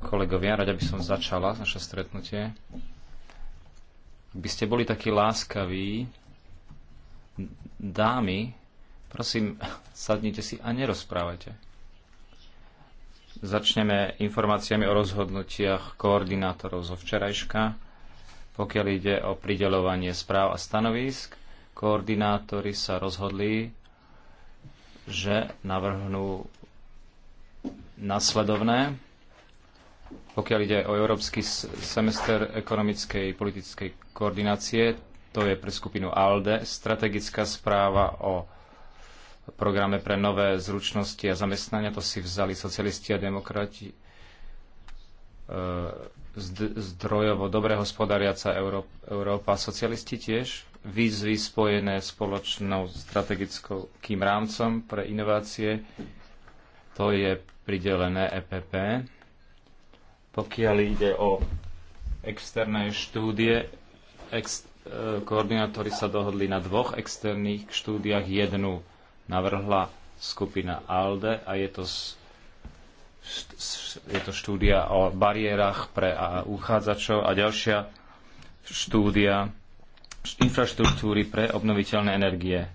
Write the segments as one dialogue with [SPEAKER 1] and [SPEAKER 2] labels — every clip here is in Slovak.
[SPEAKER 1] Kolegovia, rada by som začala naše stretnutie. Ak by ste boli takí láskaví, dámy, prosím, sadnite si a nerozprávajte. Začneme informáciami o rozhodnutiach koordinátorov zo včerajška. Pokiaľ ide o prideľovanie správ a stanovisk, koordinátori sa rozhodli, že navrhnú nasledovné. Pokiaľ ide o Európsky semester ekonomickej a politickej koordinácie, to je pre skupinu ALDE, strategická správa o programe pre nové zručnosti a zamestnania, to si vzali socialisti a demokrati, e, zdrojovo dobre hospodariaca Európa, socialisti tiež, výzvy spojené spoločnou strategickou kým rámcom pre inovácie, to je pridelené EPP. Pokiaľ ide o externé štúdie, ex, e, koordinátori sa dohodli na dvoch externých štúdiách. Jednu navrhla skupina ALDE a je to, je to štúdia o bariérach pre uchádzačov a ďalšia štúdia infraštruktúry pre obnoviteľné energie.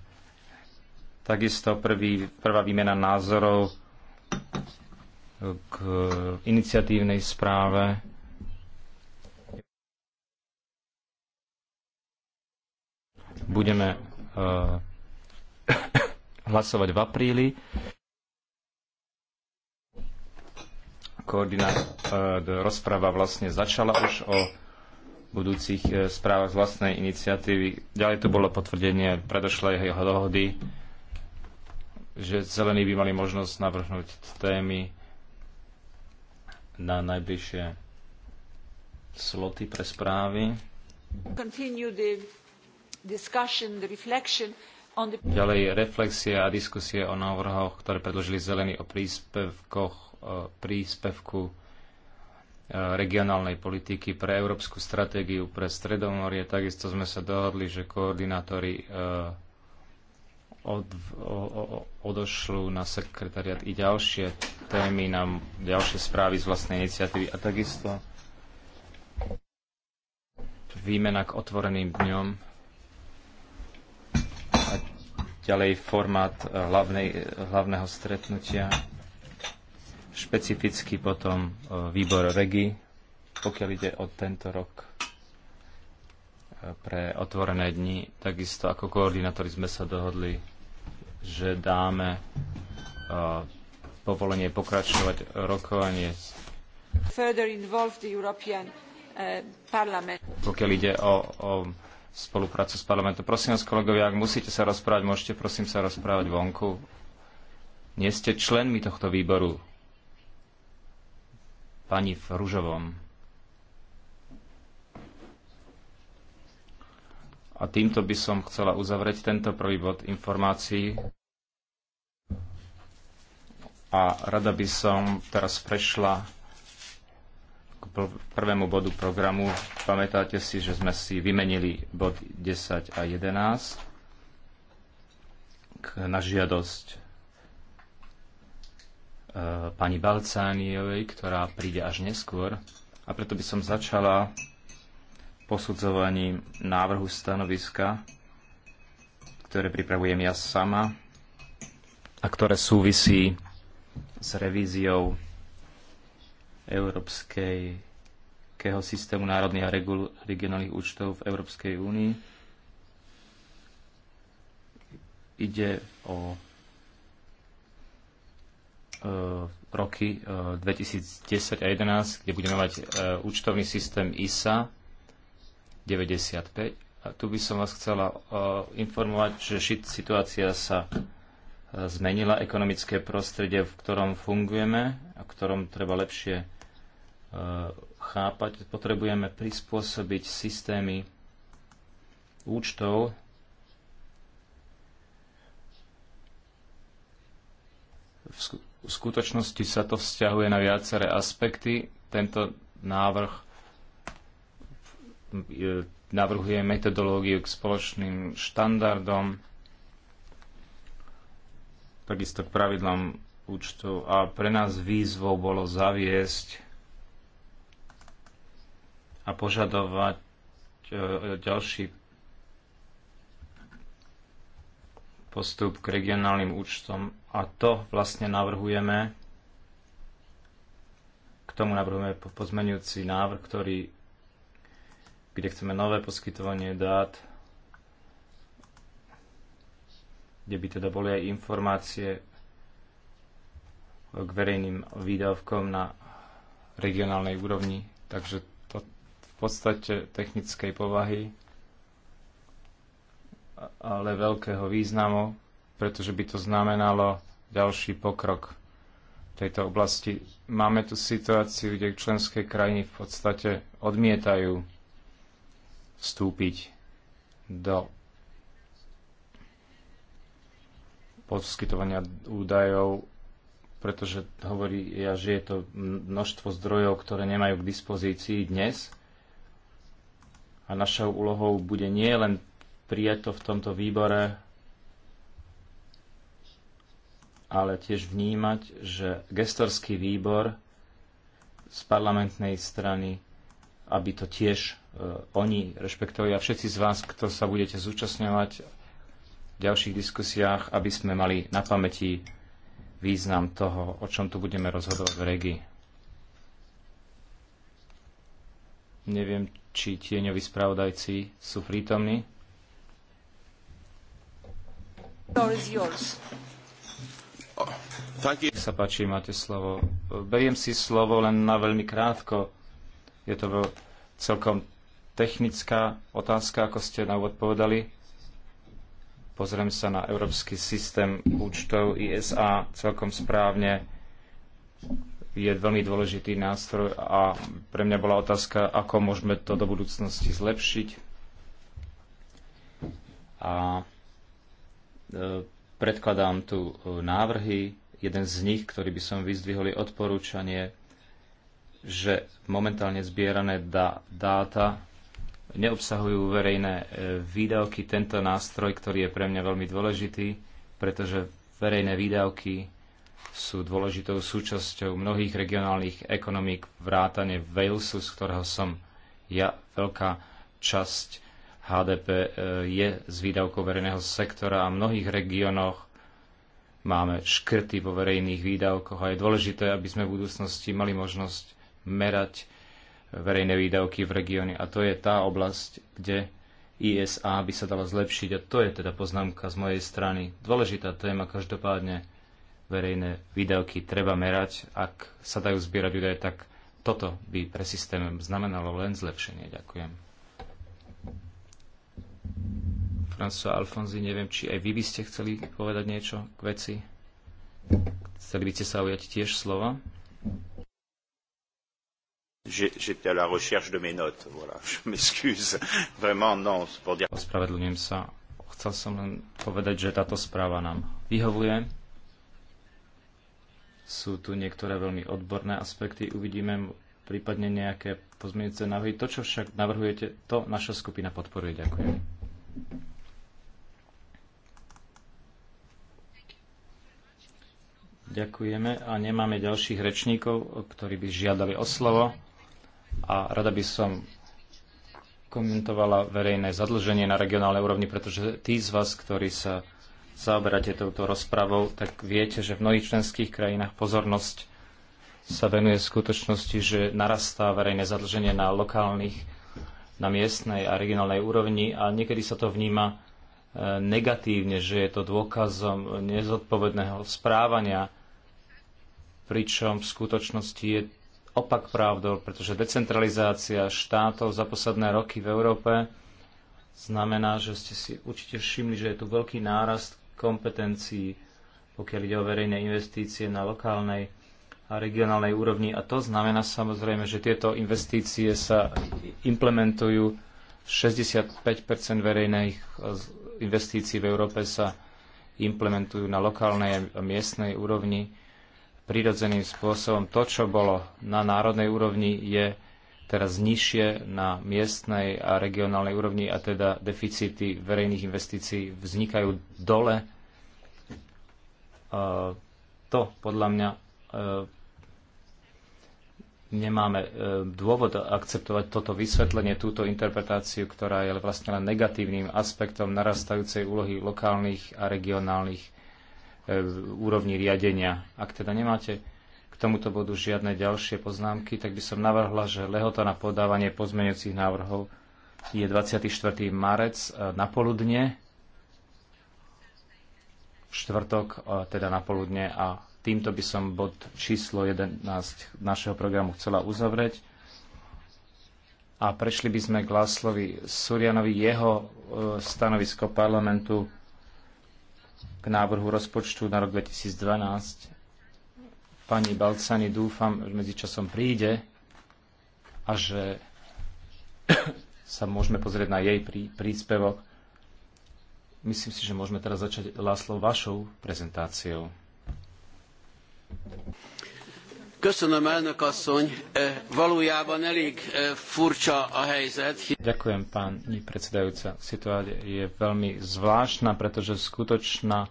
[SPEAKER 1] Takisto prvý, prvá výmena názorov k iniciatívnej správe. Budeme uh, hlasovať v apríli. Koordina, uh, eh, rozpráva vlastne začala už o budúcich eh, správach z vlastnej iniciatívy. Ďalej to bolo potvrdenie predošlej jeho dohody, že zelení by mali možnosť navrhnúť témy na najbližšie sloty pre správy. Ďalej reflexie a diskusie o návrhoch, ktoré predložili zelení o príspevkoch, príspevku e, regionálnej politiky pre európsku stratégiu pre Stredomorie. Takisto sme sa dohodli, že koordinátori e, od, o, o, odošľú na sekretariat i ďalšie témy, nám ďalšie správy z vlastnej iniciatívy a takisto výmena k otvoreným dňom a ďalej formát eh, hlavnej, eh, hlavného stretnutia špecificky potom eh, výbor REGI, pokiaľ ide o tento rok pre otvorené dni, takisto ako koordinátori sme sa dohodli že dáme uh, povolenie pokračovať rokovanie. Uh, Pokiaľ ide o, o spoluprácu s parlamentom. Prosím vás, kolegovia, ak musíte sa rozprávať, môžete prosím sa rozprávať vonku. Nie ste členmi tohto výboru. Pani v Ružovom. A týmto by som chcela uzavrieť tento prvý bod informácií. A rada by som teraz prešla k prvému bodu programu. Pamätáte si, že sme si vymenili bod 10 a 11 na žiadosť e, pani Balcániovej, ktorá príde až neskôr. A preto by som začala posudzovaním návrhu stanoviska, ktoré pripravujem ja sama a ktoré súvisí s revíziou európskeho systému národných a regionálnych účtov v Európskej únii. Ide o e, roky 2010 e, a 2011, kde budeme mať e, účtovný systém ISA 95. A tu by som vás chcela informovať, že situácia sa zmenila ekonomické prostredie, v ktorom fungujeme a v ktorom treba lepšie e, chápať. Potrebujeme prispôsobiť systémy účtov V skutočnosti sa to vzťahuje na viaceré aspekty. Tento návrh e, navrhuje metodológiu k spoločným štandardom, takisto k pravidlám účtov. A pre nás výzvou bolo zaviesť a požadovať e, ďalší postup k regionálnym účtom a to vlastne navrhujeme k tomu navrhujeme pozmenujúci návrh, ktorý kde chceme nové poskytovanie dát kde by teda boli aj informácie k verejným výdavkom na regionálnej úrovni. Takže to v podstate technickej povahy, ale veľkého významu, pretože by to znamenalo ďalší pokrok v tejto oblasti. Máme tu situáciu, kde členské krajiny v podstate odmietajú vstúpiť do poskytovania údajov, pretože hovorí, ja, že je to množstvo zdrojov, ktoré nemajú k dispozícii dnes. A našou úlohou bude nie len prijať to v tomto výbore, ale tiež vnímať, že gestorský výbor z parlamentnej strany, aby to tiež e, oni rešpektovali a všetci z vás, kto sa budete zúčastňovať ďalších diskusiách, aby sme mali na pamäti význam toho, o čom tu budeme rozhodovať v regii. Neviem, či tieňoví spravodajci sú prítomní. Nech sa páči, máte slovo. Beriem si slovo len na veľmi krátko. Je to celkom technická otázka, ako ste na úvod povedali Pozriem sa na európsky systém účtov ISA celkom správne. Je veľmi dôležitý nástroj a pre mňa bola otázka, ako môžeme to do budúcnosti zlepšiť. A e, predkladám tu e, návrhy. Jeden z nich, ktorý by som vyzdvihol, je odporúčanie, že momentálne zbierané dáta neobsahujú verejné e, výdavky. Tento nástroj, ktorý je pre mňa veľmi dôležitý, pretože verejné výdavky sú dôležitou súčasťou mnohých regionálnych ekonomík vrátane Walesu, z ktorého som ja veľká časť HDP e, je z výdavkov verejného sektora a v mnohých regiónoch máme škrty vo verejných výdavkoch a je dôležité, aby sme v budúcnosti mali možnosť merať verejné výdavky v regióne. A to je tá oblasť, kde ISA by sa dala zlepšiť. A to je teda poznámka z mojej strany. Dôležitá téma každopádne verejné výdavky treba merať. Ak sa dajú zbierať údaje, tak toto by pre systém znamenalo len zlepšenie. Ďakujem. François Alfonzi, neviem, či aj vy by ste chceli povedať niečo k veci. Chceli by ste sa ujať tiež slova?
[SPEAKER 2] J'étais à la recherche de mes notes, voilà. Je m'excuse. Vraiment, non. Pour dire...
[SPEAKER 1] Ospravedlňujem sa. Chcel som len povedať, že táto správa nám vyhovuje. Sú tu niektoré veľmi odborné aspekty. Uvidíme prípadne nejaké pozmienice návrhy. To, čo však navrhujete, to naša skupina podporuje. Ďakujem. Ďakujeme a nemáme ďalších rečníkov, ktorí by žiadali o slovo a rada by som komentovala verejné zadlženie na regionálnej úrovni, pretože tí z vás, ktorí sa zaoberáte touto rozpravou, tak viete, že v mnohých členských krajinách pozornosť sa venuje skutočnosti, že narastá verejné zadlženie na lokálnych, na miestnej a regionálnej úrovni a niekedy sa to vníma e, negatívne, že je to dôkazom nezodpovedného správania, pričom v skutočnosti je opak pravdou, pretože decentralizácia štátov za posledné roky v Európe znamená, že ste si určite všimli, že je tu veľký nárast kompetencií, pokiaľ ide o verejné investície na lokálnej a regionálnej úrovni. A to znamená samozrejme, že tieto investície sa implementujú. 65 verejných e, investícií v Európe sa implementujú na lokálnej a miestnej úrovni prirodzeným spôsobom to, čo bolo na národnej úrovni, je teraz nižšie na miestnej a regionálnej úrovni a teda deficity verejných investícií vznikajú dole. E, to podľa mňa e, nemáme e, dôvod akceptovať toto vysvetlenie, túto interpretáciu, ktorá je vlastne len negatívnym aspektom narastajúcej úlohy lokálnych a regionálnych E, úrovni riadenia. Ak teda nemáte k tomuto bodu žiadne ďalšie poznámky, tak by som navrhla, že lehota na podávanie pozmeňujúcich návrhov je 24. marec e, na poludne, štvrtok e, teda na poludne a týmto by som bod číslo 11 našeho programu chcela uzavrieť. A prešli by sme k Láslovi Surianovi jeho stanovisko parlamentu k návrhu rozpočtu na rok 2012. Pani Balcani dúfam, že medzičasom príde a že sa môžeme pozrieť na jej prí, príspevok. Myslím si, že môžeme teraz začať, Láslo, vašou prezentáciou.
[SPEAKER 2] Köszönöm, elnök asszony. E, valójában elég e, furcsa a helyzet.
[SPEAKER 1] Ďakujem, pani predsedajúca. Situácia je veľmi zvláštna, pretože skutočná e,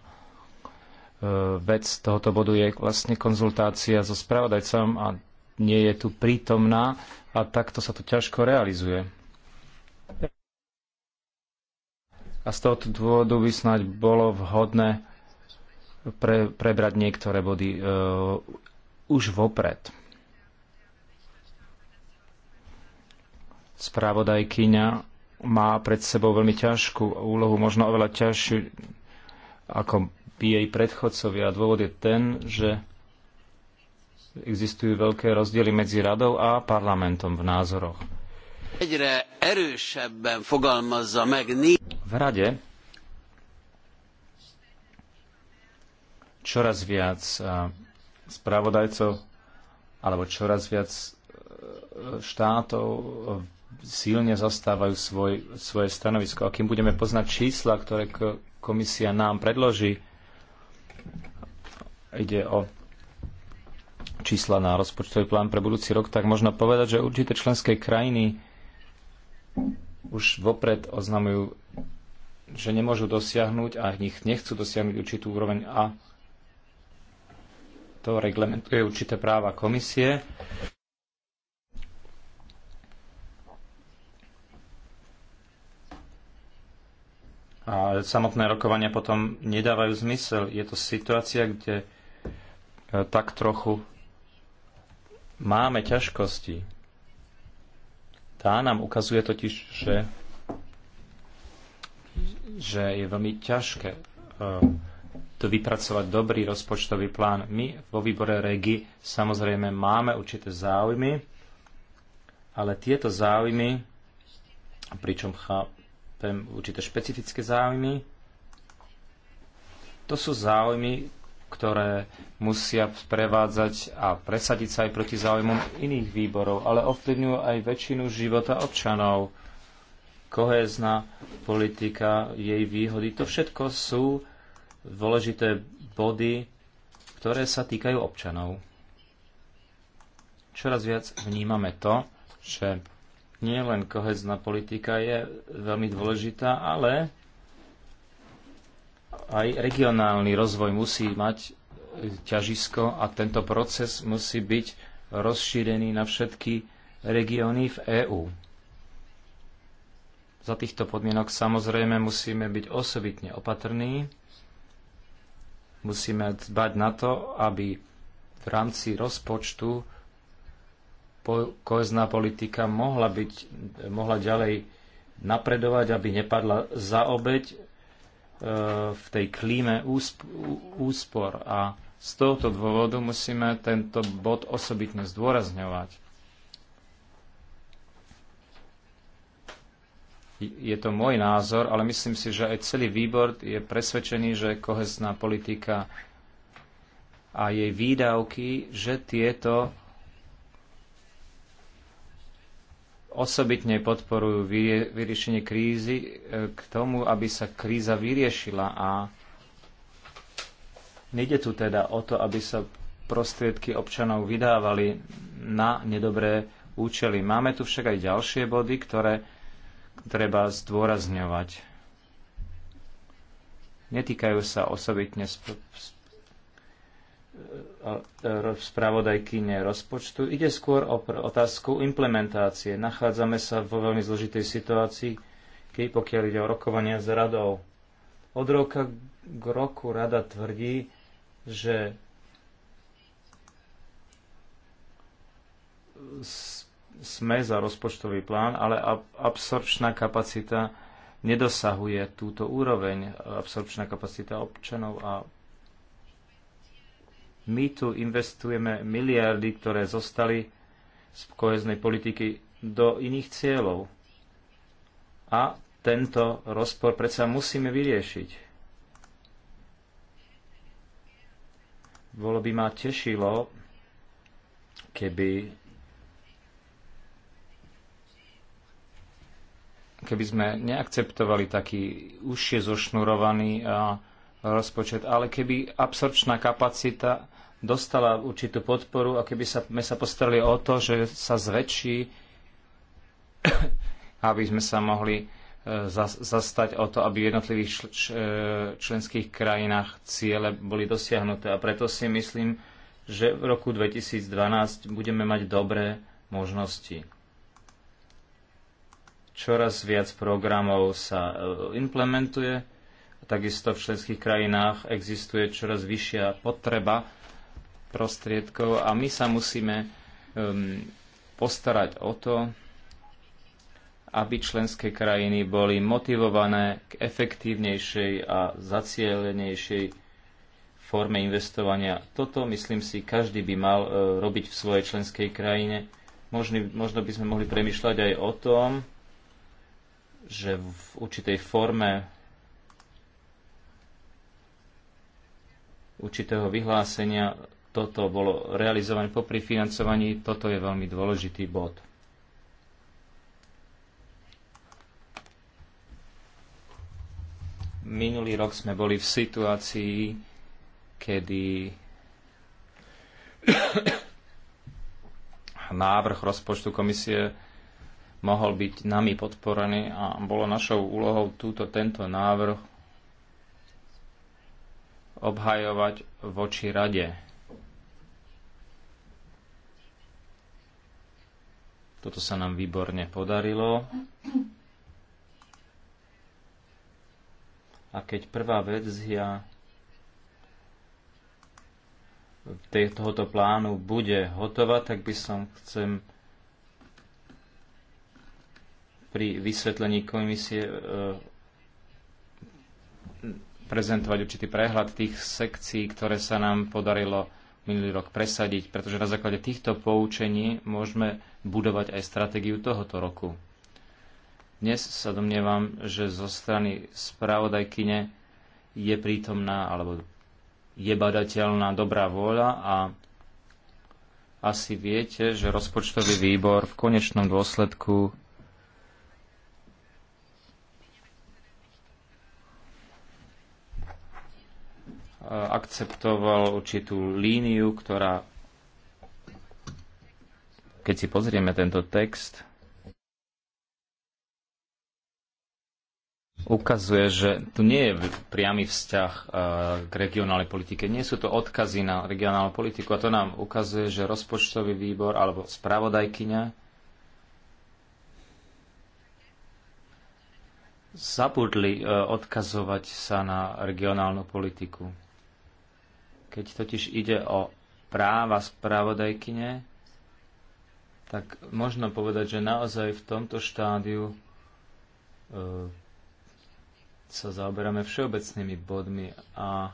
[SPEAKER 1] vec tohoto bodu je vlastne konzultácia so spravodajcom a nie je tu prítomná a takto sa to ťažko realizuje. A z tohoto dôvodu by snáď bolo vhodné pre, prebrať niektoré body e, už vopred. Spravodajkyňa má pred sebou veľmi ťažkú úlohu, možno oveľa ťažšiu ako by jej predchodcovia. Dôvod je ten, že existujú veľké rozdiely medzi radou a parlamentom v názoroch. V rade čoraz viac spravodajcov, alebo čoraz viac e, štátov e, silne zastávajú svoj, svoje stanovisko. A kým budeme poznať čísla, ktoré komisia nám predloží, ide o čísla na rozpočtový plán pre budúci rok, tak možno povedať, že určité členské krajiny už vopred oznamujú, že nemôžu dosiahnuť a ich nechcú dosiahnuť určitú úroveň a to reglementuje určité práva komisie. A samotné rokovania potom nedávajú zmysel. Je to situácia, kde e, tak trochu máme ťažkosti. Tá nám ukazuje totiž, že, že je veľmi ťažké e, to vypracovať dobrý rozpočtový plán. My vo výbore REGI samozrejme máme určité záujmy, ale tieto záujmy, pričom chápem určité špecifické záujmy, to sú záujmy, ktoré musia sprevádzať a presadiť sa aj proti záujmom iných výborov, ale ovplyvňujú aj väčšinu života občanov. Kohézna politika, jej výhody, to všetko sú dôležité body, ktoré sa týkajú občanov. Čoraz viac vnímame to, že nielen kohezná politika je veľmi dôležitá, ale aj regionálny rozvoj musí mať ťažisko a tento proces musí byť rozšírený na všetky regióny v EÚ. Za týchto podmienok samozrejme musíme byť osobitne opatrní, Musíme dbať na to, aby v rámci rozpočtu kohezná politika mohla, byť, mohla ďalej napredovať, aby nepadla za obeď e, v tej klíme úspor. A z tohoto dôvodu musíme tento bod osobitne zdôrazňovať. je to môj názor, ale myslím si, že aj celý výbor je presvedčený, že kohezná politika a jej výdavky, že tieto osobitne podporujú vyriešenie krízy e, k tomu, aby sa kríza vyriešila a nejde tu teda o to, aby sa prostriedky občanov vydávali na nedobré účely. Máme tu však aj ďalšie body, ktoré treba zdôrazňovať. Netýkajú sa osobitne sp- e, spravodajkyne rozpočtu. Ide skôr o otázku implementácie. Nachádzame sa vo veľmi zložitej situácii, keď pokiaľ ide o rokovania s radou. Od roka k roku rada tvrdí, že sme za rozpočtový plán, ale absorpčná kapacita nedosahuje túto úroveň, absorpčná kapacita občanov a my tu investujeme miliardy, ktoré zostali z koheznej politiky do iných cieľov. A tento rozpor predsa musíme vyriešiť. Bolo by ma tešilo, keby keby sme neakceptovali taký užšie zošnurovaný rozpočet, ale keby absorpčná kapacita dostala určitú podporu a keby sa, sme sa postarali o to, že sa zväčší, aby sme sa mohli e, zastať o to, aby v jednotlivých čl e, členských krajinách ciele boli dosiahnuté. A preto si myslím, že v roku 2012 budeme mať dobré možnosti čoraz viac programov sa e, implementuje, takisto v členských krajinách existuje čoraz vyššia potreba prostriedkov a my sa musíme um, postarať o to, aby členské krajiny boli motivované k efektívnejšej a zacielenejšej forme investovania. Toto, myslím si, každý by mal e, robiť v svojej členskej krajine. Možno, možno by sme mohli premyšľať aj o tom, že v určitej forme určitého vyhlásenia toto bolo realizované popri financovaní, toto je veľmi dôležitý bod. Minulý rok sme boli v situácii, kedy návrh rozpočtu komisie mohol byť nami podporený a bolo našou úlohou túto, tento návrh obhajovať voči rade. Toto sa nám výborne podarilo. A keď prvá verzia tohoto plánu bude hotová, tak by som chcem pri vysvetlení komisie e, prezentovať určitý prehľad tých sekcií, ktoré sa nám podarilo minulý rok presadiť, pretože na základe týchto poučení môžeme budovať aj stratégiu tohoto roku. Dnes sa domnievam, že zo strany spravodajkyne je prítomná alebo je badateľná dobrá vôľa a asi viete, že rozpočtový výbor v konečnom dôsledku akceptoval určitú líniu, ktorá, keď si pozrieme tento text, ukazuje, že tu nie je priamy vzťah eh, k regionálnej politike. Nie sú to odkazy na regionálnu politiku a to nám ukazuje, že rozpočtový výbor alebo spravodajkyňa zabudli eh, odkazovať sa na regionálnu politiku. Keď totiž ide o práva spravodajkyne, tak možno povedať, že naozaj v tomto štádiu e, sa zaoberáme všeobecnými bodmi a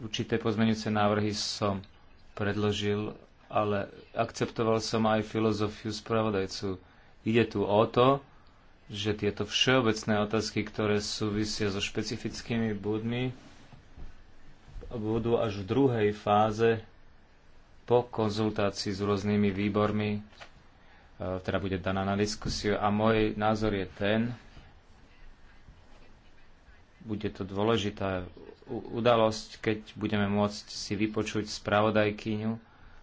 [SPEAKER 1] určité pozmenujúce návrhy som predložil, ale akceptoval som aj filozofiu spravodajcu. Ide tu o to, že tieto všeobecné otázky, ktoré súvisia so špecifickými budmi, budú až v druhej fáze po konzultácii s rôznymi výbormi, e, teda bude daná na diskusiu. A môj názor je ten, bude to dôležitá udalosť, keď budeme môcť si vypočuť spravodajkyňu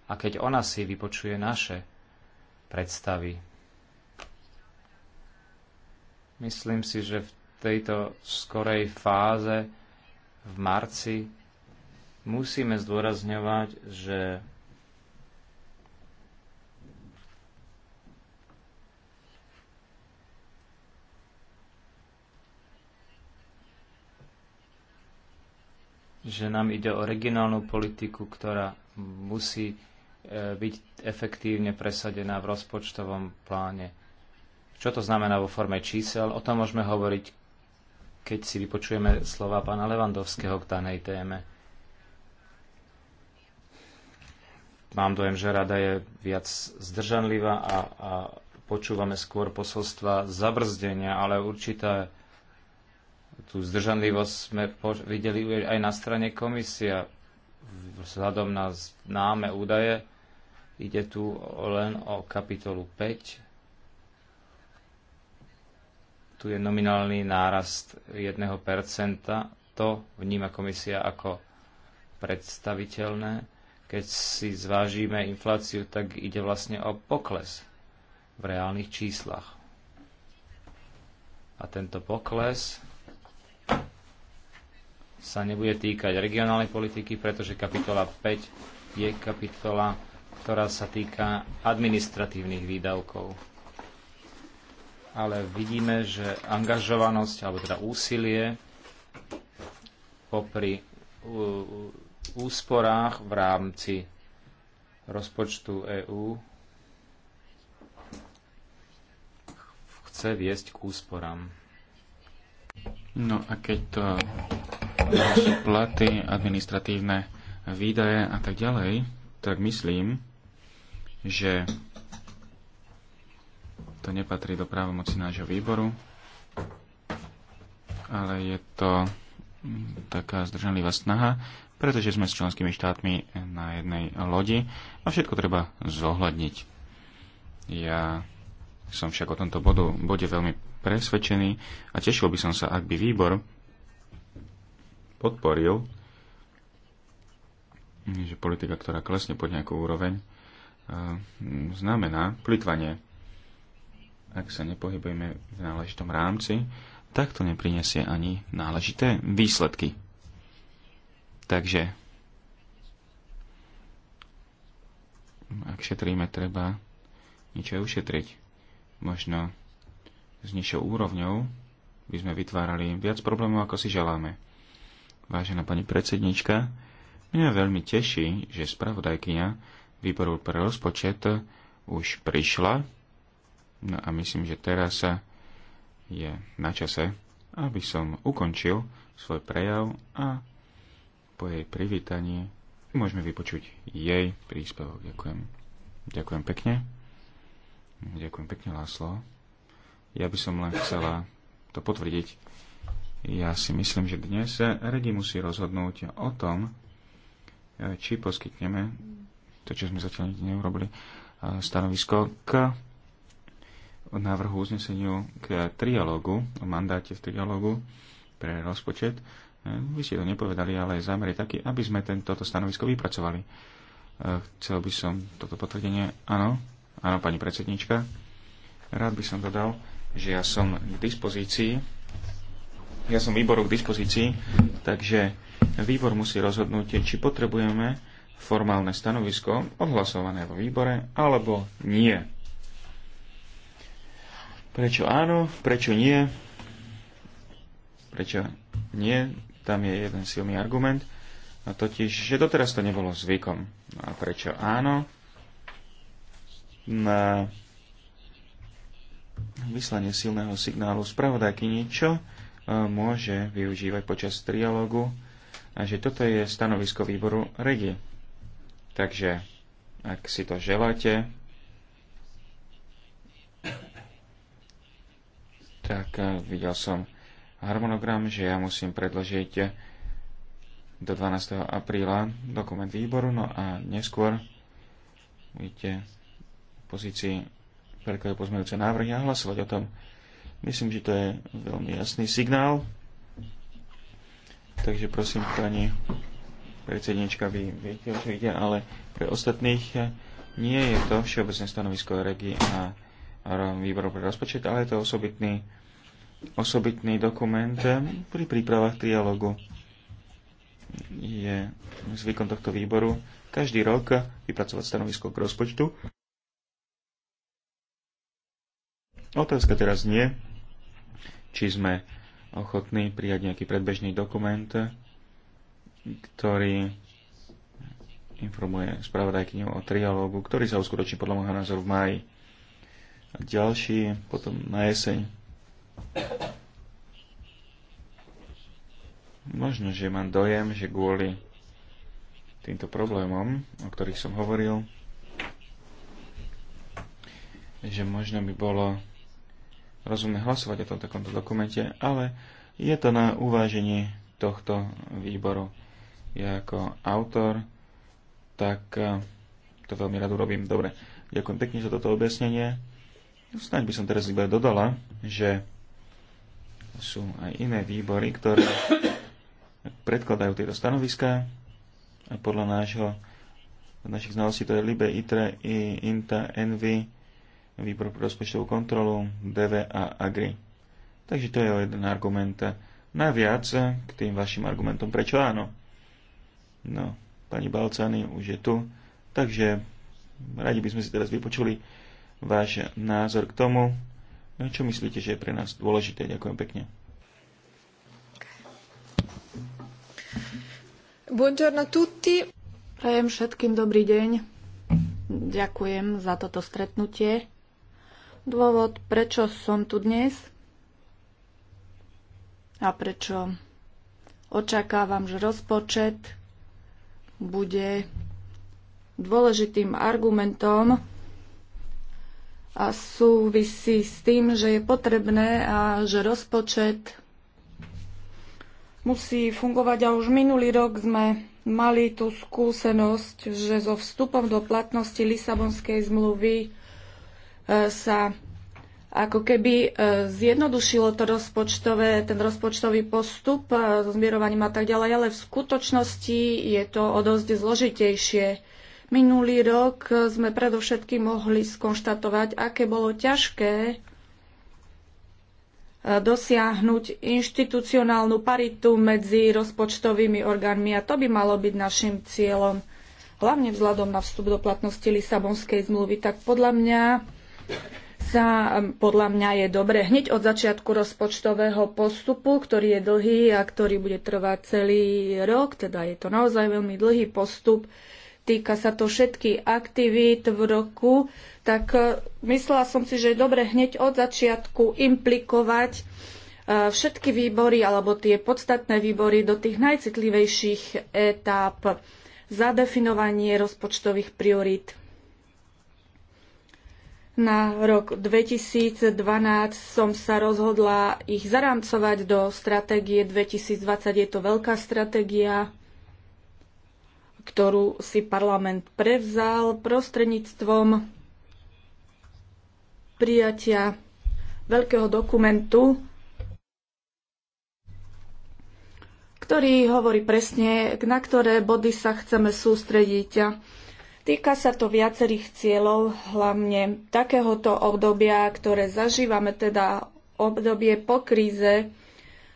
[SPEAKER 1] a keď ona si vypočuje naše predstavy. Myslím si, že v tejto skorej fáze v marci Musíme zdôrazňovať, že že nám ide o regionálnu politiku, ktorá musí e, byť efektívne presadená v rozpočtovom pláne. Čo to znamená vo forme čísel? O tom môžeme hovoriť, keď si vypočujeme slova pána Levandovského k danej téme. Mám dojem, že rada je viac zdržanlivá a, a počúvame skôr posolstva zabrzdenia, ale určité tú zdržanlivosť sme videli aj na strane komisia. Vzhľadom na známe údaje ide tu len o kapitolu 5. Tu je nominálny nárast 1%. To vníma komisia ako predstaviteľné keď si zvážime infláciu, tak ide vlastne o pokles v reálnych číslach. A tento pokles sa nebude týkať regionálnej politiky, pretože kapitola 5 je kapitola, ktorá sa týka administratívnych výdavkov. Ale vidíme, že angažovanosť, alebo teda úsilie popri úsporách v rámci rozpočtu EÚ chce viesť k úsporám.
[SPEAKER 3] No a keď to naše platy, administratívne výdaje a tak ďalej, tak myslím, že to nepatrí do právomoci nášho výboru, ale je to taká zdržanlivá snaha pretože sme s členskými štátmi na jednej lodi a všetko treba zohľadniť. Ja som však o tomto bodu, bode veľmi presvedčený a tešil by som sa, ak by výbor podporil, že politika, ktorá klesne pod nejakú úroveň, e, znamená plitvanie. Ak sa nepohybujeme v náležitom rámci, tak to neprinesie ani náležité výsledky. Takže ak šetríme, treba niečo aj ušetriť. Možno s nižšou úrovňou by sme vytvárali viac problémov, ako si želáme. Vážená pani predsednička, mňa veľmi teší, že spravodajkyňa výboru pre rozpočet už prišla. No a myslím, že teraz je na čase, aby som ukončil svoj prejav a po jej privítaní môžeme vypočuť jej príspevok. Ďakujem. Ďakujem pekne. Ďakujem pekne, Láslo. Ja by som len chcela to potvrdiť. Ja si myslím, že dnes Redi musí rozhodnúť o tom, či poskytneme to, čo sme zatiaľ neurobili, stanovisko k návrhu uzneseniu k trialógu, o mandáte v trialógu pre rozpočet vy ste to nepovedali, ale zámer je taký, aby sme ten, toto stanovisko vypracovali. E, chcel by som toto potvrdenie. Áno, áno, pani predsednička. Rád by som dodal, že ja som k dispozícii, ja som výboru k dispozícii, takže výbor musí rozhodnúť, či potrebujeme formálne stanovisko odhlasované vo výbore alebo nie. Prečo áno, prečo nie? Prečo nie? Tam je jeden silný argument, a totiž, že doteraz to nebolo zvykom. No a prečo áno? Na vyslanie silného signálu spravodajky niečo e, môže využívať počas trialógu a že toto je stanovisko výboru regie. Takže, ak si to želáte, tak e, videl som harmonogram, že ja musím predložiť do 12. apríla dokument výboru, no a neskôr budete v pozícii predkladajú pozmeňujúce návrhy a hlasovať o tom. Myslím, že to je veľmi jasný signál. Takže prosím, pani predsednička, vy viete, že ide, ale pre ostatných nie je to všeobecné stanovisko regi a výboru pre rozpočet, ale je to osobitný osobitný dokument eh, pri prípravách trialogu. Je zvykom tohto výboru každý rok vypracovať stanovisko k rozpočtu. Otázka teraz nie, či sme ochotní prijať nejaký predbežný dokument, ktorý informuje spravodajkyňu o trialógu, ktorý sa uskutoční podľa môjho názoru v máji. A ďalší potom na jeseň Možno, že mám dojem, že kvôli týmto problémom, o ktorých som hovoril, že možno by bolo rozumné hlasovať o tom takomto dokumente, ale je to na uváženie tohto výboru. Ja ako autor, tak eh, to veľmi rád urobím. Dobre, ďakujem pekne za toto objasnenie. Snaď by som teraz iba dodala, že sú aj iné výbory, ktoré predkladajú tieto stanoviská. A podľa nášho, našich znalostí to je LIBE, ITRE, I, INTA, ENVY, Výbor pre rozpočtovú kontrolu, DV a AGRI. Takže to je o jeden argument naviac k tým vašim argumentom, prečo áno. No, pani Balcany už je tu, takže radi by sme si teraz vypočuli váš názor k tomu, No, čo myslíte, že je pre nás dôležité? Ďakujem pekne.
[SPEAKER 4] Buongiorno tutti. Prajem všetkým dobrý deň. Ďakujem za toto stretnutie. Dôvod, prečo som tu dnes a prečo očakávam, že rozpočet bude dôležitým argumentom a súvisí s tým, že je potrebné a že rozpočet musí fungovať. A už minulý rok sme mali tú skúsenosť, že so vstupom do platnosti Lisabonskej zmluvy e, sa ako keby e, zjednodušilo to rozpočtové, ten rozpočtový postup e, so zmierovaním a tak ďalej, ale v skutočnosti je to o dosť zložitejšie. Minulý rok sme predovšetkým mohli skonštatovať, aké bolo ťažké eh, dosiahnuť inštitucionálnu paritu medzi rozpočtovými orgánmi a to by malo byť našim cieľom, hlavne vzhľadom na vstup do platnosti Lisabonskej zmluvy. Tak podľa mňa sa eh, podľa mňa je dobre hneď od začiatku rozpočtového postupu, ktorý je dlhý a ktorý bude trvať celý rok, teda je to naozaj veľmi dlhý postup, týka sa to všetkých aktivít v roku, tak e, myslela som si, že je dobre hneď od začiatku implikovať e, všetky výbory alebo tie podstatné výbory do tých najcitlivejších etáp zadefinovanie rozpočtových priorít. Na rok 2012 som sa rozhodla ich zarámcovať do stratégie 2020. Je to veľká stratégia ktorú si parlament prevzal prostredníctvom prijatia veľkého dokumentu, ktorý hovorí presne, na ktoré body sa chceme sústrediť. Týka sa to viacerých cieľov, hlavne takéhoto obdobia, ktoré zažívame, teda obdobie po kríze,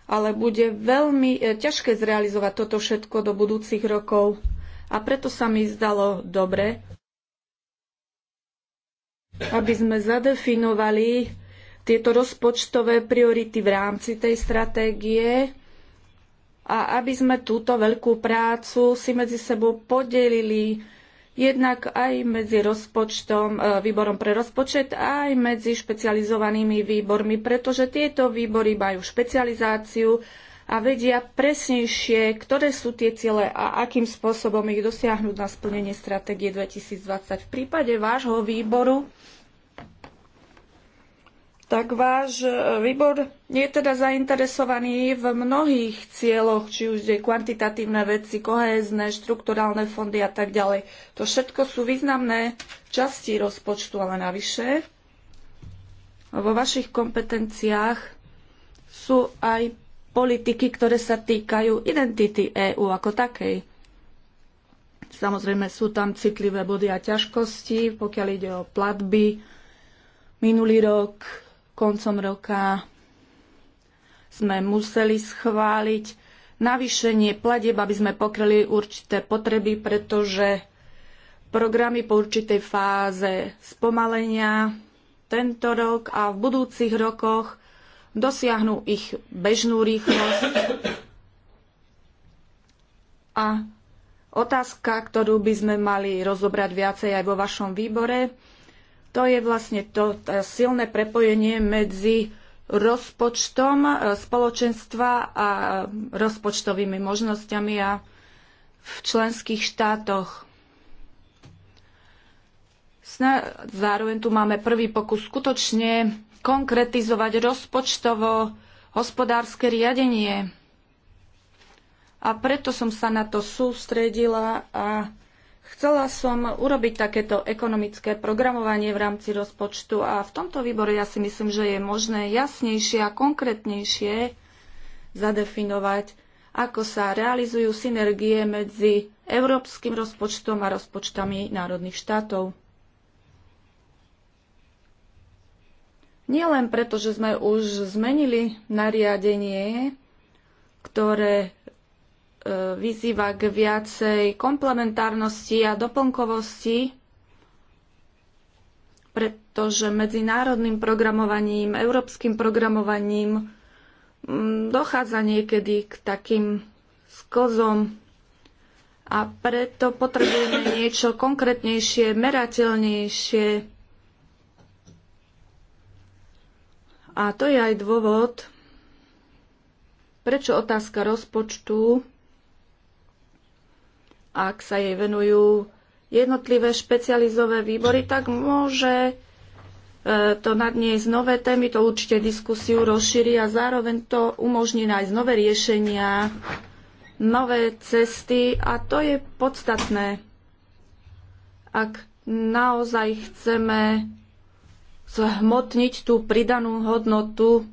[SPEAKER 4] ale bude veľmi e, ťažké zrealizovať toto všetko do budúcich rokov. A preto sa mi zdalo dobre, aby sme zadefinovali tieto rozpočtové priority v rámci tej stratégie a aby sme túto veľkú prácu si medzi sebou podelili jednak aj medzi rozpočtom, e, výborom pre rozpočet a aj medzi špecializovanými výbormi, pretože tieto výbory majú špecializáciu a vedia presnejšie, ktoré sú tie ciele a akým spôsobom ich dosiahnuť na splnenie stratégie 2020. V prípade vášho výboru, tak váš e, výbor je teda zainteresovaný v mnohých cieľoch, či už je kvantitatívne veci, kohézne, štrukturálne fondy a tak ďalej. To všetko sú významné časti rozpočtu, ale navyše vo vašich kompetenciách sú aj politiky, ktoré sa týkajú identity EÚ ako takej. Samozrejme sú tam citlivé body a ťažkosti, pokiaľ ide o platby. Minulý rok, koncom roka sme museli schváliť navýšenie platieb, aby sme pokryli určité potreby, pretože programy po určitej fáze spomalenia tento rok a v budúcich rokoch dosiahnu ich bežnú rýchlosť. A otázka, ktorú by sme mali rozobrať viacej aj vo vašom výbore, to je vlastne to silné prepojenie medzi rozpočtom e, spoločenstva a e, rozpočtovými možnosťami a v členských štátoch. Zároveň tu máme prvý pokus skutočne konkretizovať rozpočtovo hospodárske riadenie. A preto som sa na to sústredila a chcela som urobiť takéto ekonomické programovanie v rámci rozpočtu a v tomto výbore ja si myslím, že je možné jasnejšie a konkrétnejšie zadefinovať, ako sa realizujú synergie medzi európskym rozpočtom a rozpočtami národných štátov. Nielen preto, že sme už zmenili nariadenie, ktoré e, vyzýva k viacej komplementárnosti a doplnkovosti, pretože medzinárodným programovaním, európskym programovaním dochádza niekedy k takým skozom a preto potrebujeme niečo konkrétnejšie, merateľnejšie, A to je aj dôvod, prečo otázka rozpočtu, ak sa jej venujú jednotlivé špecializové výbory, tak môže e, to nadniesť nové témy, to určite diskusiu rozšíri a zároveň to umožní nájsť nové riešenia, nové cesty a to je podstatné. Ak naozaj chceme zhmotniť tú pridanú hodnotu.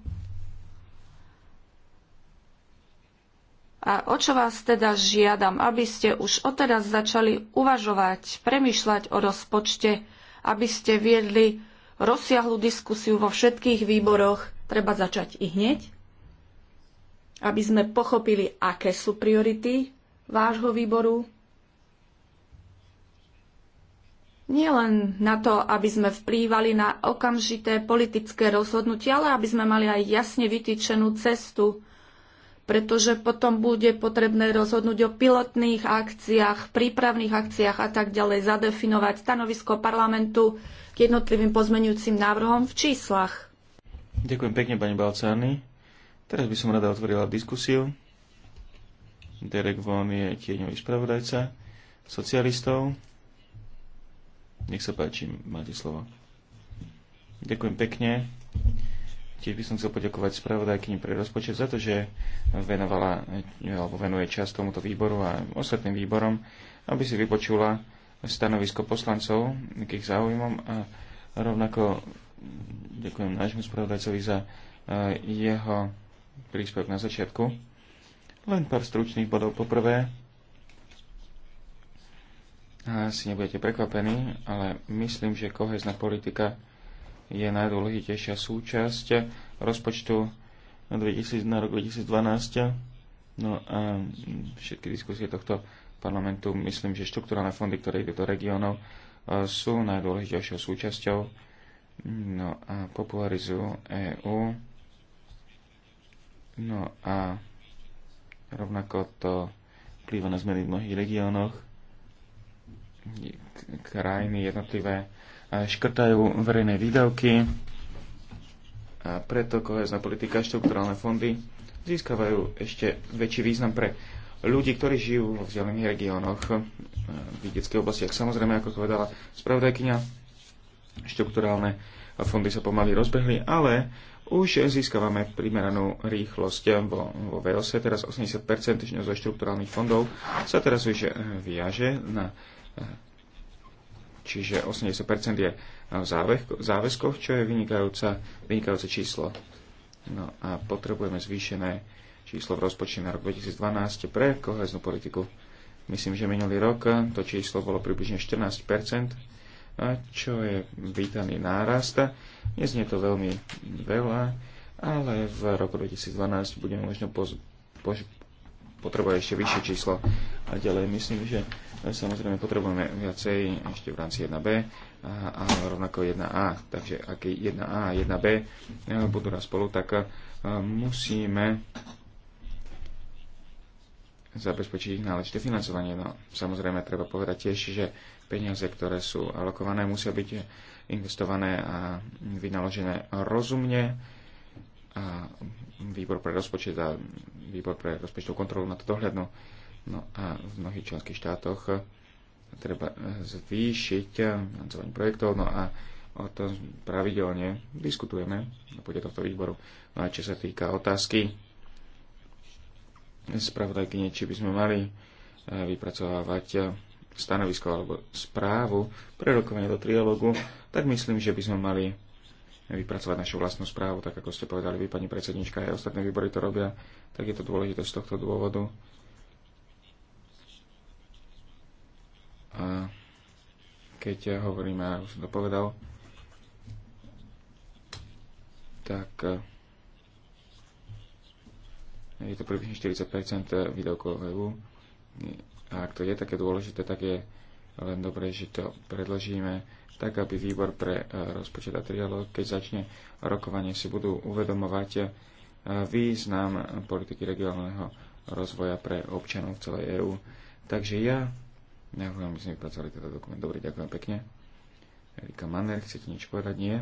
[SPEAKER 4] A o čo vás teda žiadam, aby ste už odteraz začali uvažovať, premyšľať o rozpočte, aby ste viedli rozsiahlu diskusiu vo všetkých výboroch, treba začať i hneď, aby sme pochopili, aké sú priority vášho výboru, nielen na to, aby sme vplývali na okamžité politické rozhodnutie, ale aby sme mali aj jasne vytýčenú cestu, pretože potom bude potrebné rozhodnúť o pilotných akciách, prípravných akciách a tak ďalej, zadefinovať stanovisko parlamentu k jednotlivým pozmenujúcim návrhom v číslach.
[SPEAKER 3] Ďakujem pekne, pani Balcány. Teraz by som rada otvorila diskusiu. Derek Von je tieňový spravodajca socialistov. Nech sa páči, máte slovo. Ďakujem pekne. Tiež by som chcel poďakovať spravodajkyni pre rozpočet za to, že venovala, alebo venuje čas tomuto výboru a ostatným výborom, aby si vypočula stanovisko poslancov k ich záujmom a rovnako ďakujem nášmu spravodajcovi za e, jeho príspevok na začiatku. Len pár stručných bodov. Poprvé, asi nebudete prekvapení, ale myslím, že kohezná politika je najdôležitejšia súčasť rozpočtu na, 2000, na rok 2012. No a všetky diskusie tohto parlamentu, myslím, že štruktúrálne fondy, ktoré idú do regiónov, e, sú najdôležitejšou súčasťou no a popularizujú EÚ. No a rovnako to vplýva na zmeny v mnohých regiónoch krajiny jednotlivé škrtajú verejné výdavky a preto kohezná politika a štruktúralné fondy získavajú ešte väčší význam pre ľudí, ktorí žijú vo vzdialených regiónoch, v oblasti. oblastiach. Samozrejme, ako povedala spravodajkyňa, štrukturálne fondy sa pomaly rozbehli, ale už získavame primeranú rýchlosť vo, vo VOS. E teraz 80% zo štrukturálnych fondov sa teraz už viaže na Čiže 80% je e, v záväzkoch, čo je vynikajúce, vynikajúce číslo. No a potrebujeme zvýšené číslo v rozpočte na rok 2012 pre koheznú politiku. Myslím, že minulý rok to číslo bolo približne 14 čo je vítaný nárast. je to veľmi veľa, ale v roku 2012 budeme možno poz- pož- potrebovať ešte vyššie číslo. A ďalej myslím, že E, samozrejme potrebujeme viacej ešte v rámci 1B a, a rovnako 1A. Takže ak 1A a 1B e, budú raz spolu, tak e, musíme zabezpečiť ich náležité financovanie. No, samozrejme, treba povedať tiež, že peniaze, ktoré sú alokované, musia byť investované a vynaložené rozumne. A výbor pre rozpočet a výbor pre rozpočtovú kontrolu na to dohľadnú. No a v mnohých členských štátoch treba zvýšiť financovanie projektov, no a o tom pravidelne diskutujeme na pôde tohto výboru. No a čo sa týka otázky spravodajkyne, či by sme mali eh, vypracovávať eh, stanovisko alebo správu pre rokovanie do trialógu, tak myslím, že by sme mali vypracovať našu vlastnú správu, tak ako ste povedali vy, pani predsednička, aj ostatné výbory to robia, tak je to dôležité z tohto dôvodu A keď hovoríme, a už som to povedal, tak e, je to približne 40% výdavkov EU. A ak to je také dôležité, tak je len dobre, že to predložíme tak, aby výbor pre e, rozpočet a trialog, keď začne rokovanie, si budú uvedomovať e, význam politiky regionálneho rozvoja pre občanov celej EÚ. Takže ja Ďakujem, že sme vypracovali tento dokument. Dobre, ďakujem pekne. Erika Manner, chcete niečo povedať? Nie?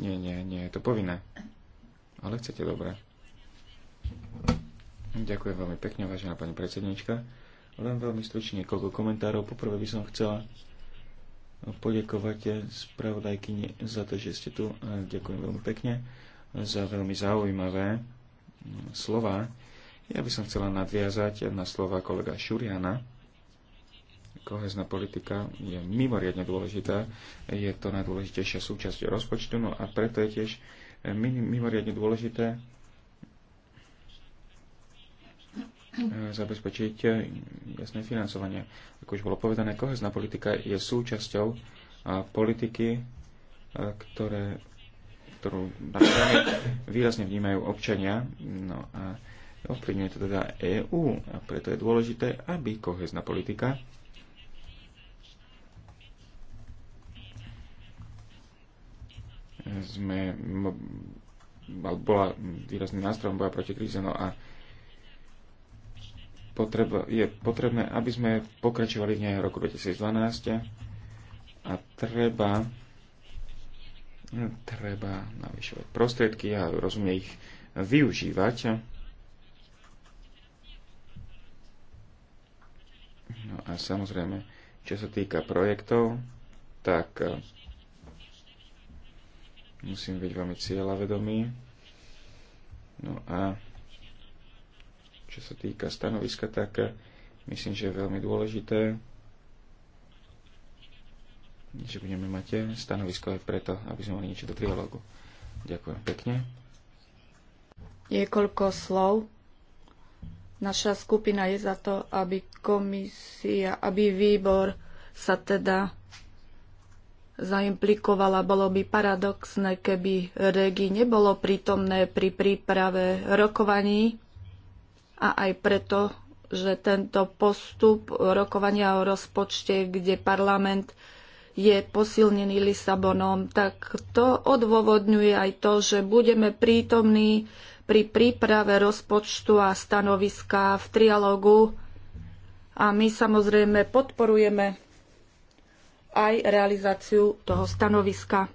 [SPEAKER 3] Nie, nie, nie, je to povinné. Ale chcete, dobre. Ďakujem veľmi pekne, vážená pani predsednička. Len veľmi stručne niekoľko komentárov. Poprvé by som chcela poďakovať spravodajkyni za to, že ste tu. Ďakujem veľmi pekne za veľmi zaujímavé slova. Ja by som chcela nadviazať na slova kolega Šuriana kohezná politika je mimoriadne dôležitá. Je to najdôležitejšia súčasť rozpočtu no a preto je tiež eh, mimoriadne dôležité eh, zabezpečiť eh, jasné financovanie. Ako už bolo povedané, kohezná politika je súčasťou politiky, ktoré, ktorú výrazne vnímajú občania. No a ovplyvňuje to teda EÚ a preto je dôležité, aby kohezná politika sme, bola výrazný nástrojom boja proti kríze. No a potreba, je potrebné, aby sme pokračovali v nej roku 2012 a treba treba navyšovať prostriedky a rozumne ich využívať. No a samozrejme, čo sa týka projektov, tak Musím byť veľmi vedomý. No a čo sa týka stanoviska, tak myslím, že je veľmi dôležité, že budeme mať stanovisko aj preto, aby sme mali niečo do trialógu. Ďakujem pekne.
[SPEAKER 4] Niekoľko slov. Naša skupina je za to, aby komisia, aby výbor sa teda zaimplikovala. Bolo by paradoxné, keby REGI nebolo prítomné pri príprave rokovaní a aj preto, že tento postup rokovania o rozpočte, kde parlament je posilnený Lisabonom, tak to odôvodňuje aj to, že budeme prítomní pri príprave rozpočtu a stanoviska v trialógu a my samozrejme podporujeme aj realizáciu toho stanoviska.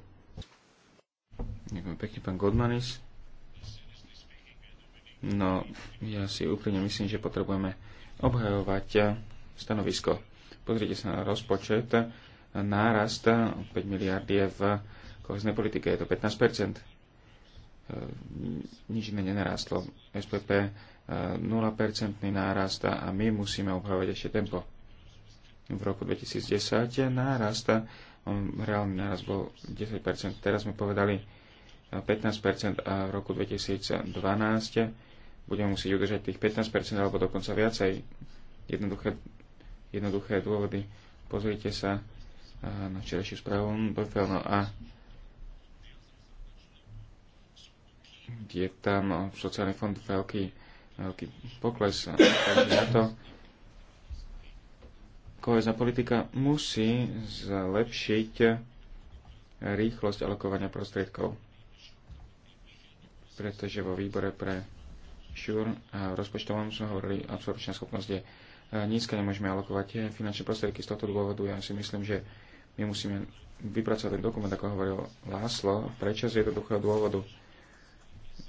[SPEAKER 3] Ďakujem pekne, pán Godmanis. No, ja si úplne myslím, že potrebujeme obhajovať stanovisko. Pozrite sa na rozpočet. Nárast 5 miliard je v kohezné politike, je to 15 Nič iné nenarástlo. SPP 0% nárast a my musíme obhajovať ešte tempo v roku 2010 nárast, um, reálny nárast bol 10%, teraz sme povedali 15% a v roku 2012 budeme musieť udržať tých 15% alebo dokonca viacej. Jednoduché, jednoduché dôvody. Pozrite sa na včerajšiu správu no a je tam sociálny fond veľký, veľký pokles. Takže na to kohezná politika musí zlepšiť rýchlosť alokovania prostriedkov. Pretože vo výbore pre ŠUR a rozpočtovom sme hovorili, absorpčná schopnosť je eh, nízka, nemôžeme alokovať eh, finančné prostriedky z tohto dôvodu. Ja si myslím, že my musíme vypracovať ten dokument, ako hovoril Láslo, prečo z jednoduchého dôvodu.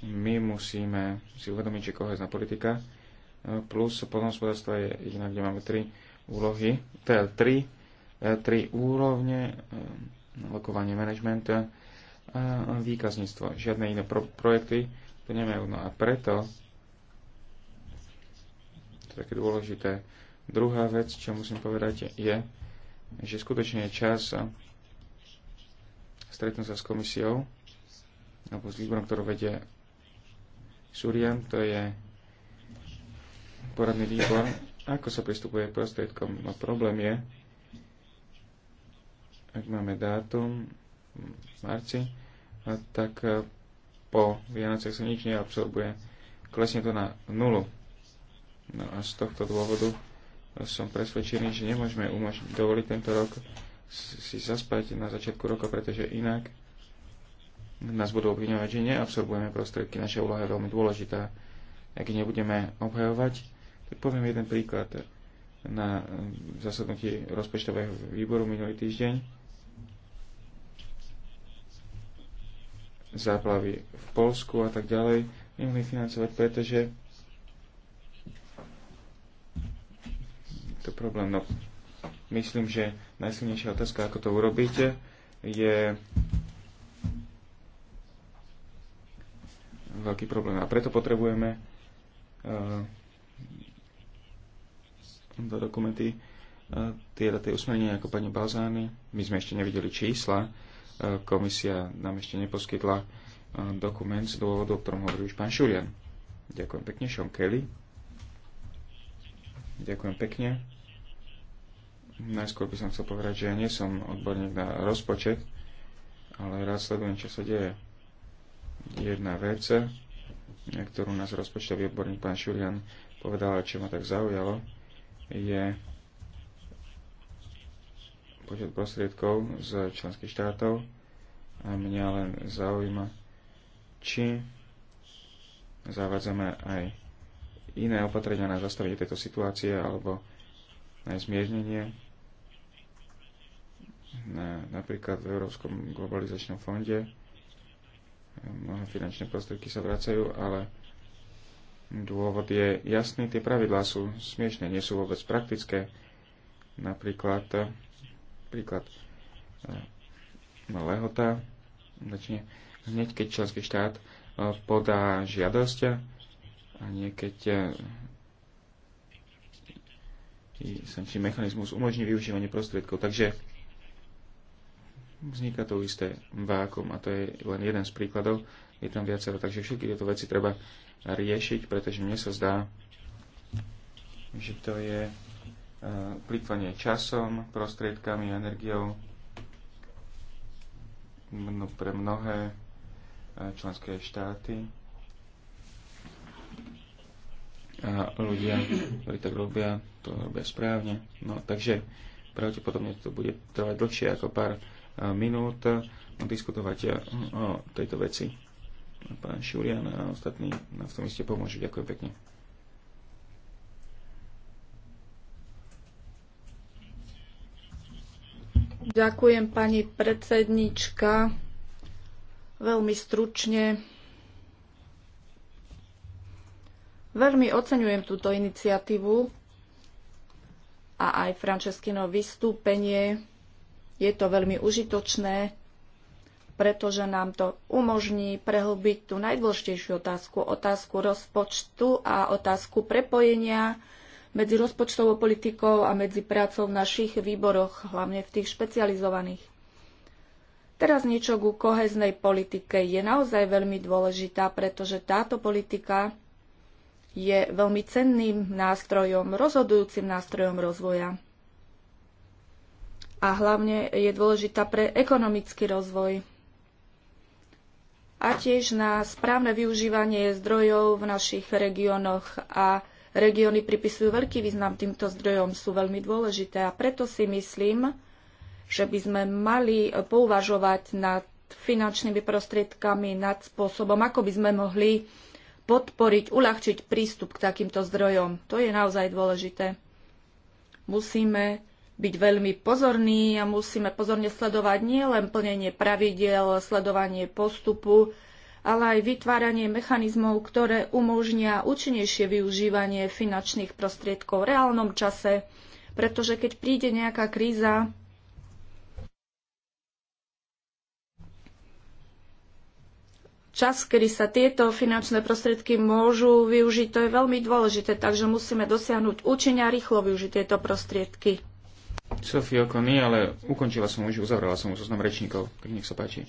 [SPEAKER 3] My musíme si uvedomiť, že kohezná politika eh, plus polnohospodárstvo je jediná, kde máme tri úlohy, 3 teda L3 e, úrovne, e, lokovanie management e, a výkazníctvo. Žiadne iné pro- projekty to nemajú. No a preto to je také dôležité. Druhá vec, čo musím povedať, je, že skutočne je čas stretnúť sa s komisiou alebo s výborom, ktorú vedie Surian, to je poradný výbor ako sa pristupuje prostriedkom? No problém je, ak máme dátum v marci, tak e, po Vianociach sa nič neabsorbuje. Klesne to na nulu. No a z tohto dôvodu e, som presvedčený, že nemôžeme umožniť dovoliť tento rok si zaspať na začiatku roka, pretože inak nás budú obviňovať, že neabsorbujeme prostriedky. Naša úloha je veľmi dôležitá. Ak nebudeme obhajovať, poviem jeden príklad. Na eh, zasadnutí rozpočtového výboru minulý týždeň záplavy v Polsku a tak ďalej nemohli financovať, pretože to problém. No, myslím, že najsilnejšia otázka, ako to urobíte, je veľký problém. A preto potrebujeme uh, tieto dokumenty, teda tie usmernenia ako pani Balzány. My sme ešte nevideli čísla, e, komisia nám ešte neposkytla e, dokument z dôvodu, o ktorom hovorí už pán Šurian. Ďakujem pekne, Sean Kelly. Ďakujem pekne. Najskôr by som chcel povedať, že ja nie som odborník na rozpočet, ale rád sledujem, čo sa deje. Jedna vec, e, ktorú nás rozpočtový odborník pán Šurian povedal, čo ma tak zaujalo, je počet prostriedkov z členských štátov a mňa len zaujíma, či zavádzame aj iné opatrenia na zastavenie tejto situácie alebo na zmiernenie. Na, napríklad v Európskom globalizačnom fonde mnohé finančné prostriedky sa vracajú, ale Dôvod je jasný, tie pravidlá sú smiešne, nie sú vôbec praktické. Napríklad, eh, príklad, eh, lehota, začne hneď, keď členský štát eh, podá žiadosť a nie keď sankčný mechanizmus umožní využívanie prostriedkov. Takže vzniká to isté vákum a to je len jeden z príkladov. Je tam viacero, takže všetky tieto veci treba riešiť, pretože mne sa zdá, že to je e, plýtvanie časom, prostriedkami, energiou pre mnohé e, členské štáty. A ľudia, ktorí tak robia, to robia správne. No, takže pravdepodobne to bude trvať dlhšie ako pár e, minút diskutovať o tejto veci pán Šurian a ostatní nám v tom iste pomôžu. Ďakujem pekne.
[SPEAKER 4] Ďakujem pani predsednička. Veľmi stručne. Veľmi oceňujem túto iniciatívu a aj Frančeskino vystúpenie. Je to veľmi užitočné pretože nám to umožní prehlbiť tú najdôležitejšiu otázku, otázku rozpočtu a otázku prepojenia medzi rozpočtovou politikou a medzi prácou v našich výboroch, hlavne v tých špecializovaných. Teraz niečo ku koheznej politike je naozaj veľmi dôležitá, pretože táto politika je veľmi cenným nástrojom, rozhodujúcim nástrojom rozvoja. A hlavne je dôležitá pre ekonomický rozvoj a tiež na správne využívanie zdrojov v našich regiónoch a regióny pripisujú veľký význam týmto zdrojom, sú veľmi dôležité a preto si myslím, že by sme mali pouvažovať nad finančnými prostriedkami, nad spôsobom, ako by sme mohli podporiť, uľahčiť prístup k takýmto zdrojom. To je naozaj dôležité. Musíme byť veľmi pozorní a musíme pozorne sledovať nielen plnenie pravidiel, sledovanie postupu, ale aj vytváranie mechanizmov, ktoré umožnia účinnejšie využívanie finančných prostriedkov v reálnom čase, pretože keď príde nejaká kríza, čas, kedy sa tieto finančné prostriedky môžu využiť, to je veľmi dôležité, takže musíme dosiahnuť účinne a rýchlo využiť tieto prostriedky.
[SPEAKER 3] Sofia Okony, ale ukončila som už, uzavrela som už zoznam rečníkov, tak nech sa páči.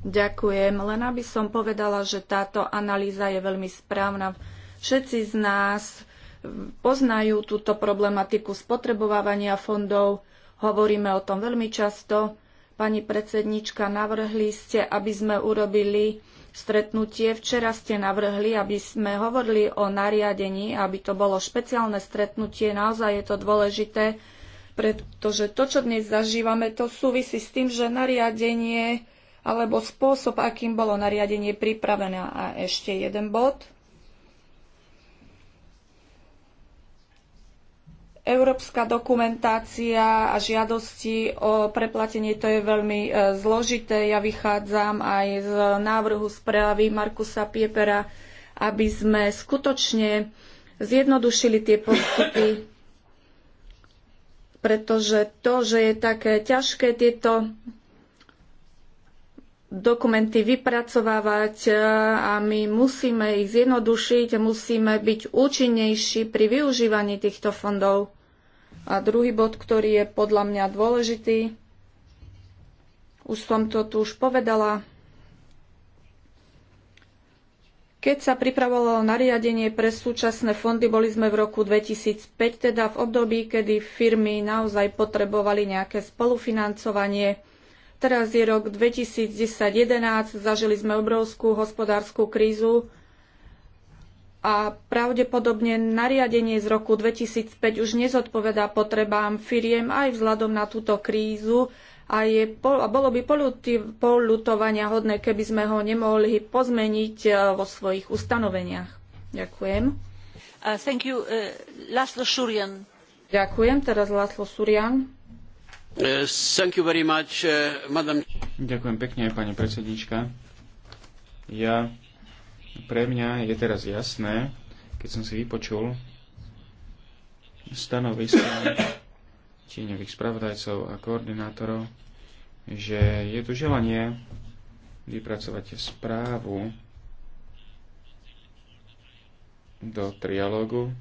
[SPEAKER 4] Ďakujem. Len aby som povedala, že táto analýza je veľmi správna. Všetci z nás poznajú túto problematiku spotrebovávania fondov. Hovoríme o tom veľmi často. Pani predsednička, navrhli ste, aby sme urobili stretnutie. Včera ste navrhli, aby sme hovorili o nariadení, aby to bolo špeciálne stretnutie. Naozaj je to dôležité pretože to, čo dnes zažívame, to súvisí s tým, že nariadenie alebo spôsob, akým bolo nariadenie pripravené. A ešte jeden bod. Európska dokumentácia a žiadosti o preplatenie, to je veľmi e, zložité. Ja vychádzam aj z návrhu správy Markusa Piepera, aby sme skutočne zjednodušili tie postupy pretože to, že je také ťažké tieto dokumenty vypracovávať e, a my musíme ich zjednodušiť, musíme byť účinnejší pri využívaní týchto fondov. A druhý bod, ktorý je podľa mňa dôležitý, už som to tu už povedala, Keď sa pripravovalo nariadenie pre súčasné fondy, boli sme v roku 2005, teda v období, kedy firmy naozaj potrebovali nejaké spolufinancovanie. Teraz je rok 2010-2011, zažili sme obrovskú hospodárskú krízu, a pravdepodobne nariadenie z roku 2005 už nezodpovedá potrebám firiem aj vzhľadom na túto krízu a, je, a bolo by polutovania hodné, keby sme ho nemohli pozmeniť e, vo svojich ustanoveniach. Ďakujem. Uh, thank you, uh, Laszlo Šurian. Ďakujem, teraz Laszlo Šurian.
[SPEAKER 2] Uh, thank
[SPEAKER 1] you very much, uh, madam.
[SPEAKER 3] Ďakujem pekne, pani predsedníčka. Ja pre mňa je teraz jasné, keď som si vypočul stanovisko tieňových spravodajcov a koordinátorov, že je tu želanie vypracovať správu do trialógu,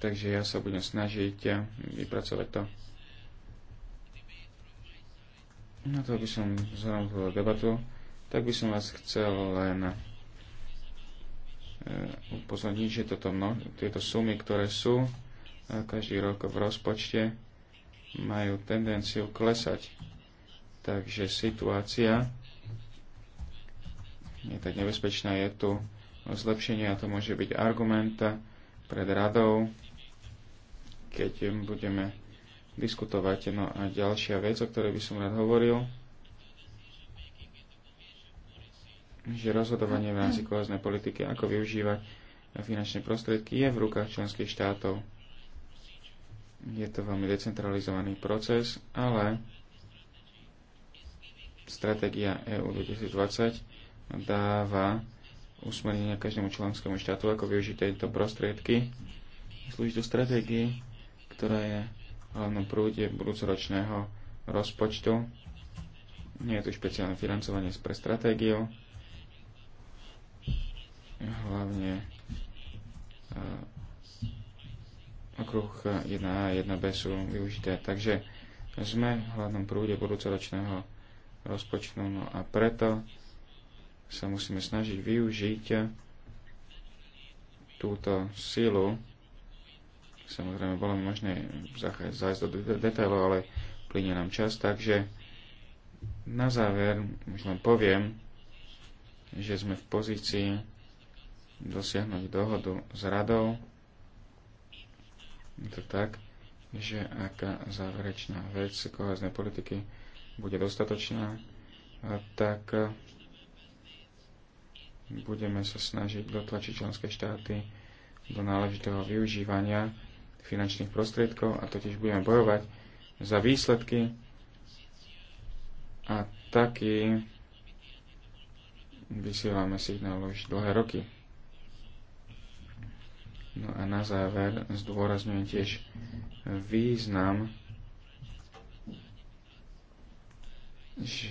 [SPEAKER 3] takže ja sa budem snažiť vypracovať to. Na to by som zhrnul debatu tak by som vás chcel len e, upozorniť, že toto mno, tieto sumy, ktoré sú e, každý rok v rozpočte, majú tendenciu klesať. Takže situácia je tak nebezpečná, je tu zlepšenie a to môže byť argument pred radou, keď budeme diskutovať. No a ďalšia vec, o ktorej by som rád hovoril, že rozhodovanie v rámci kohezné politiky, ako využívať finančné prostriedky, je v rukách členských štátov. Je to veľmi decentralizovaný proces, ale stratégia EU 2020 dáva usmernenia každému členskému štátu, ako využiť tieto prostriedky. Slúži to stratégii, ktorá je v hlavnom prúde budúcoročného rozpočtu. Nie je tu špeciálne financovanie pre stratégiu hlavne eh, okruh 1a a 1b sú využité. Takže sme v hlavnom prúde budúcoročného rozpočtu no a preto sa musíme snažiť využiť túto silu. Samozrejme, bolo mi možné zájsť do detailov, ale plyne nám čas, takže na záver už len poviem, že sme v pozícii, dosiahnuť dohodu s radou. Je to tak, že aká záverečná vec koháznej politiky bude dostatočná, tak budeme sa snažiť dotlačiť členské štáty do náležitého využívania finančných prostriedkov a totiž budeme bojovať za výsledky a taký vysielame signál už dlhé roky. No a na záver zdôrazňujem tiež význam, že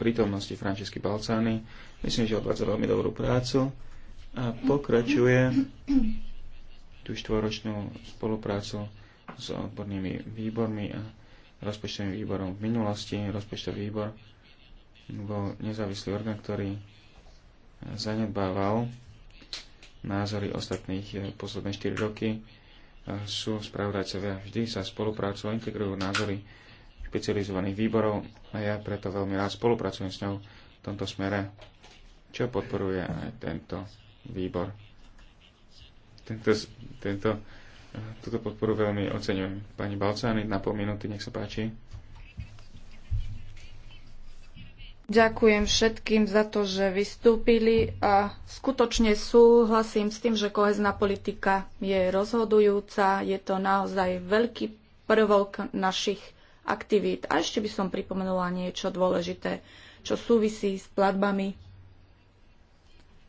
[SPEAKER 3] prítomnosti Frančisky Balcány. Myslím, že odvádza veľmi dobrú prácu a pokračuje tú štvoročnú spoluprácu s odbornými výbormi a rozpočtovým výborom v minulosti. Rozpočtový výbor bol nezávislý orgán, ktorý zanedbával názory ostatných eh, posledné 4 roky eh, sú spravodajcovia. Vždy sa spolupracujú a integrujú názory špecializovaných výborov a ja preto veľmi rád spolupracujem s ňou v tomto smere, čo podporuje aj tento výbor. Tento, tento, eh, túto podporu veľmi oceňujem. Pani Balcány, na pol minúty, nech sa páči.
[SPEAKER 4] Ďakujem všetkým za to, že vystúpili a skutočne súhlasím s tým, že kohezná politika je rozhodujúca. Je to naozaj veľký prvok našich aktivít. A ešte by som pripomenula niečo dôležité, čo súvisí s platbami.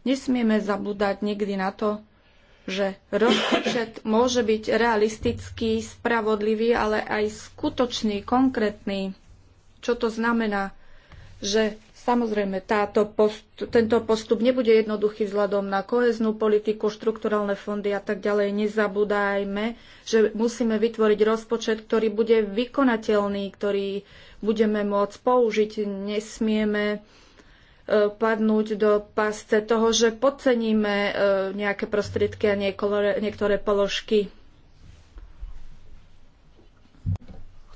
[SPEAKER 4] Nesmieme zabúdať nikdy na to, že rozpočet môže byť realistický, spravodlivý, ale aj skutočný, konkrétny. Čo to znamená? že samozrejme táto post, tento postup nebude jednoduchý vzhľadom na koheznú politiku, štrukturálne fondy a tak ďalej. Nezabúdajme, že musíme vytvoriť rozpočet, ktorý bude vykonateľný, ktorý budeme môcť použiť. Nesmieme e, padnúť do pásce toho, že podceníme e, nejaké prostriedky a niektoré položky.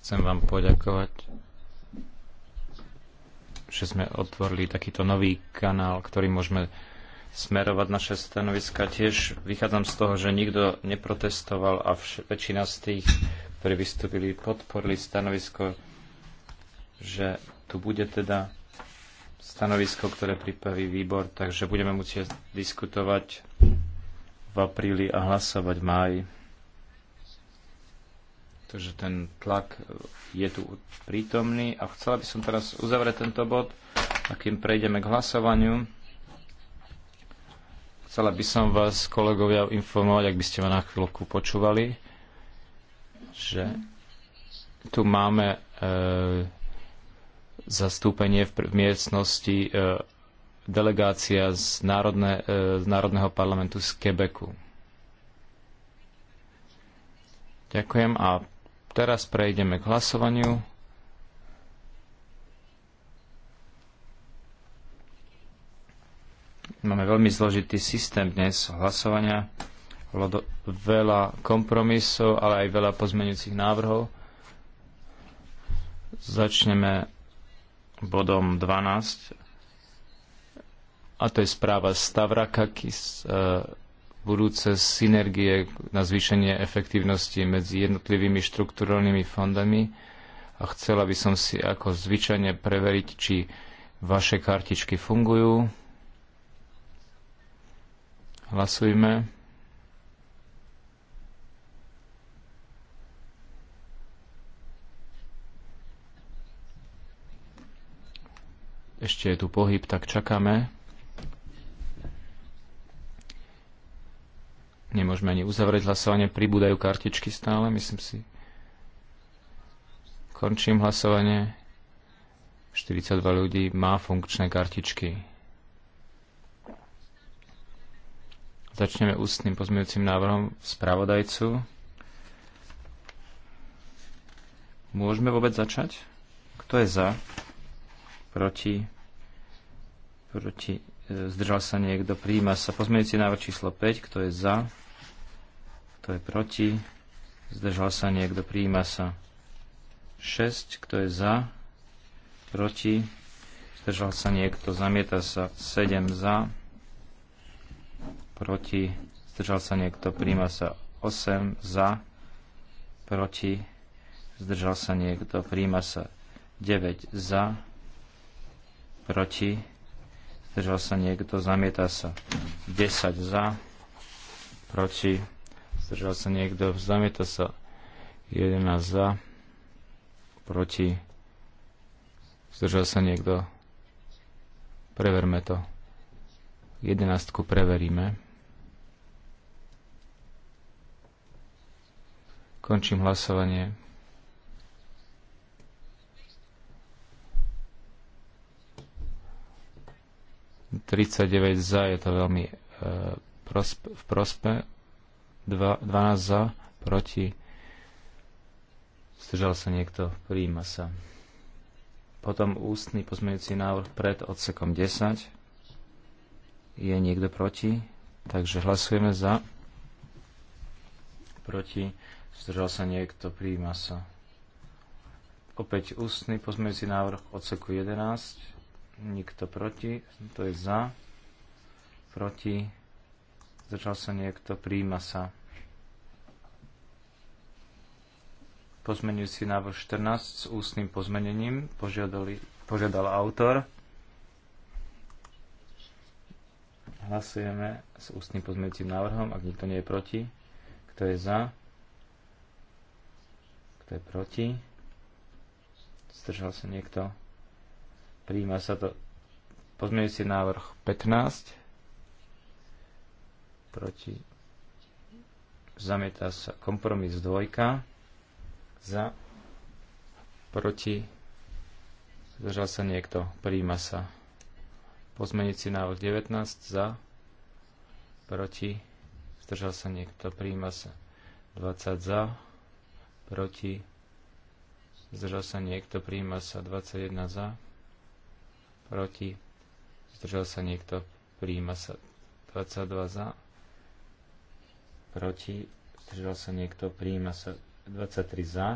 [SPEAKER 1] Chcem vám poďakovať že sme otvorili takýto nový kanál, ktorý môžeme smerovať naše stanoviska. Tiež vychádzam z toho, že nikto neprotestoval a väčšina z tých, ktorí vystúpili, podporili stanovisko, že tu bude teda stanovisko, ktoré pripraví výbor, takže budeme musieť diskutovať v apríli a hlasovať v máji. Takže ten tlak e, je tu prítomný a chcela by som teraz uzavrieť tento bod a kým prejdeme k hlasovaniu, chcela by som vás, kolegovia, informovať, ak by ste ma na chvíľku počúvali, že tu máme e, zastúpenie v, v miestnosti e, delegácia z, národne, e, z Národného parlamentu z Quebecu. Ďakujem a Teraz prejdeme k hlasovaniu. Máme veľmi zložitý systém dnes hlasovania. Bolo veľa kompromisov, ale aj veľa pozmenujúcich návrhov. Začneme bodom 12 a to je správa Stavrakakis, e, budúce synergie na zvýšenie efektívnosti medzi jednotlivými štruktúrnymi fondami a chcela by som si ako zvyčajne preveriť, či vaše kartičky fungujú. Hlasujme. Ešte je tu pohyb, tak čakáme. Nemôžeme ani uzavrieť hlasovanie, pribúdajú kartičky stále, myslím si. Končím hlasovanie. 42 ľudí má funkčné kartičky. Začneme ústnym pozmeňujúcim návrhom spravodajcu. Môžeme vôbec začať? Kto je za? Proti? Proti? E, zdržal sa niekto? Príjima sa pozmeňujúci návrh číslo 5. Kto je za? Kto je proti? Zdržal sa niekto? Prijíma sa. 6. Kto je za? Proti? Zdržal sa niekto? Zamieta sa. 7 za. Proti? Zdržal sa niekto? Prijíma sa. 8 za. Proti? Zdržal sa niekto? Prijíma sa. 9 za. Proti? Zdržal sa niekto? Zamieta sa. 10 za. Proti? Zdržal sa niekto? Zamieta sa. 11 za. Proti. Zdržal sa niekto? Preverme to. 11 preveríme. Končím hlasovanie. Tridsaťdeväť za je to veľmi e, eh, prospe, v prospe, 12 za, proti, zdržal sa niekto, príjma sa. Potom ústny pozmeňujúci návrh pred odsekom 10. Je niekto proti? Takže hlasujeme za. Proti. Zdržal sa niekto, príjma sa. Opäť ústny pozmeňujúci návrh odseku 11. Nikto proti. To je za. Proti Zdržal sa niekto? Príjima sa. Pozmenujúci návrh 14 s ústnym pozmenením požiadali, požiadal autor. Hlasujeme s ústnym pozmenujúcim návrhom, ak nikto nie je proti. Kto je za? Kto je proti? Zdržal sa niekto? Príjma sa to pozmenujúci návrh 15 proti, zamieta sa kompromis dvojka, za, proti, zdržal sa niekto, príjma sa. Pozmenici návrh 19, za, proti, zdržal sa niekto, príjma sa. 20 za, proti, zdržal sa niekto, príjma sa. 21 za, proti, zdržal sa niekto, príjma sa. 22 za, proti, zdržal sa niekto, prijíma sa 23 za,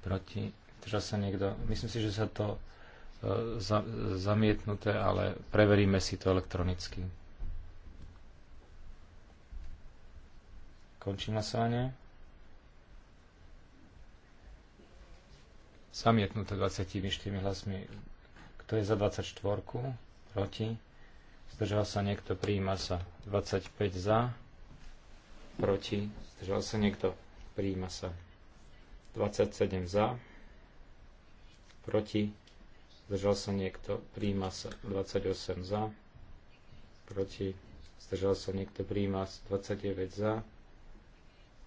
[SPEAKER 1] proti, zdržal sa niekto. Myslím si, že sa to e, za, zamietnuté, ale preveríme si to elektronicky. Končím hlasovanie. Zamietnuté 24 hlasmi. Kto je za 24? Proti? zdržal sa niekto, príjma sa 25 za, proti, zdržal sa niekto, príjma sa 27 za, proti, zdržal sa niekto, príjma sa 28 za, proti, zdržal sa niekto, príjma sa 29 za,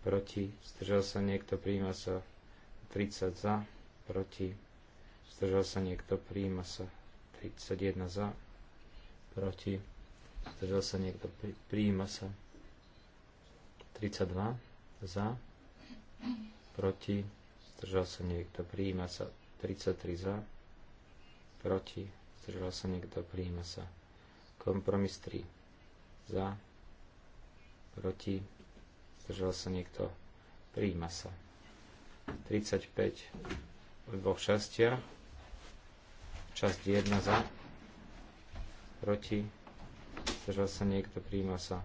[SPEAKER 1] proti, zdržal sa niekto, príjma sa 30 za, proti, zdržal sa niekto, príjma sa 31 za, proti, zdržal sa niekto, prijíma sa. 32 za, proti, zdržal sa niekto, prijíma sa. 33 za, proti, zdržal sa niekto, prijíma sa. Kompromis 3 za, proti, zdržal sa niekto, prijíma sa. 35 v dvoch častiach, časť 1 za, proti, zdržal sa niekto, príjma sa.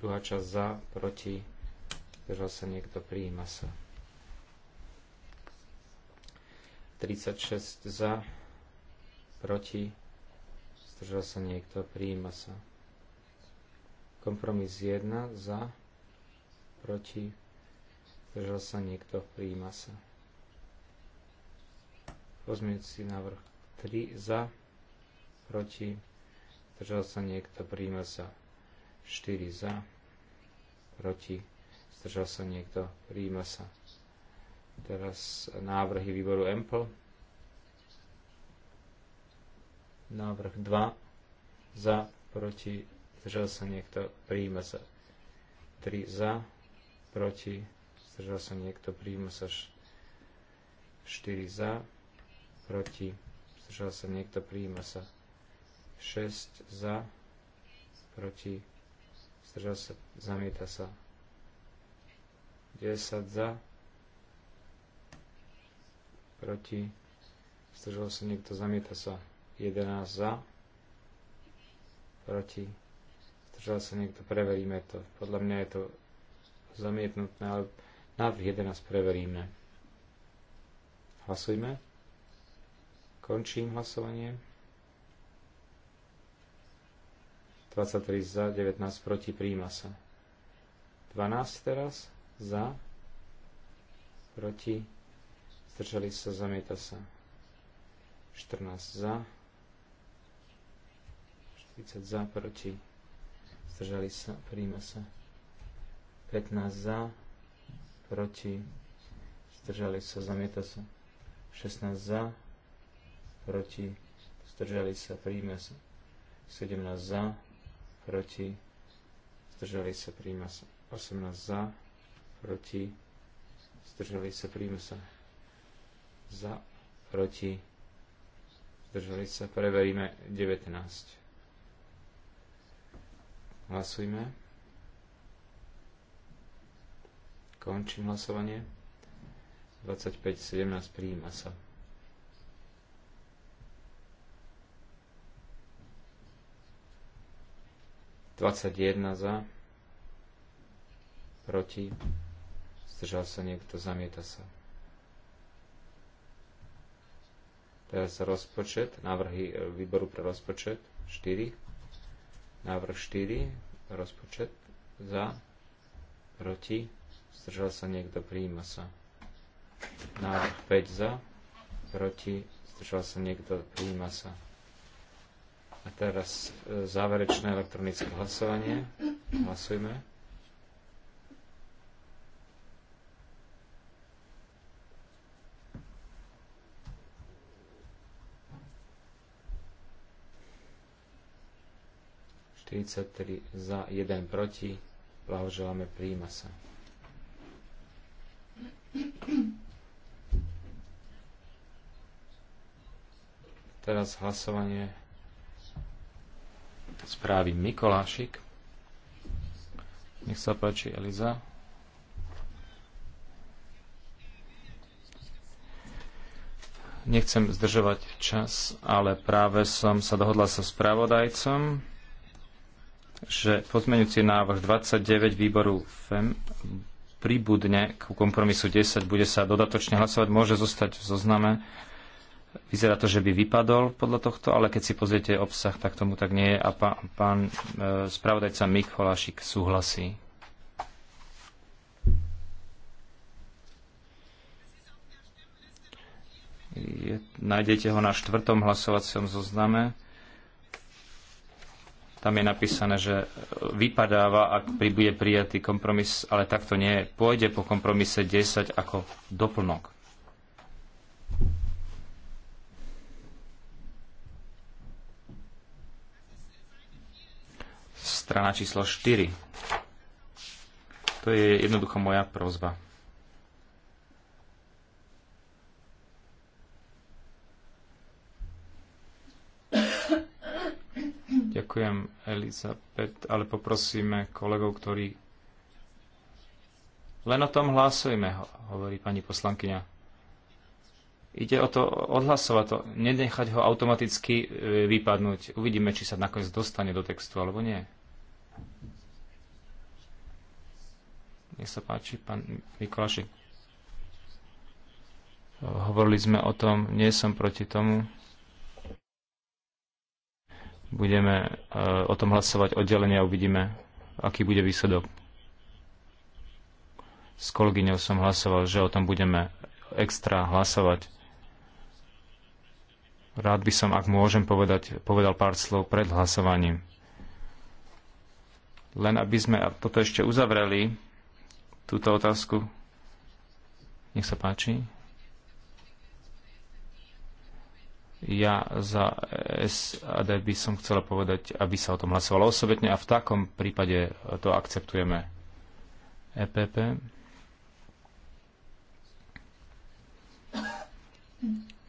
[SPEAKER 1] Druhá časť za, proti, zdržal sa niekto, príjma sa. 36 za, proti, zdržal sa niekto, príjma sa. Kompromis 1 za, proti, zdržal sa niekto, príjma sa. si návrh 3 za, proti, zdržal sa niekto, príjma sa 4 za, proti, zdržal sa niekto, príjma sa. Teraz návrhy výboru EMPL. Návrh 2 za, proti, zdržal sa niekto, príjma sa 3 za, proti, zdržal sa niekto, príjma sa 4 za, proti, zdržal sa niekto, príjma sa 6 za, proti, zdržal sa, zamieta sa. 10 za, proti, zdržal sa niekto, zamieta sa. 11 za, proti, zdržal sa niekto, preveríme to. Podľa mňa je to zamietnutné, ale návrh 11 preveríme. Hlasujme. Končím hlasovanie. 23 za, 19 proti, príjma sa. 12 teraz, za, proti, zdržali sa, zamieta sa. 14 za, 40 za, proti, zdržali sa, príjma sa. 15 za, proti, zdržali sa, zamieta sa. 16 za, proti, zdržali sa, príjma sa. 17 za, proti, zdržali sa, príjma sa. 18 za, proti, zdržali sa, príjma sa. Za, proti, zdržali sa, preveríme 19. Hlasujme. Končím hlasovanie. 25, 17, príjma sa. 21 za, proti, zdržal sa niekto, zamieta sa. Teraz rozpočet, návrhy e, výboru pre rozpočet 4, návrh 4, rozpočet za, proti, zdržal sa niekto, prijíma sa. Návrh 5 za, proti, zdržal sa niekto, prijíma sa. A teraz e, záverečné elektronické hlasovanie. Hlasujme. Tridsaťtri za, jeden proti. Blahoželáme, príjima sa. Teraz hlasovanie správy Mikolášik. Nech sa páči, Eliza. Nechcem zdržovať čas, ale práve som sa dohodla so spravodajcom, že pozmeňujúci návrh 29 výboru FEM pribudne ku kompromisu 10, bude sa dodatočne hlasovať, môže zostať v zozname Vyzerá to, že by vypadol podľa tohto, ale keď si pozriete obsah, tak tomu tak nie je a pán, pán e, spravodajca Mikolášik súhlasí. Je, nájdete ho na štvrtom hlasovacom zozname. Tam je napísané, že vypadáva, ak bude prijatý kompromis, ale takto nie. Pôjde po kompromise 10 ako doplnok. strana číslo 4. To je jednoducho moja prozba. Ďakujem, Elizabet, ale poprosíme kolegov, ktorí... Len o tom hlasujme, hovorí pani poslankyňa. Ide o to odhlasovať to, nenechať ho automaticky e, vypadnúť. Uvidíme, či sa nakoniec dostane do textu, alebo nie. Nech sa páči, pán Mikulášik. Hovorili sme o tom, nie som proti tomu. Budeme e, o tom hlasovať oddelenie a uvidíme, aký bude výsledok. S kolegyňou som hlasoval, že o tom budeme extra hlasovať. Rád by som, ak môžem povedať, povedal pár slov pred hlasovaním. Len aby sme a toto ešte uzavreli, túto otázku. Nech sa páči. Ja za SAD by som chcela povedať, aby sa o tom hlasovalo osobitne a v takom prípade to akceptujeme. EPP.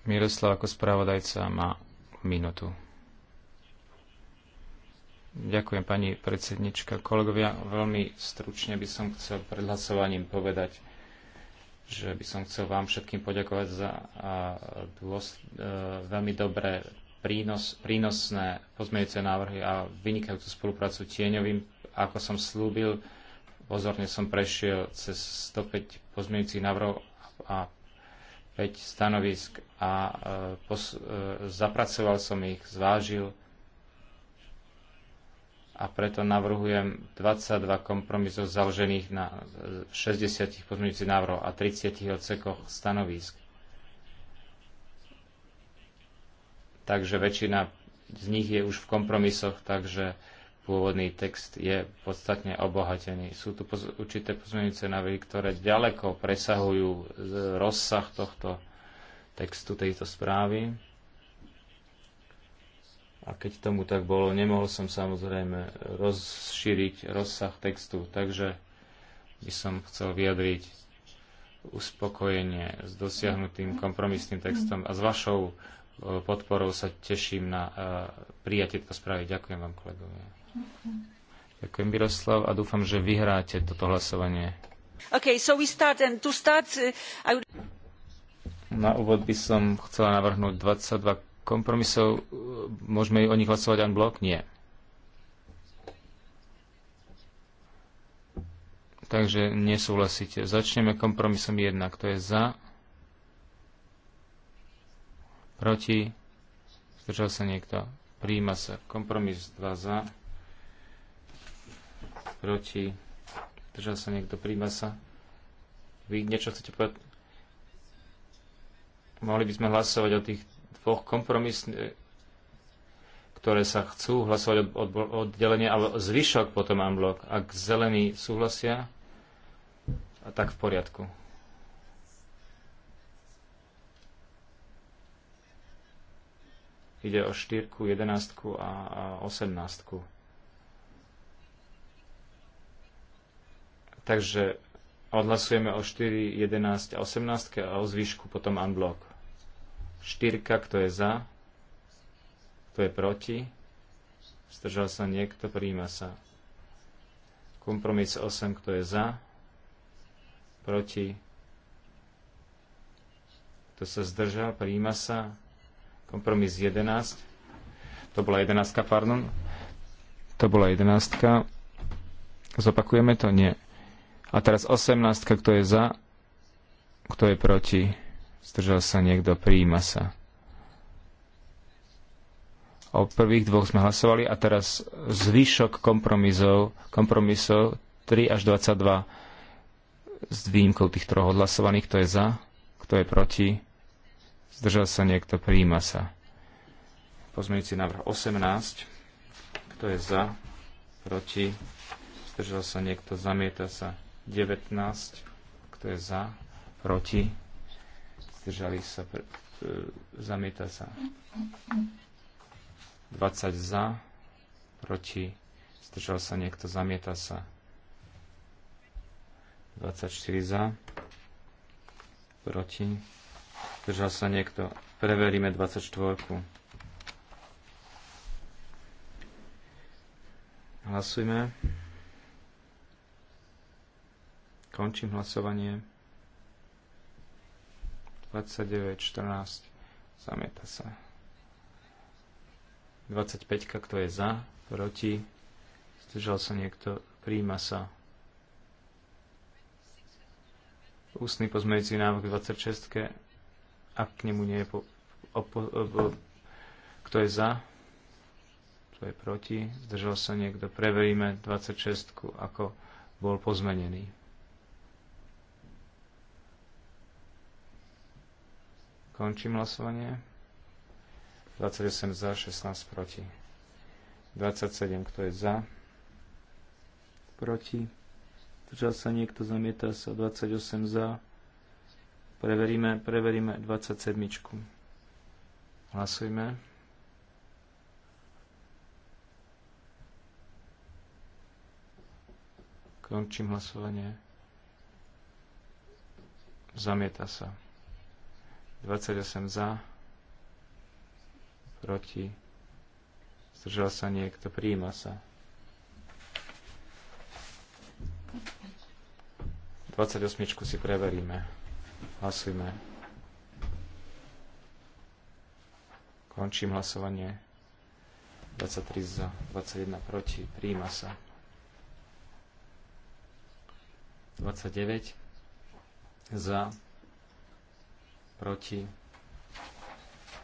[SPEAKER 1] Miroslav ako spravodajca má minútu. Ďakujem, pani predsednička. Kolegovia, veľmi stručne by som chcel pred hlasovaním povedať, že by som chcel vám všetkým poďakovať za dôs, e, veľmi dobré prínos, prínosné pozmeňujúce návrhy a vynikajúcu spoluprácu tieňovým. Ako som slúbil, pozorne som prešiel cez 105 pozmeňujúcich návrhov a 5 stanovisk a e, pos, e, zapracoval som ich, zvážil a preto navrhujem 22 kompromisov založených na 60 e, pozmeňujúcich návrhov a 30 odsekoch stanovisk. Takže väčšina z nich je už v kompromisoch, takže pôvodný text je podstatne obohatený. Sú tu poz- určité pozmeňujúce návrhy, ktoré ďaleko presahujú e, rozsah tohto textu, tejto správy. A keď tomu tak bolo, nemohol som samozrejme rozšíriť rozsah textu, takže by som chcel vyjadriť uspokojenie s dosiahnutým kompromisným textom a s vašou e, podporou sa teším na e, prijatie tejto správy. Ďakujem vám, kolegovia. Ďakujem, Miroslav, a dúfam, že vyhráte toto hlasovanie.
[SPEAKER 4] Okay, so we start and to start, uh, I would...
[SPEAKER 1] Na úvod by som chcela navrhnúť 22 kompromisov. Môžeme o nich hlasovať an blok? Nie. Takže nesúhlasíte. Začneme kompromisom 1. Kto je za? Proti? Zdržal sa niekto? Príjima sa. Kompromis 2 za proti, držal sa niekto, príjma sa. Vy niečo chcete povedať? Mohli by sme hlasovať o tých dvoch kompromisných, e, ktoré sa chcú hlasovať od, od, oddelenie, ale zvyšok potom blok, ak zelení súhlasia, a tak v poriadku. Ide o štyrku, jedenáctku a, a osemnáctku. Takže odhlasujeme o 4, 11 a 18 a o zvyšku potom unblock. 4, kto je za, kto je proti, zdržal sa niekto, príjma sa. Kompromis 8, kto je za, proti, kto sa zdržal, príjma sa. Kompromis 11, to bola 11, pardon, to bola 11. Zopakujeme to? Nie. A teraz 18, kto je za, kto je proti, zdržal sa niekto, prijíma sa. O prvých dvoch sme hlasovali a teraz zvyšok kompromisov, kompromisov 3 až 22 s výjimkou tých troch odhlasovaných, kto je za, kto je proti, zdržal sa niekto, prijíma sa. Pozmeňujúci návrh 18, kto je za, proti, zdržal sa niekto, zamieta sa. 19, kto je za, proti, zdržali sa, pr- e, zamieta sa. 20 za, proti, zdržal sa niekto, zamieta sa. 24 za, proti, zdržal sa niekto. Preveríme 24. Hlasujme. Končím hlasovanie. 29, 14. Zamieta sa. 25, kto je za, proti. Zdržal sa niekto, príjma sa. Ústny pozmejúci návrh 26, ak k nemu nie je po, opo, opo, kto je za, kto je proti, zdržal sa niekto, preveríme 26, ako bol pozmenený. Končím hlasovanie. 28 za, 16 proti. 27, kto je za? Proti. Zdržal sa niekto, zamieta sa. 28 za. Preveríme, preveríme 27. Hlasujme. Končím hlasovanie. Zamieta sa. 28 za, proti, zdržal sa niekto, príjima sa. 28 si preveríme. Hlasujme. Končím hlasovanie. 23 za, 21 proti, príjima sa. 29 za, proti,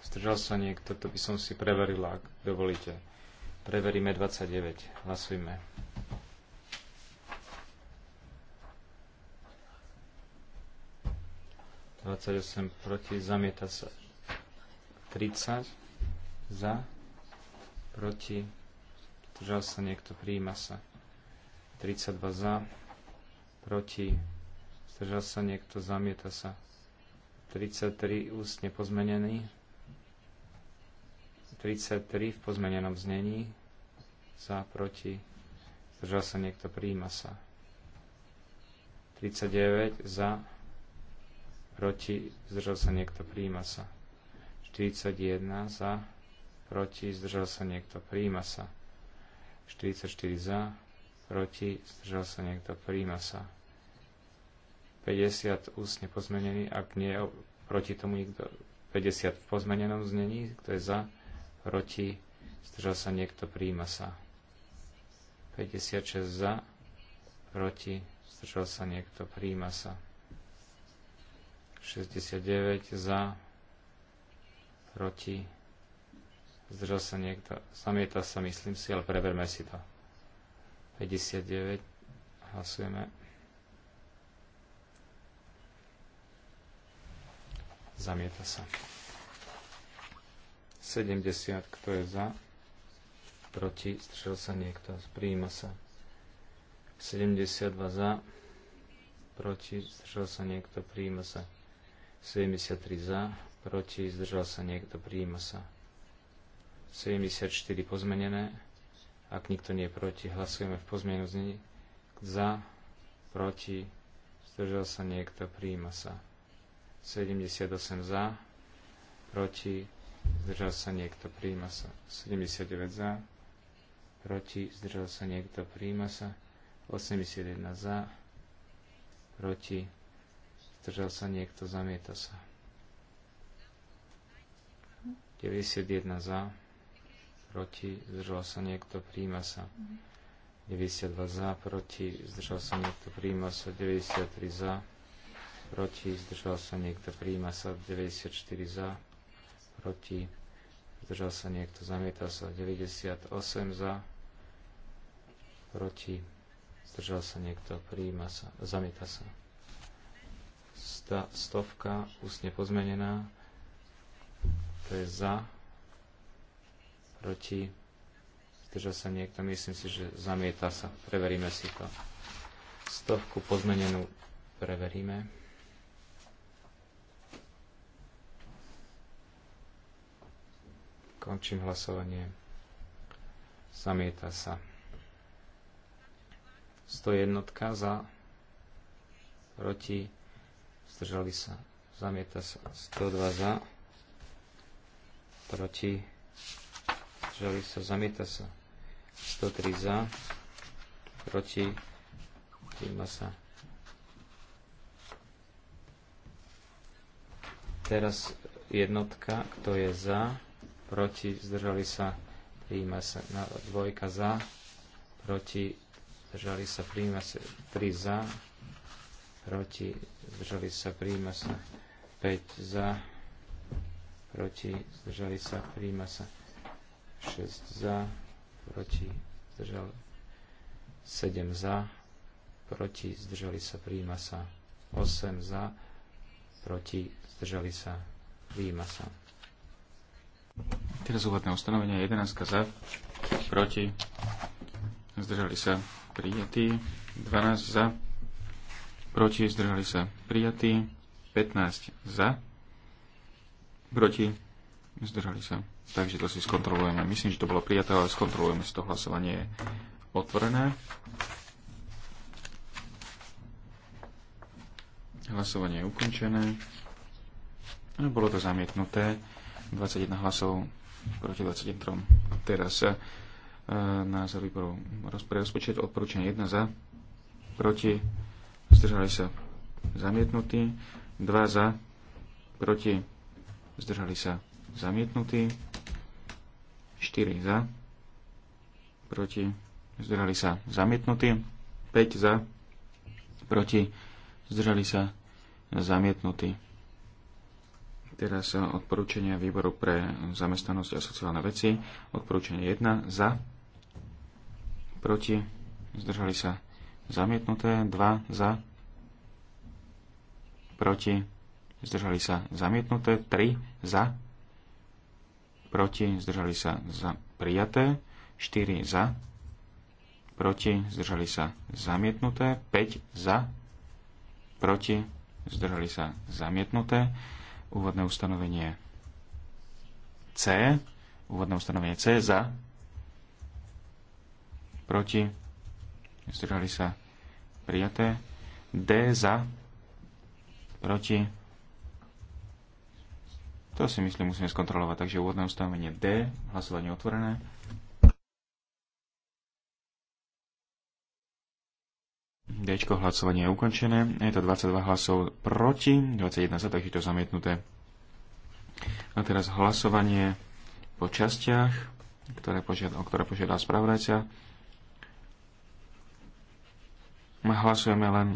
[SPEAKER 1] zdržal sa niekto, to by som si preveril, ak dovolíte. Preveríme 29, hlasujme. sem proti, zamieta sa 30 za, proti, zdržal sa niekto, prijíma sa 32 za, proti, zdržal sa niekto, zamieta sa 33 ústne pozmenený. 33 v pozmenenom znení. Za, proti. Zdržal sa niekto, prijíma sa. 39 za, proti, zdržal sa niekto, prijíma sa. 41 za, proti, zdržal sa niekto, prijíma sa. 44 za, proti, zdržal sa niekto, prijíma sa. 50 ústne pozmenený, ak nie proti tomu nikto 50 v pozmenenom znení, kto je za, proti, zdržal sa niekto, príjima sa. 56 za, proti, zdržal sa niekto, príjima sa. 69 za, proti, zdržal sa niekto, zamieta sa, myslím si, ale preverme si to. 59, hlasujeme. Zamieta sa. 70, kto je za? Proti, zdržal sa niekto. Prijíma sa. 72 za, proti, zdržal sa niekto, prijíma sa. 73 za, proti, zdržal sa niekto, prijíma sa. 74 pozmenené, ak nikto nie je proti, hlasujeme v pozmenu znení. Za, proti, zdržal sa niekto, prijíma sa. 78 za, proti, zdržal sa niekto, príjma sa. 79 za, proti, zdržal sa niekto, príjma sa. 81 za, proti, zdržal sa niekto, zamieta sa. 91 za, proti, zdržal sa niekto, príjma sa. 92 za, proti, zdržal sa niekto, príjma sa. 93 za, proti, zdržal sa niekto, príjma sa 94 za, proti, zdržal sa niekto, zamieta sa 98 za, proti, zdržal sa niekto, príjma sa, zamieta sa. Sta, stovka ústne pozmenená, to je za, proti, zdržal sa niekto, myslím si, že zamieta sa, preveríme si to. Stovku pozmenenú preveríme. Končím hlasovanie. Zamieta sa. 101 za, proti, zdržali sa. Zamieta sa. 102 za, proti, zdržali sa. Zamieta sa. 103 za, proti, zdržali sa. Teraz jednotka, kto je za, proti, zdržali sa, príjma sa na dvojka za, proti, zdržali sa, príjma sa 3 za, proti, zdržali sa, príjma sa 5 za, proti, zdržali sa, príjma sa 6 za, proti, zdržali 7 za, proti, zdržali sa, príjma sa 8 za, proti, zdržali sa, príjma sa Teraz
[SPEAKER 3] úvodné ustanovenie 11 za, proti, zdržali sa prijatí, 12 za, proti, zdržali sa prijatí, 15 za, proti, zdržali sa. Takže to si skontrolujeme. Myslím, že to bolo prijaté, ale skontrolujeme si to hlasovanie je otvorené. Hlasovanie je ukončené. bolo to zamietnuté. 21 hlasov proti 23. Teraz e, názor výboru pre rozpočet odporúčanie 1 za, proti, zdržali sa zamietnutí, 2 za, proti, zdržali sa zamietnutí, 4 za, proti, zdržali sa zamietnutí, 5 za, proti, zdržali sa zamietnutí. Teraz eh, odporúčania výboru pre zamestnanosť a sociálne veci. Odporúčanie 1 za, proti, zdržali sa zamietnuté, 2 za, proti, zdržali sa zamietnuté, 3 za, proti, zdržali sa za, prijaté, 4 za, proti, zdržali sa zamietnuté, 5 za, proti, zdržali sa zamietnuté, úvodné ustanovenie C, úvodné ustanovenie C za, proti, zdržali sa prijaté, D za, proti, to si myslím musíme skontrolovať, takže úvodné ustanovenie D, hlasovanie otvorené, D hlasovanie je ukončené. Je to 22 hlasov proti, 21 za, takže to zamietnuté. A teraz hlasovanie po častiach, ktoré požiada, o ktoré požiadal spravodajca. Hlasujeme len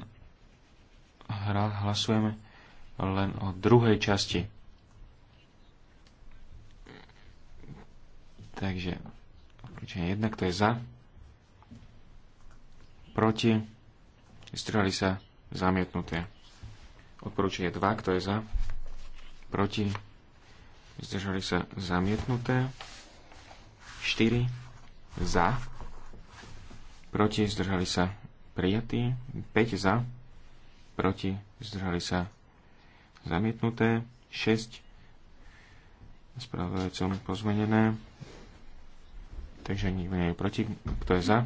[SPEAKER 3] hlasujeme len o druhej časti. Takže, jednak kto je za, proti, Strali sa zamietnuté. Odporúčanie 2, kto je za? Proti? Zdržali sa zamietnuté. 4 za. Proti? Zdržali sa prijatí. 5 za. Proti? Zdržali sa zamietnuté. 6 spravodajcom pozmenené. Takže nikto nie je proti. Kto je za?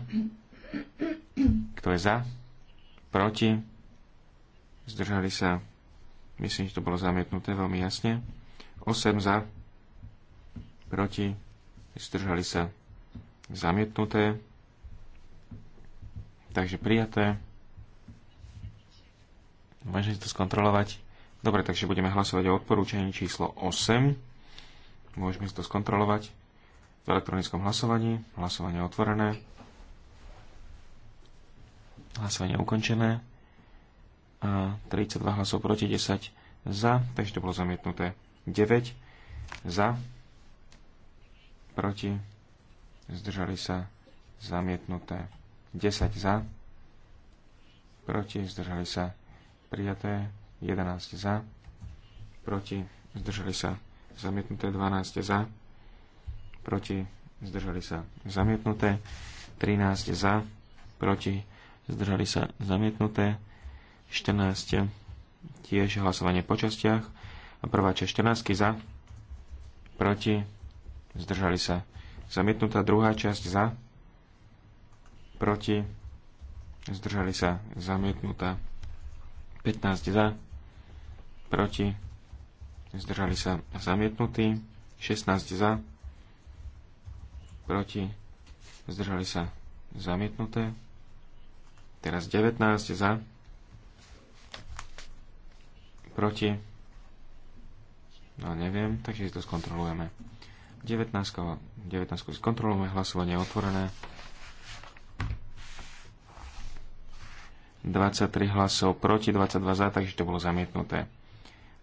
[SPEAKER 3] Kto je za? proti, zdržali sa, myslím, že to bolo zamietnuté veľmi jasne, 8 za, proti, zdržali sa, zamietnuté, takže prijaté. môžeme si to skontrolovať. Dobre, takže budeme hlasovať o odporúčaní číslo 8. Môžeme si to skontrolovať v elektronickom hlasovaní. Hlasovanie otvorené. Hlasovanie ukončené. A 32 hlasov proti 10 za, takže to bolo zamietnuté. 9 za, proti, zdržali sa, zamietnuté. 10 za, proti, zdržali sa, prijaté. 11 za, proti, zdržali sa, zamietnuté. 12 za, proti, zdržali sa, zamietnuté. 13 za, proti, zdržali sa zamietnuté, 14 tiež hlasovanie po častiach a prvá časť 14 za, proti, zdržali sa zamietnutá, druhá časť za, proti, zdržali sa zamietnutá, 15 za, proti, zdržali sa zamietnutí, 16 za, proti, zdržali sa zamietnuté. Teraz 19 za. Proti. No neviem, takže si to skontrolujeme. 19, 19 skontrolujeme, hlasovanie je otvorené. 23 hlasov proti, 22 za, takže to bolo zamietnuté.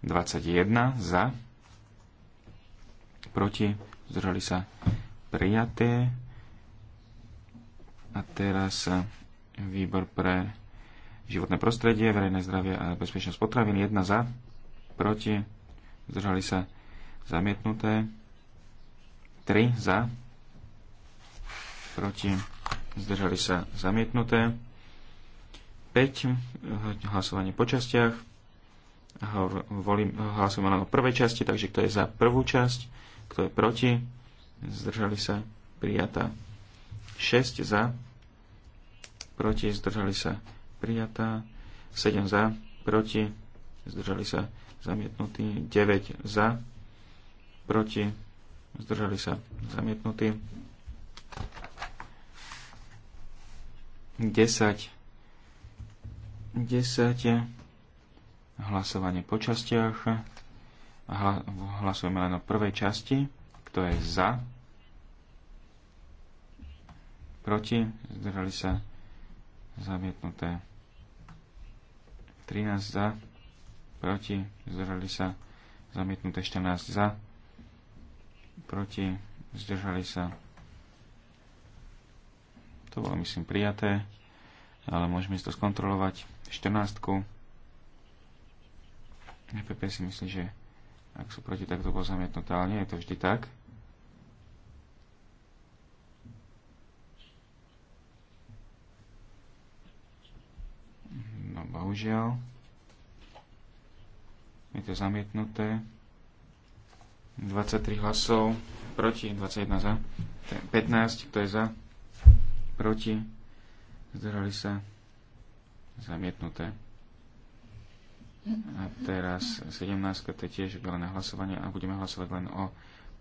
[SPEAKER 3] 21 za, proti, zdržali sa prijaté. A teraz výbor pre životné prostredie, verejné zdravie a bezpečnosť potravín. Jedna za, proti, zdržali sa zamietnuté. 3 za, proti, zdržali sa zamietnuté. 5, eh, hlasovanie po častiach. Volím, hlasujeme len o prvej časti, takže kto je za prvú časť, kto je proti, zdržali sa prijatá. 6 za, proti, zdržali sa prijatá, 7 za, proti, zdržali sa zamietnutí, 9 za, proti, zdržali sa zamietnutí, 10, 10, hlasovanie po častiach, hlasujeme len o prvej časti, kto je za, proti, zdržali sa zamietnuté. 13 za, proti, zdržali sa, zamietnuté 14 za, proti, zdržali sa. To bolo, myslím, prijaté, ale môžeme si to skontrolovať. 14. EPP si myslí, že ak sú proti, tak to bolo zamietnuté, ale nie je to vždy tak. bohužiaľ. Je to zamietnuté. 23 hlasov proti, 21 za, 15, kto je za, proti, zdržali sa, zamietnuté. A teraz 17, to je tiež na hlasovanie a budeme hlasovať len o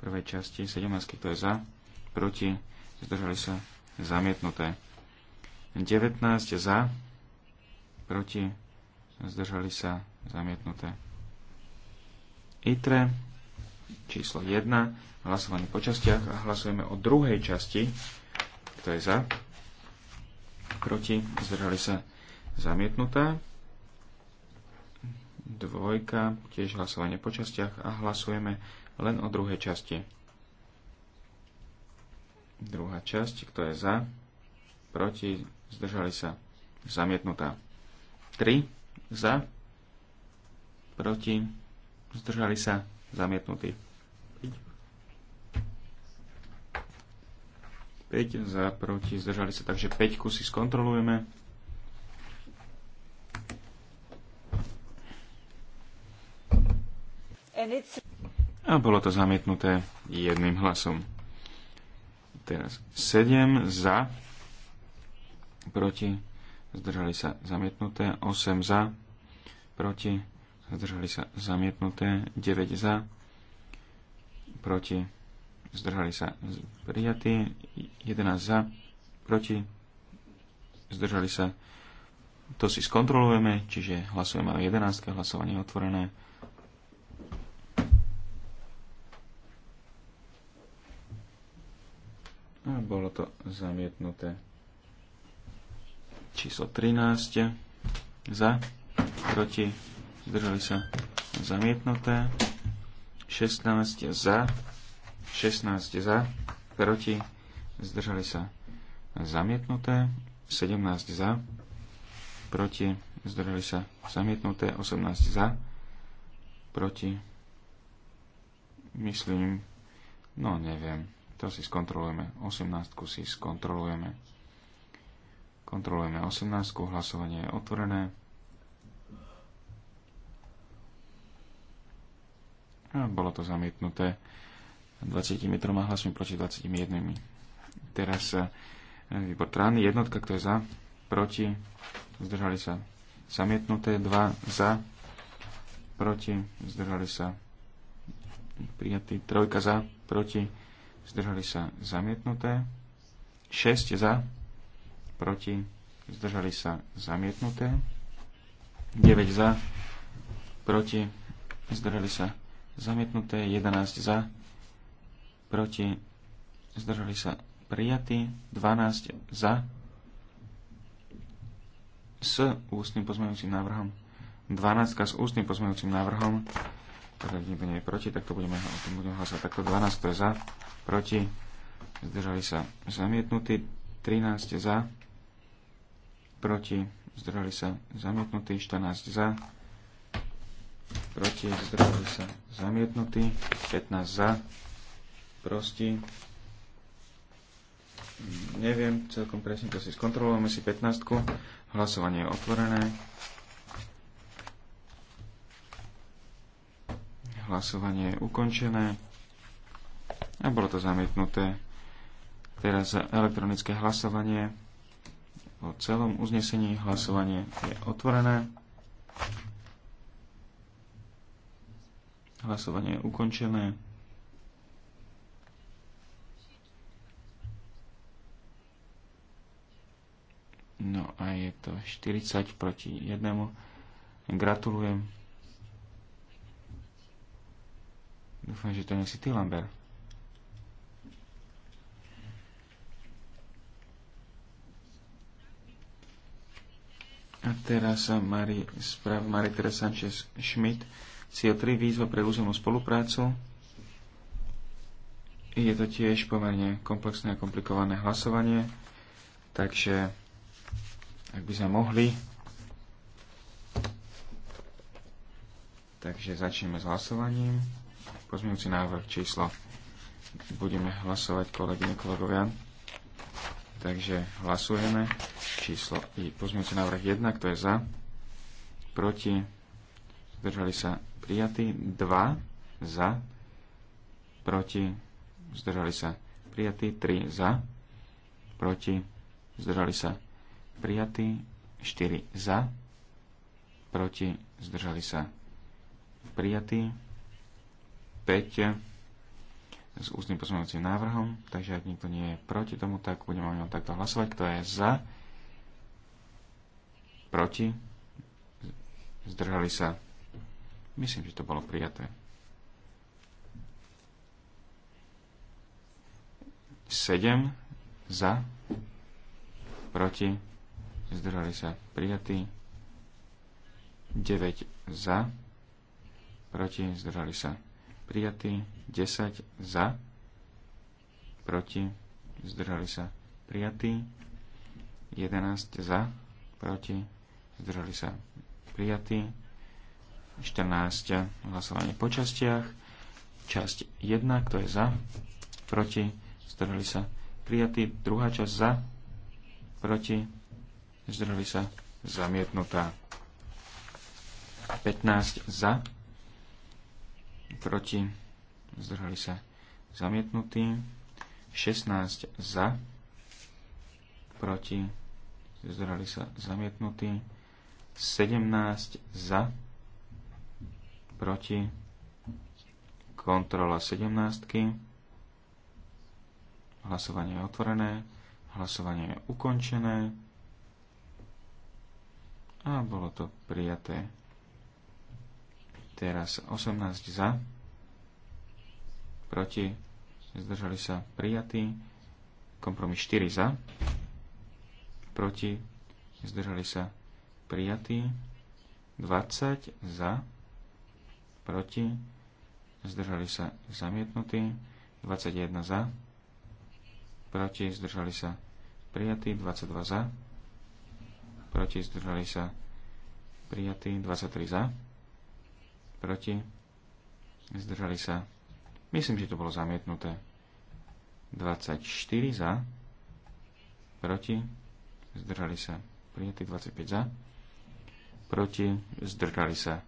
[SPEAKER 3] prvej časti. 17, kto je za, proti, zdržali sa, zamietnuté. 19 za, proti, zdržali sa zamietnuté. ITRE číslo 1, hlasovanie po častiach a hlasujeme o druhej časti, kto je za, proti, zdržali sa zamietnuté. Dvojka, tiež hlasovanie po častiach a hlasujeme len o druhej časti. Druhá časť, kto je za, proti, zdržali sa zamietnutá. 3 za, proti, zdržali sa, zamietnutí. 5 za, proti, zdržali sa, takže 5 kusy skontrolujeme. A bolo to zamietnuté jedným hlasom. Teraz 7 za, proti, zdržali sa zamietnuté, 8 za, proti, zdržali sa zamietnuté, 9 za, proti, zdržali sa prijatí, 11 za, proti, zdržali sa, to si skontrolujeme, čiže hlasujeme o 11, hlasovanie je otvorené. A bolo to zamietnuté. Číslo 13 za, proti, zdržali sa zamietnuté. 16 za, 16 za, proti, zdržali sa zamietnuté. 17 za, proti, zdržali sa zamietnuté. 18 za, proti, myslím, no neviem, to si skontrolujeme. 18 si skontrolujeme. Kontrolujeme 18. Hlasovanie je otvorené. A bolo to zamietnuté 23 hlasmi proti 21. Teraz eh, výbor Trány. Jednotka, kto je za, proti, zdržali sa zamietnuté, 2 za, proti, zdržali sa prijatí, trojka za, proti, zdržali sa zamietnuté, 6 za, proti, zdržali sa zamietnuté, 9 za, proti, zdržali sa zamietnuté, 11 za, proti, zdržali sa prijatí, 12 za, s ústnym pozmeňujúcim návrhom. 12 s ústnym pozmeňujúcim návrhom. Teda nikto nie je proti, tak to budeme o tom budeme hlasovať. Takto 12 to je za, proti, zdržali sa zamietnutí, 13 za, proti, zdržali sa zamietnutí, 14 za, proti, zdržali sa zamietnutí, 15 za, prosti, neviem celkom presne, to si skontrolujeme si 15, hlasovanie je otvorené, hlasovanie je ukončené a bolo to zamietnuté. Teraz elektronické hlasovanie o celom uznesení. Hlasovanie je otvorené. Hlasovanie je ukončené. No a je to 40 proti jednému. Gratulujem. Dúfam, že to nesi ty, Lambert. A teraz eh, Mari, sprav Mari Teresa Sanchez Schmidt, co 3, výzva pre územnú spoluprácu. Je to tiež pomerne komplexné a komplikované hlasovanie, takže ak by sme mohli, takže začneme s hlasovaním. Pozmiňujúci návrh číslo budeme hlasovať, kolegyne, kolegovia. Takže hlasujeme. Číslo i pozmeňujúci návrh 1, kto je za, proti, zdržali sa prijatí. 2 za, proti, zdržali sa prijatí. 3 za, proti, zdržali sa prijatí. 4 za, proti, zdržali sa prijatí. 5 s ústnym pozmeňovacím návrhom, takže ak nikto nie je proti tomu, tak budeme o ňom takto hlasovať. Kto je za? Proti? Zdržali sa? Myslím, že to bolo prijaté. 7 za, proti, zdržali sa prijatí, 9 za, proti, zdržali sa prijatý, 10 za, proti, zdržali sa prijatý, 11 za, proti, zdržali sa prijatý, 14 hlasovanie po častiach, časť 1, kto je za, proti, zdržali sa prijatý, druhá časť za, proti, zdržali sa zamietnutá. 15 za, proti, zdržali sa zamietnutí, 16 za, proti, zdržali sa zamietnutí, 17 za, proti, kontrola 17. Hlasovanie je otvorené, hlasovanie je ukončené a bolo to prijaté. Teraz 18 za, proti, zdržali sa prijatí, kompromis 4 za, proti, zdržali sa prijatí, 20 za, proti, zdržali sa zamietnutí, 21 za, proti, zdržali sa prijatí, 22 za, proti, zdržali sa prijatí, 23 za, proti, zdržali sa. Myslím, že to bolo zamietnuté. 24 za, proti, zdržali sa. Prijatý 25 za, proti, zdržali sa.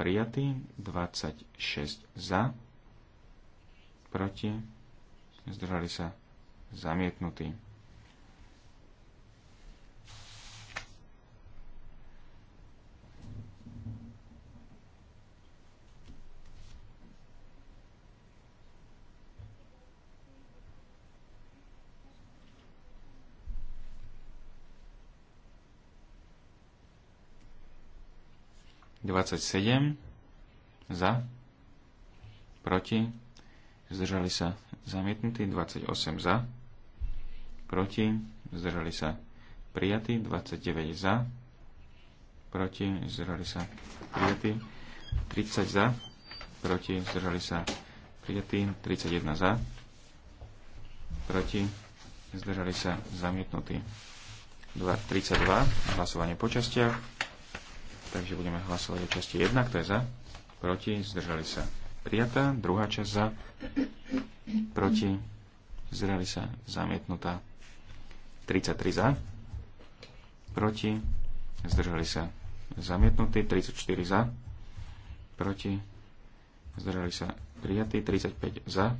[SPEAKER 3] Prijatý 26 za, proti, zdržali sa. Zamietnutý 27 za, proti, zdržali sa zamietnutí, 28 za, proti, zdržali sa prijatí, 29 za, proti, zdržali sa prijatí, 30 za, proti, zdržali sa prijatí, 31 za, proti, zdržali sa zamietnutí. 32, hlasovanie po častiach. Takže budeme hlasovať o časti 1, kto je za, proti, zdržali sa. Prijatá, druhá časť za, proti, zdržali sa, zamietnutá. 33 za, proti, zdržali sa. Zamietnutý, 34 za, proti, zdržali sa. Prijatý, 35 za,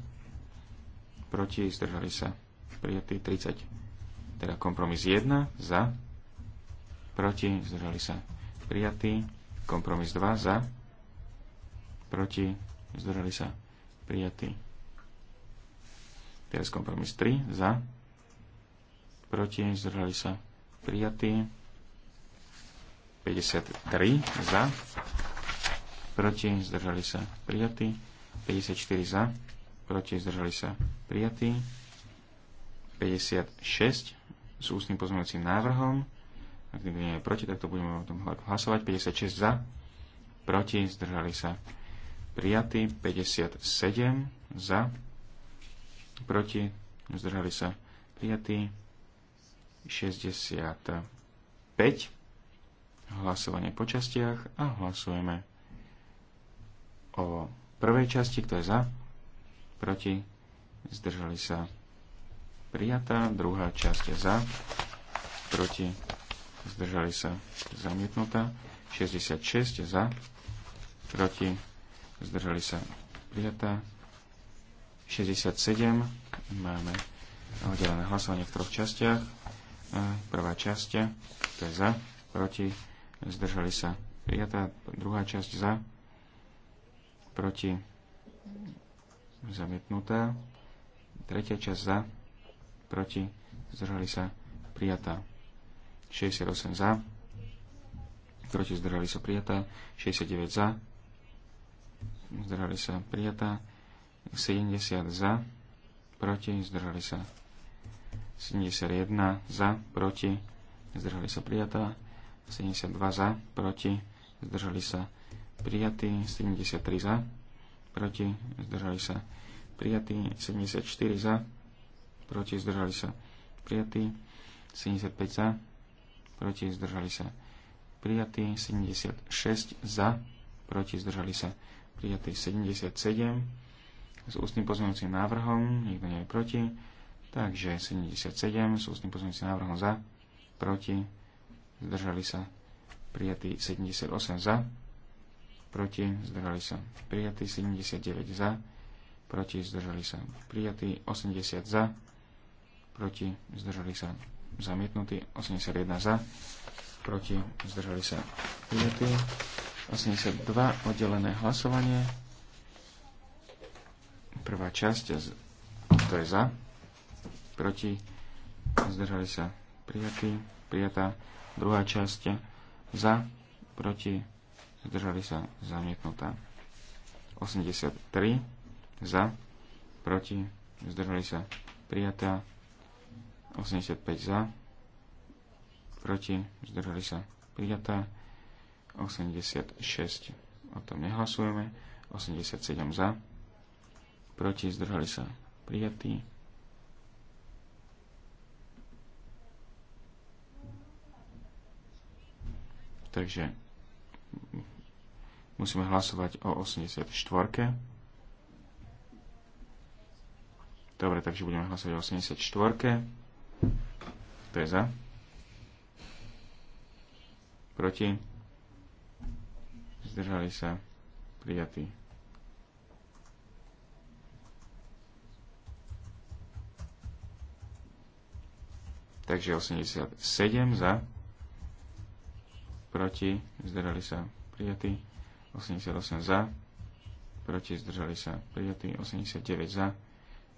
[SPEAKER 3] proti, zdržali sa. Prijatý, 30. Teda kompromis 1 za, proti, zdržali sa prijatý. Kompromis 2 za, proti, zdržali sa, prijatý. Teraz kompromis 3 za, proti, zdržali sa, prijatý. 53 za, proti, zdržali sa, prijatý. 54 za, proti, zdržali sa, prijatý. 56 s ústnym pozmeňujúcim návrhom ak nikto nie je proti, tak to budeme o tom hlasovať. 56 za, proti, zdržali sa prijatí. 57 za, proti, zdržali sa prijatí. 65 hlasovanie po častiach a hlasujeme o prvej časti, kto je za, proti, zdržali sa prijatá, druhá časť je za, proti, zdržali sa zamietnutá, 66 za, proti, zdržali sa prijatá, 67 máme oddelené hlasovanie v troch častiach. Prvá časť, to je za, proti, zdržali sa prijatá, druhá časť za, proti, zamietnutá, tretia časť za, proti, zdržali sa prijatá. 68 za, proti zdržali sa prijatá, 69 za, zdržali sa prijatá, 70 za, proti, zdržali sa 71 za, proti, zdržali sa prijatá, 72 za, proti, zdržali sa prijatí, 73 za, proti, zdržali sa prijatí, 74 za, proti, zdržali sa prijatí, 75 za, proti zdržali sa prijatí, 76 za, proti zdržali sa prijatí, 77 s ústnym pozmeňujúcim návrhom, nikto nie je proti, takže 77 s ústnym pozmeňujúcim návrhom za, proti, zdržali sa prijatí, 78 za, proti, zdržali sa prijatí, 79 za, proti, zdržali sa prijatí, 80 za, proti, zdržali sa zamietnutý, 81 za, proti, zdržali sa prijatí, 82 oddelené hlasovanie, prvá časť, to je za, proti, zdržali sa prijatí, prijatá, druhá časť, za, proti, zdržali sa zamietnutá, 83 za, proti, zdržali sa prijatá, 85 za, proti, zdržali sa prijaté, 86 o tom nehlasujeme, 87 za, proti, zdržali sa prijatí, Takže musíme hlasovať o 84. Dobre, takže budeme hlasovať o 84. Kto je za? Proti? Zdržali sa prijatí. Takže 87 za, proti, zdržali sa prijatí, 88 za, proti, zdržali sa prijatí, 89 za,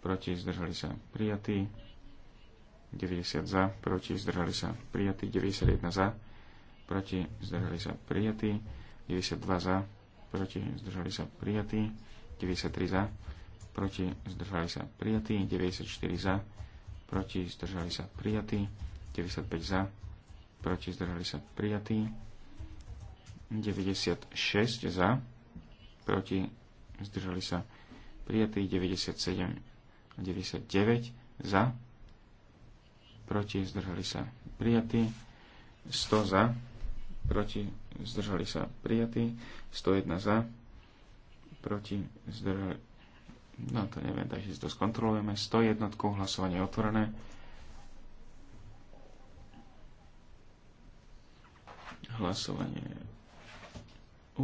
[SPEAKER 3] proti, zdržali sa prijatí, 90 za, proti, zdržali sa prijatí, 91 za, proti, zdržali sa prijatí, 92 za, proti, zdržali sa prijatí, 93 za, proti, zdržali sa prijatí, 94 za, proti, zdržali sa prijatí, 95 za, proti, zdržali sa prijatí, 96 za, proti, zdržali sa prijatí, 97 99 za, proti, zdržali sa prijatí, 100 za, proti, zdržali sa prijatí, 101 za, proti, zdržali, no to neviem, takže si to skontrolujeme, 101 hlasovanie otvorené, hlasovanie je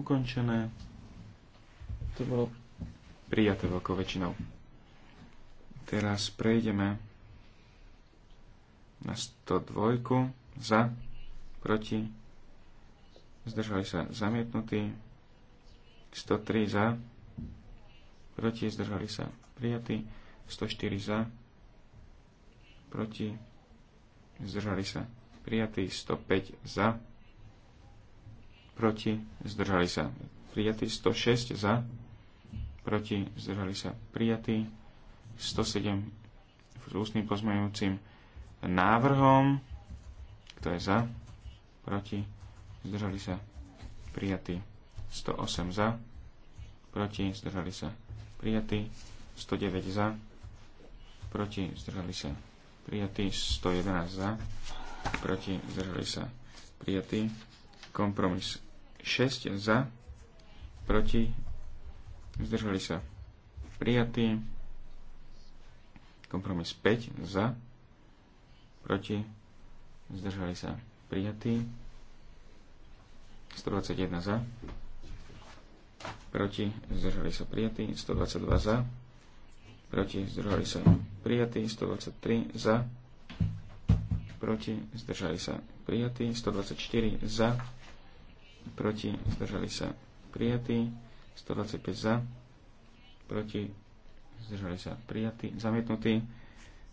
[SPEAKER 3] ukončené, to bolo prijaté veľkou väčšinou. Teraz prejdeme na 102 za, proti, zdržali sa zamietnutí, 103 za, proti, zdržali sa prijatí, 104 za, proti, zdržali sa prijatí, 105 za, proti, zdržali sa prijatí, 106 za, proti, zdržali sa prijatí, 107 s ústnym pozmajúcim návrhom. Kto je za? Proti? Zdržali sa? Prijatí. 108 za. Proti? Zdržali sa? Prijatí. 109 za. Proti? Zdržali sa? Prijatí. 111 za. Proti? Zdržali sa? Prijatí. Kompromis 6 za. Proti? Zdržali sa? Prijatí. Kompromis 5 za proti, zdržali sa prijatí, 121 za, proti, zdržali sa prijatí, 122 za, proti, zdržali sa prijatí, 123 za, proti, zdržali sa prijatí, 124 za, proti, zdržali sa prijatí, 125 za, proti, zdržali sa prijatí, zamietnutí,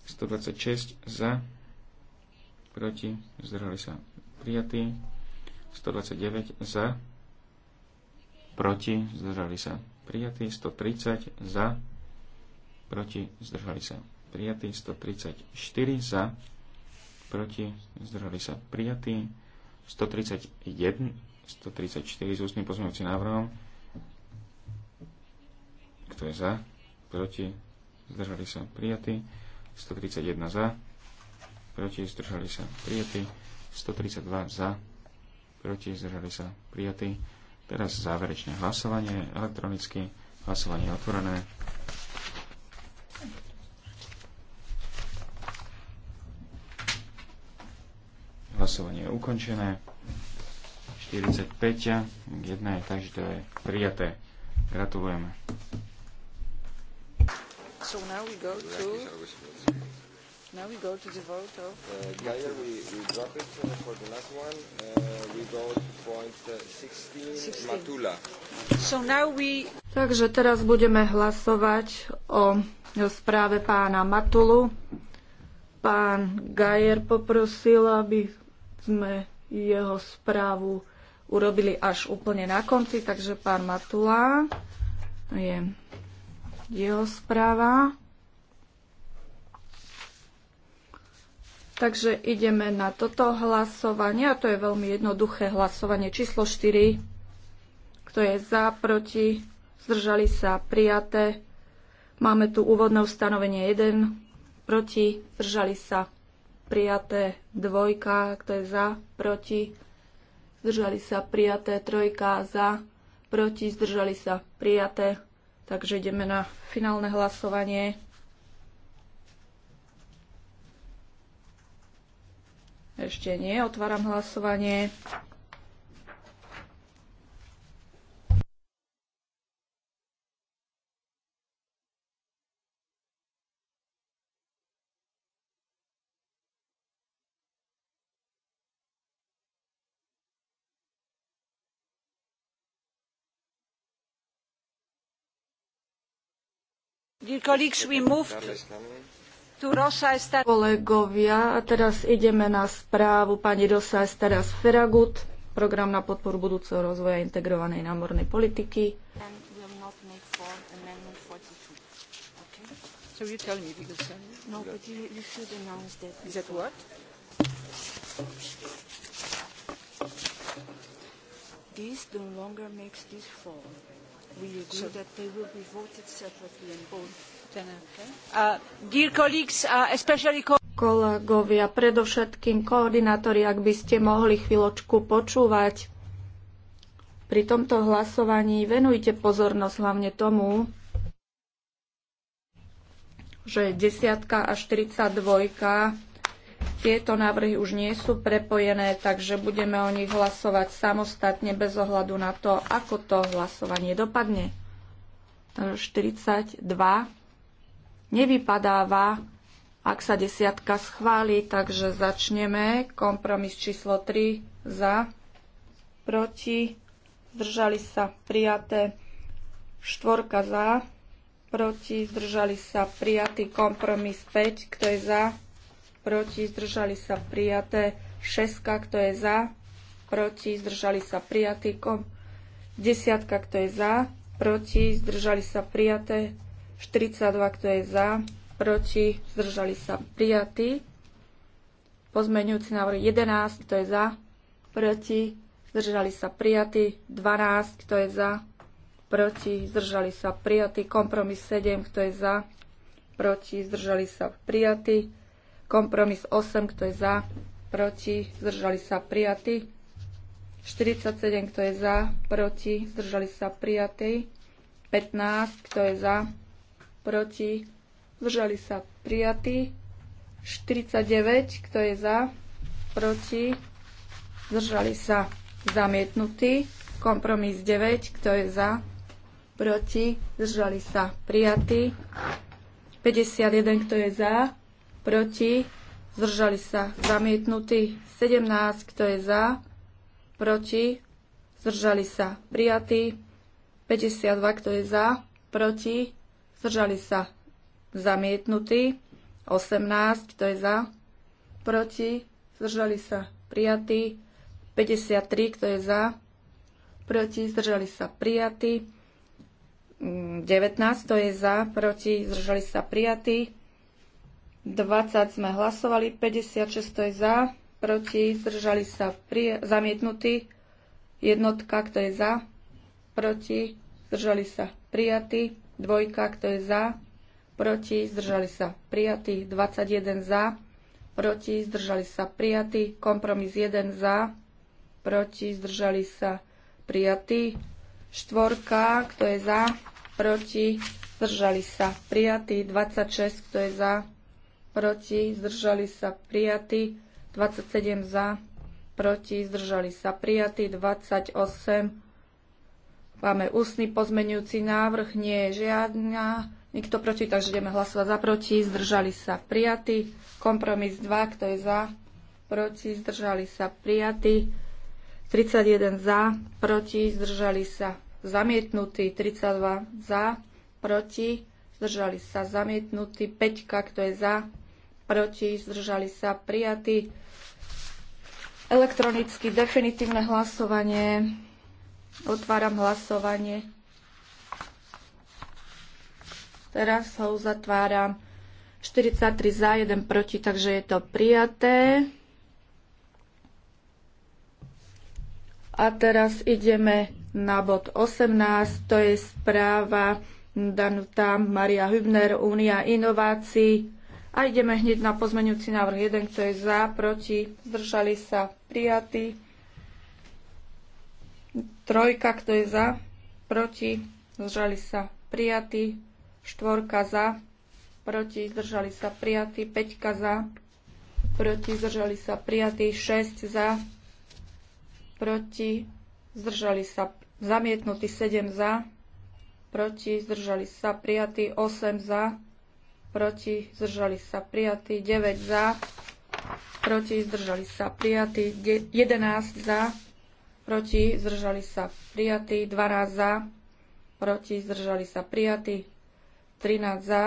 [SPEAKER 3] 126 za, proti, zdržali sa prijatí, 129 za, proti, zdržali sa prijatí, 130 za, proti, zdržali sa prijatí, 134 za, proti, zdržali sa prijatí, 131, 134 s ústnym pozmeňujúcim návrhom, kto je za, proti, zdržali sa prijatí, 131 za, proti, zdržali sa prijatí, 132 za, proti, zdržali sa prijatí. Teraz záverečné hlasovanie elektronicky, hlasovanie otvorené. Hlasovanie je ukončené. 45 k 1, takže to je prijaté. Gratulujeme.
[SPEAKER 2] So now we go to
[SPEAKER 4] Now we go to the vote of... Uh,
[SPEAKER 1] Gaia, we, we drop it uh, for the last one. Uh, we go to point uh, 16, 16, Matula.
[SPEAKER 4] So now we... Takže teraz budeme hlasovať o správe pána Matulu. Pán Gajer poprosil, aby sme jeho správu urobili až úplne na konci, takže pán Matula je jeho správa. Takže ideme na toto hlasovanie a to je veľmi jednoduché hlasovanie číslo 4. Kto je za, proti, zdržali sa, prijaté. Máme tu úvodné ustanovenie 1, proti, zdržali sa, prijaté, dvojka, kto je za, proti, zdržali sa, prijaté, trojka, za, proti, zdržali sa, prijaté. Takže ideme na finálne hlasovanie. Ešte nie. Otváram hlasovanie.
[SPEAKER 5] Dear colleagues, we moved.
[SPEAKER 4] Tu Kolegovia, a teraz ideme na správu pani Rosa Estaras Feragut, program na podporu budúceho rozvoja integrovanej námornej politiky. This no longer makes this fall. We agree so, that they will be voted separately in both Uh, uh, Kolegovia, predovšetkým koordinátori, ak by ste mohli chvíľočku počúvať, pri tomto hlasovaní venujte pozornosť hlavne tomu, že desiatka a 42 tieto návrhy už nie sú prepojené, takže budeme o nich hlasovať samostatne bez ohľadu na to, ako to hlasovanie dopadne. 42 nevypadáva, ak sa desiatka schváli, takže začneme. Kompromis číslo 3 za, proti, zdržali sa prijaté, štvorka za, proti, zdržali sa prijatý kompromis 5, kto je za, proti, zdržali sa prijaté, Šestka, kto je za, proti, zdržali sa prijatý kom, desiatka, kto je za, proti, zdržali sa prijaté, 42, kto je za, proti, zdržali sa prijatí. Pozmeňujúci návrh 11, kto je za, proti, zdržali sa prijatí. 12, kto je za, proti, zdržali sa prijatí. Kompromis 7, kto je za, proti, zdržali sa prijatí. Kompromis 8, kto je za, proti, zdržali sa prijatí. 47, kto je za, proti, zdržali sa prijatí. 15, kto je za, proti, zdržali sa prijatí. 49, kto je za, proti, zdržali sa zamietnutí. Kompromis 9, kto je za, proti, zdržali sa prijatí. 51, kto je za, proti, zdržali sa zamietnutí. 17, kto je za, proti, zdržali sa prijatí. 52, kto je za, proti, zdržali sa zamietnutí, 18, kto je za, proti, zdržali sa prijatí, 53, kto je za, proti, zdržali sa prijatí, 19, mm, kto je za, proti, zdržali sa prijatí, 20 sme hlasovali, 56, to je za, proti, zdržali sa zamietnutí, jednotka, kto je za, proti, zdržali sa prijatí, Dvojka, kto je za, proti, zdržali sa prijatí. 21 za, proti, zdržali sa prijatí. Kompromis 1 za, proti, zdržali sa prijatí. Štvorka, kto je za, proti, zdržali sa prijatí. 26, kto je za, proti, zdržali sa prijatí. 27 za, proti, zdržali sa prijatí. 28 Máme ústny pozmenujúci návrh, nie je žiadna, nikto proti, takže ideme hlasovať za proti, zdržali sa prijatí. Kompromis 2, kto je za, proti, zdržali sa prijatí. 31 za, proti, zdržali sa zamietnutí. 32 za, proti, zdržali sa zamietnutí. 5, kto je za, proti, zdržali sa prijatí. Elektronicky definitívne hlasovanie. Otváram hlasovanie. Teraz ho uzatváram. 43 za, 1 proti, takže je to prijaté. A teraz ideme na bod 18, to je správa Danuta Maria Hübner, Únia inovácií. A ideme hneď na pozmeňujúci návrh 1, kto je za, proti, zdržali sa, prijatí. Trojka, kto je za, proti, zdržali sa prijatí. Štvorka za, proti, zdržali sa prijatí. Peťka za, proti, zdržali sa prijatí. Šesť za, proti, zdržali sa zamietnutí. Sedem za, proti, zdržali sa prijatí. Osem za, proti, zdržali sa prijatí. 9 za, proti, zdržali sa prijatí. Jedenáct za, proti, zdržali sa prijatí, 12 za, proti, zdržali sa prijatí, 13 za,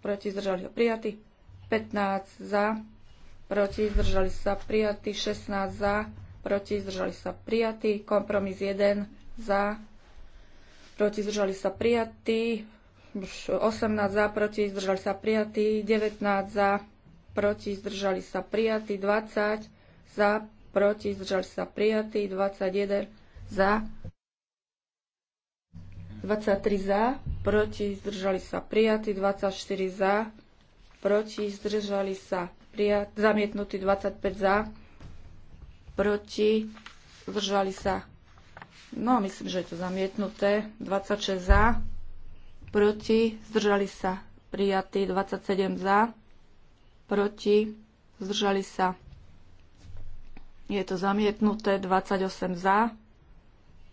[SPEAKER 4] proti, zdržali sa prijatí, 15 za, proti, zdržali sa prijatí, 16 za, proti, zdržali sa prijatí, kompromis 1 za, proti, zdržali sa prijatí, 18 za, proti, zdržali sa prijatí, 19 za, proti, zdržali sa prijatí, 20 za, proti, zdržali sa prijatí, 21 za, 23 za, proti, zdržali sa prijatí, 24 za, proti, zdržali sa prijat, zamietnutí, 25 za, proti, zdržali sa, no myslím, že je to zamietnuté, 26 za, proti, zdržali sa prijatí, 27 za, proti, zdržali sa je to zamietnuté 28 za,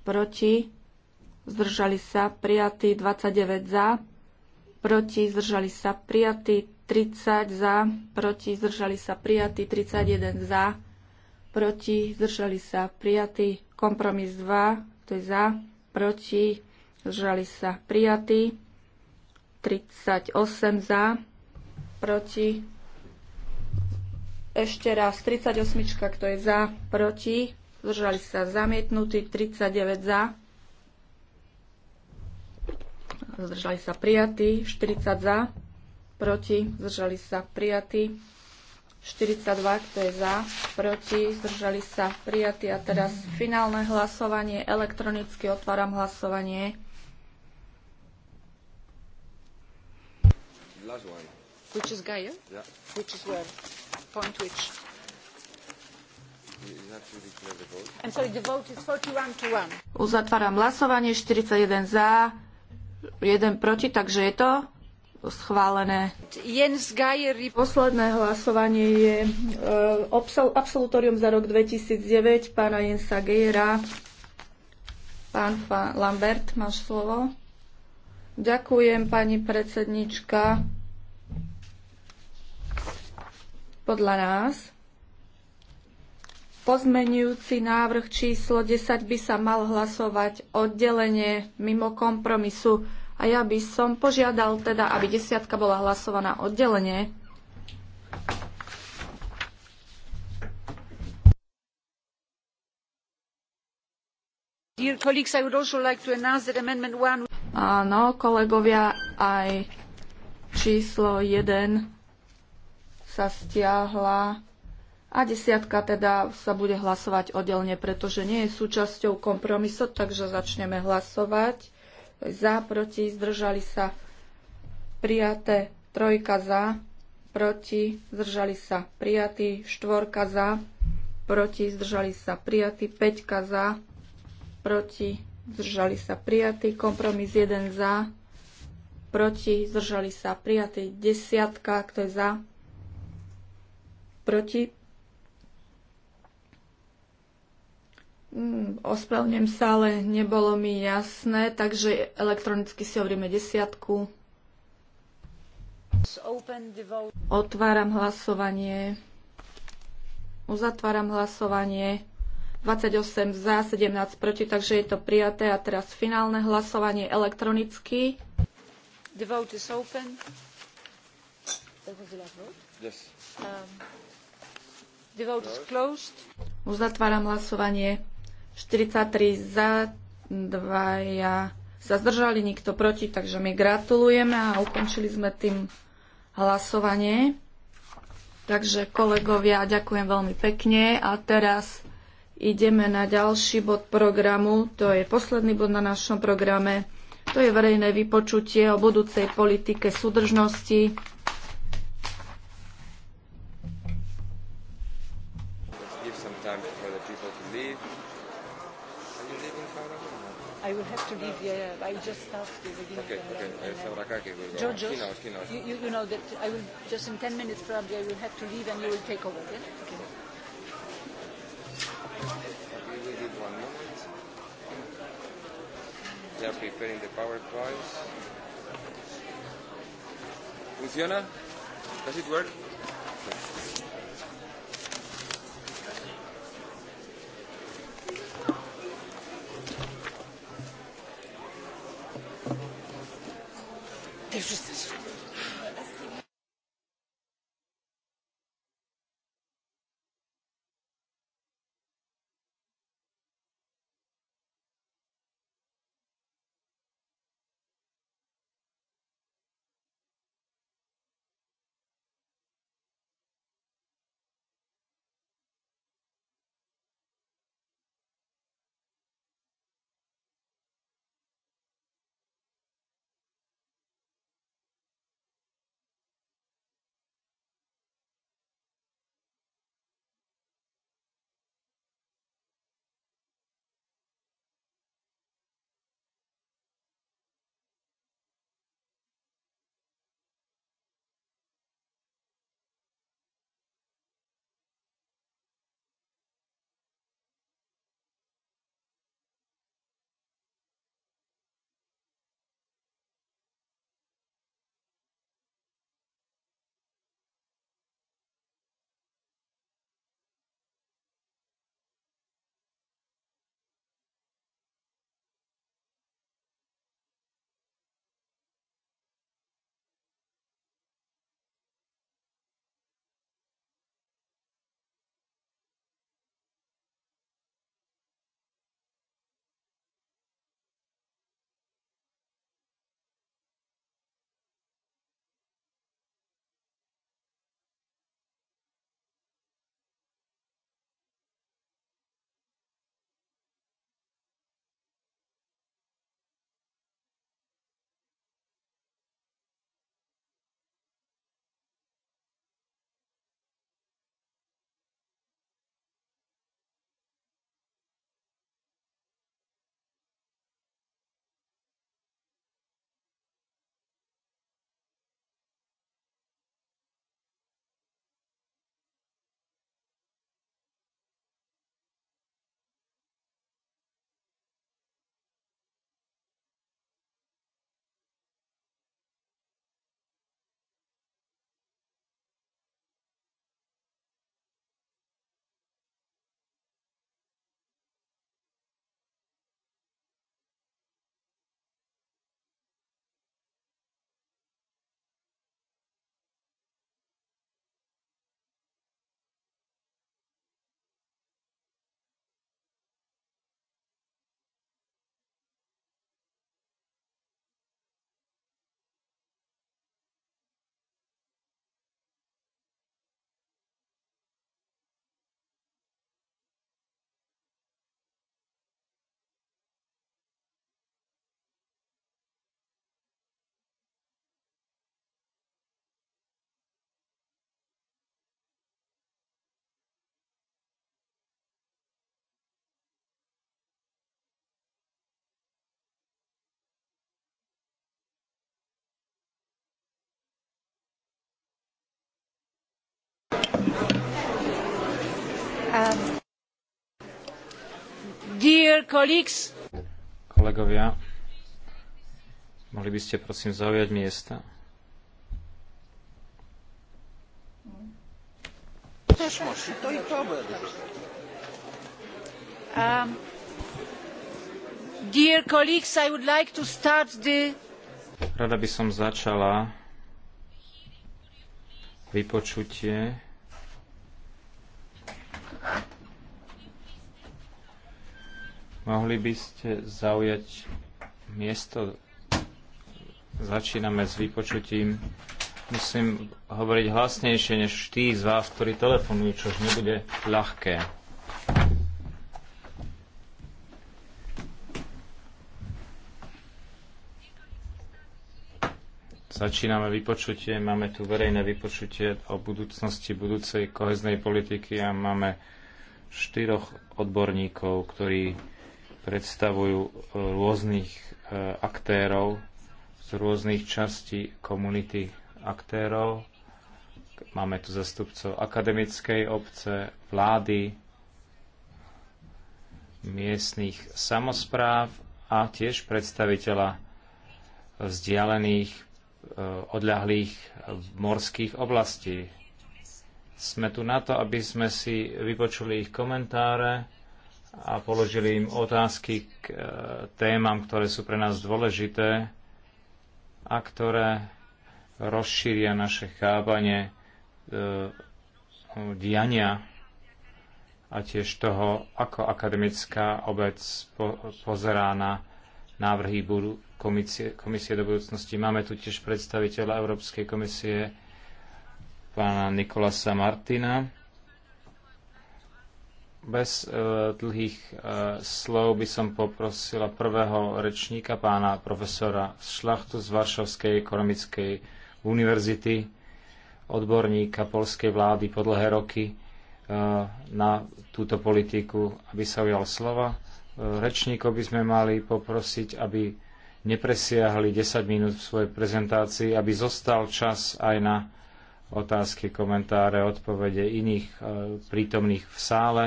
[SPEAKER 4] proti, zdržali sa prijatí 29 za, proti, zdržali sa prijatí 30 za, proti, zdržali sa prijatí 31 za, proti, zdržali sa prijatí kompromis 2, to je za, proti, zdržali sa prijatí 38 za, proti, ešte raz 38, kto je za, proti, zdržali sa zamietnutí, 39 za, zdržali sa prijatí, 40 za, proti, zdržali sa prijatí, 42, kto je za, proti, zdržali sa prijatí. A teraz finálne hlasovanie, elektronicky otváram hlasovanie.
[SPEAKER 3] Last one.
[SPEAKER 2] Which is Gaia? Yeah. Which is where? point which? Sorry, the vote is 41 to 1.
[SPEAKER 4] Uzatváram hlasovanie, 41 za, 1 proti, takže je to schválené. Jens Geier... Posledné hlasovanie je e, absolutorium za rok 2009 pána Jensa Geiera. Pán Lambert, máš slovo. Ďakujem, pani predsednička. Podľa nás pozmenujúci návrh číslo 10 by sa mal hlasovať oddelenie mimo kompromisu a ja by som požiadal teda, aby desiatka bola hlasovaná oddelenie. Áno, kolegovia, aj číslo 1 sa stiahla a desiatka teda sa bude hlasovať oddelne, pretože nie je súčasťou kompromisu, takže začneme hlasovať. Za, proti, zdržali sa prijaté, trojka za, proti, zdržali sa prijatí, štvorka za, proti, zdržali sa prijatí, peťka za, proti, zdržali sa prijatí, kompromis jeden za, proti, zdržali sa prijatí, desiatka, kto je za, proti. Mm, ospravňujem sa, ale nebolo mi jasné, takže elektronicky si hovoríme desiatku. Otváram hlasovanie. Uzatváram hlasovanie. 28 za, 17 proti, takže je to prijaté. A teraz finálne hlasovanie elektronicky. The vote is open. That was the last vote? Yes. Um, Uzatváram hlasovanie. 43 za, 2 ja sa zdržali, nikto proti, takže my gratulujeme a ukončili sme tým hlasovanie. Takže kolegovia, ďakujem veľmi pekne a teraz ideme na ďalší bod programu. To je posledný bod na našom programe. To je verejné vypočutie o budúcej politike súdržnosti
[SPEAKER 3] I will have to leave.
[SPEAKER 5] Yeah, yeah. I just started the beginning. Okay, and, okay. And, and,
[SPEAKER 3] uh, George, you,
[SPEAKER 5] you, you know that I will just in 10 minutes probably I will have to leave and you will take over. Yeah. Okay.
[SPEAKER 1] We They are preparing the PowerPoints.
[SPEAKER 3] ¿Funciona? Does it work?
[SPEAKER 1] Kolegovia, mohli by ste prosím zaujať miesta?
[SPEAKER 4] Um, like the...
[SPEAKER 1] Rada by som začala vypočutie Mohli by ste zaujať miesto? Začíname s vypočutím. Musím hovoriť hlasnejšie než tí z vás, ktorí telefonujú, čož nebude ľahké. Začíname vypočutie, máme tu verejné vypočutie o budúcnosti budúcej koheznej politiky a máme štyroch odborníkov, ktorí predstavujú e, rôznych e, aktérov z rôznych častí komunity aktérov. Máme tu zastupcov akademickej obce, vlády, miestných samozpráv a tiež predstaviteľa vzdialených, e, odľahlých morských oblastí. Sme tu na to, aby sme si vypočuli ich komentáre, a položili im otázky k e, témam, ktoré sú pre nás dôležité a ktoré rozšíria naše chápanie e, diania a tiež toho, ako akademická obec po, pozerá na návrhy budú komisie, komisie do budúcnosti. Máme tu tiež predstaviteľa Európskej komisie, pána Nikolasa Martina. Bez uh, dlhých uh, slov by som poprosila prvého rečníka, pána profesora Šlachtu z Varšavskej ekonomickej univerzity, odborníka polskej vlády po dlhé roky uh, na túto politiku, aby sa ujal slova. Uh, rečníkov by sme mali poprosiť, aby nepresiahli 10 minút v svojej prezentácii, aby zostal čas aj na otázky, komentáre, odpovede iných e, prítomných v sále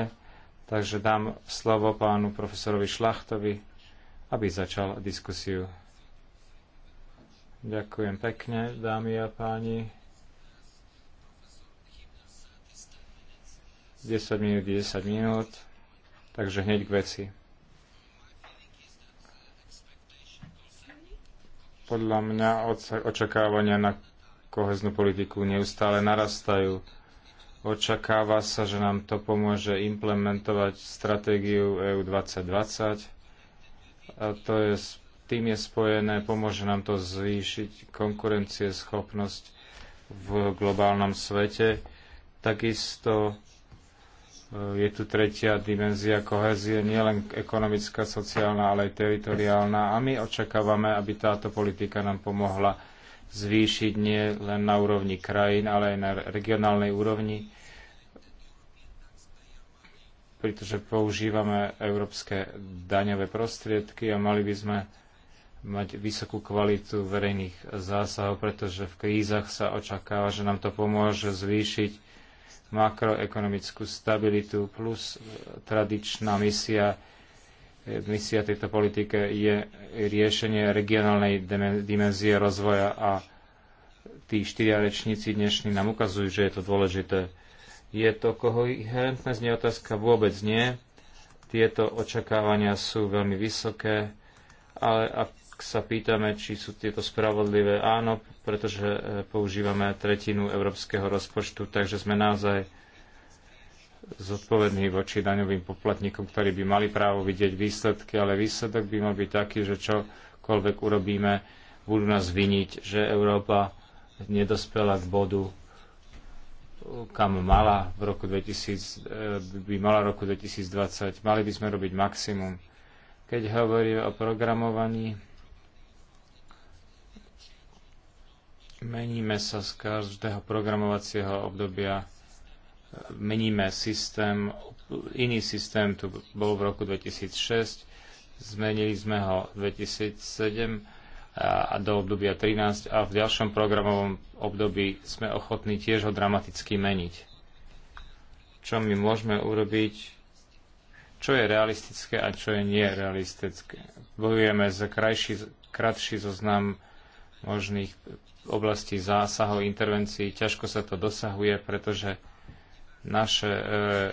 [SPEAKER 1] Takže dám slovo pánu profesorovi Šlachtovi, aby začal diskusiu. Ďakujem pekne, dámy a páni. 10 minút, 10 minút, takže hneď k veci. Podľa mňa očakávania na koheznú politiku neustále narastajú Očakáva sa, že nám to pomôže implementovať stratégiu EU 2020. A to je, tým je spojené, pomôže nám to zvýšiť konkurencieschopnosť v globálnom svete. Takisto e, je tu tretia dimenzia kohezie, nielen ekonomická, sociálna, ale aj teritoriálna. A my očakávame, aby táto politika nám pomohla zvýšiť nie len na úrovni krajín, ale aj na regionálnej úrovni, pretože používame európske daňové prostriedky a mali by sme mať vysokú kvalitu verejných zásahov, pretože v krízach sa očakáva, že nám to pomôže zvýšiť makroekonomickú stabilitu plus tradičná misia misia tejto politike je riešenie regionálnej dimenzie rozvoja a tí štyria rečníci dnešní nám ukazujú, že je to dôležité. Je to koho inherentné znie otázka? Vôbec nie. Tieto očakávania sú veľmi vysoké, ale ak sa pýtame, či sú tieto spravodlivé, áno, pretože e, používame tretinu európskeho rozpočtu, takže sme naozaj zodpovední voči daňovým poplatníkom, ktorí by mali právo vidieť výsledky, ale výsledok by mal byť taký, že čokoľvek urobíme, budú nás viniť, že Európa nedospela k bodu, kam mala v roku 2000, e, by mala roku 2020. Mali by sme robiť maximum. Keď hovoríme o programovaní, meníme sa z každého programovacieho obdobia meníme systém, iný systém tu bol v roku 2006, zmenili sme ho 2007 a do obdobia 13 a v ďalšom programovom období sme ochotní tiež ho dramaticky meniť. Čo my môžeme urobiť, čo je realistické a čo je nerealistické. Bojujeme za krajší, kratší zoznam možných oblastí zásahov, intervencií. Ťažko sa to dosahuje, pretože naše e,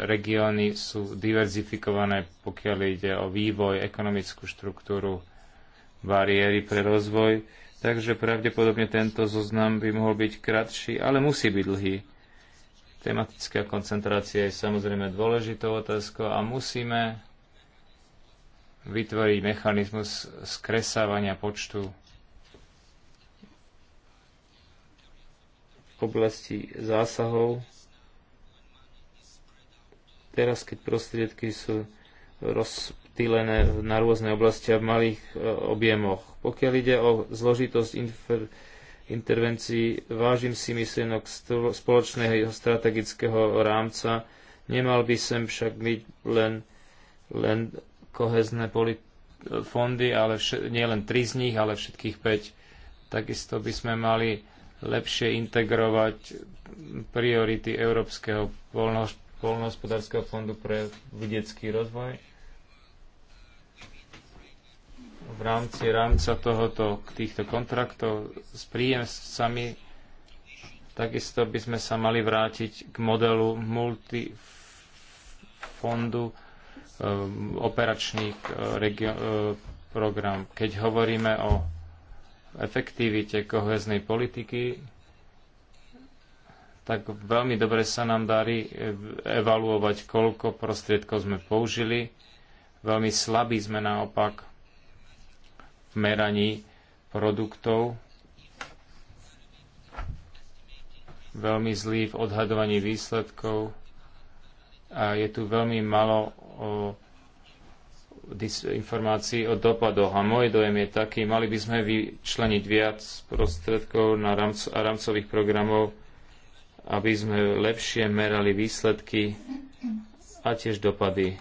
[SPEAKER 1] regióny sú diverzifikované, pokiaľ ide o vývoj, ekonomickú štruktúru, bariéry pre rozvoj, takže pravdepodobne tento zoznam by mohol byť kratší, ale musí byť dlhý. Tematická koncentrácia je samozrejme dôležitou otázkou a musíme vytvoriť mechanizmus skresávania počtu oblasti zásahov Teraz, keď prostriedky sú rozptýlené na rôzne oblasti a v malých e, objemoch. Pokiaľ ide o zložitosť intervencií, vážim si myslenok spoločného strategického rámca. Nemal by sem však byť len, len kohezné fondy, ale nie len tri z nich, ale všetkých päť. Takisto by sme mali lepšie integrovať priority európskeho Poľnohospodárskeho fondu pre vidiecký rozvoj. V rámci rámca tohoto, týchto kontraktov s príjemcami takisto by sme sa mali vrátiť k modelu multifondu eh, operačný eh, eh, program. Keď hovoríme o efektivite koheznej politiky, tak veľmi dobre sa nám darí e, evaluovať, koľko prostriedkov sme použili. Veľmi slabí sme naopak v meraní produktov, veľmi zlí v odhadovaní výsledkov a je tu veľmi malo o informácií o dopadoch. A môj dojem je taký, mali by sme vyčleniť viac prostriedkov na rámcových programov aby sme lepšie merali výsledky a tiež dopady.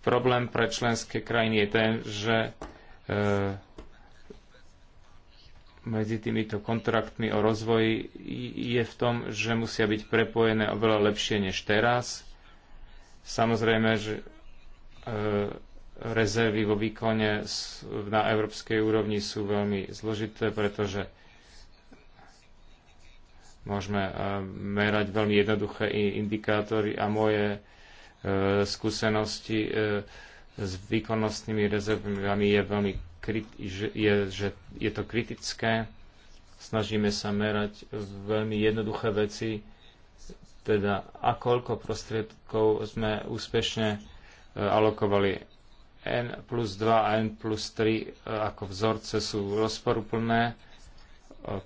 [SPEAKER 1] Problém pre členské krajiny je ten, že e, medzi týmito kontraktmi o rozvoji je v tom, že musia byť prepojené oveľa lepšie než teraz. Samozrejme, že e, rezervy vo výkone na európskej úrovni sú veľmi zložité, pretože môžeme eh, merať veľmi jednoduché indikátory a moje eh, skúsenosti eh, s výkonnostnými rezervami je veľmi je, že je to kritické. Snažíme sa merať veľmi jednoduché veci, teda akoľko prostriedkov sme úspešne alokovali N plus 2 a N plus 3 e, ako vzorce sú rozporuplné, e,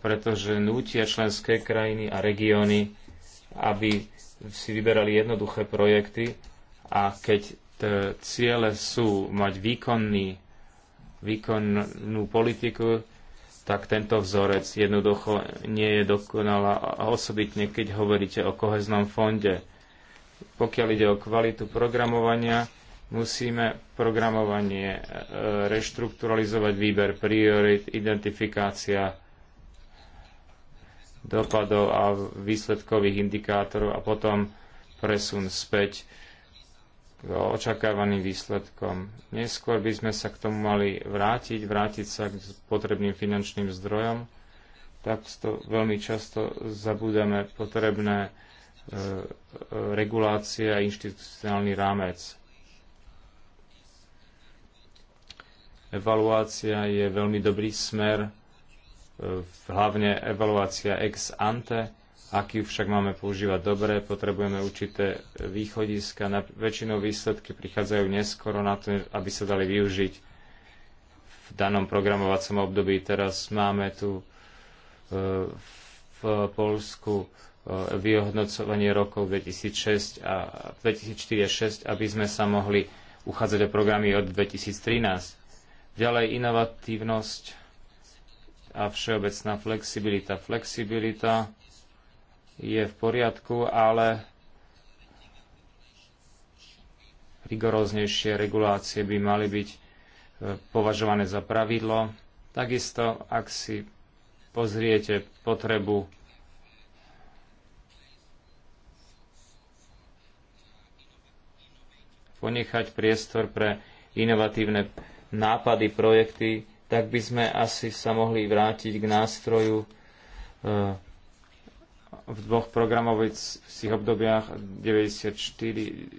[SPEAKER 1] pretože nútia členské krajiny a regióny, aby si vyberali jednoduché projekty a keď ciele sú mať výkonný, výkonnú politiku, tak tento vzorec jednoducho nie je dokonalá, osobitne keď hovoríte o koheznom fonde. Pokiaľ ide o kvalitu programovania, Musíme programovanie e, reštrukturalizovať, výber priorit, identifikácia dopadov a výsledkových indikátorov a potom presun späť k očakávaným výsledkom. Neskôr by sme sa k tomu mali vrátiť, vrátiť sa k potrebným finančným zdrojom. Tak to veľmi často zabúdame potrebné e, e regulácie a inštitucionálny rámec. Evaluácia je veľmi dobrý smer, e, hlavne evaluácia ex ante, ak ju však máme používať dobre, potrebujeme určité východiska. Na väčšinou výsledky prichádzajú neskoro na to, aby sa dali využiť v danom programovacom období. Teraz máme tu e, v Polsku e, vyhodnocovanie rokov 2006 a 2004 a 2006, aby sme sa mohli uchádzať o programy od 2013. Ďalej inovatívnosť a všeobecná flexibilita. Flexibilita je v poriadku, ale rigoróznejšie regulácie by mali byť e, považované za pravidlo. Takisto, ak si pozriete potrebu ponechať priestor pre inovatívne nápady, projekty, tak by sme asi sa mohli vrátiť k nástroju e, v dvoch programových obdobiach 94,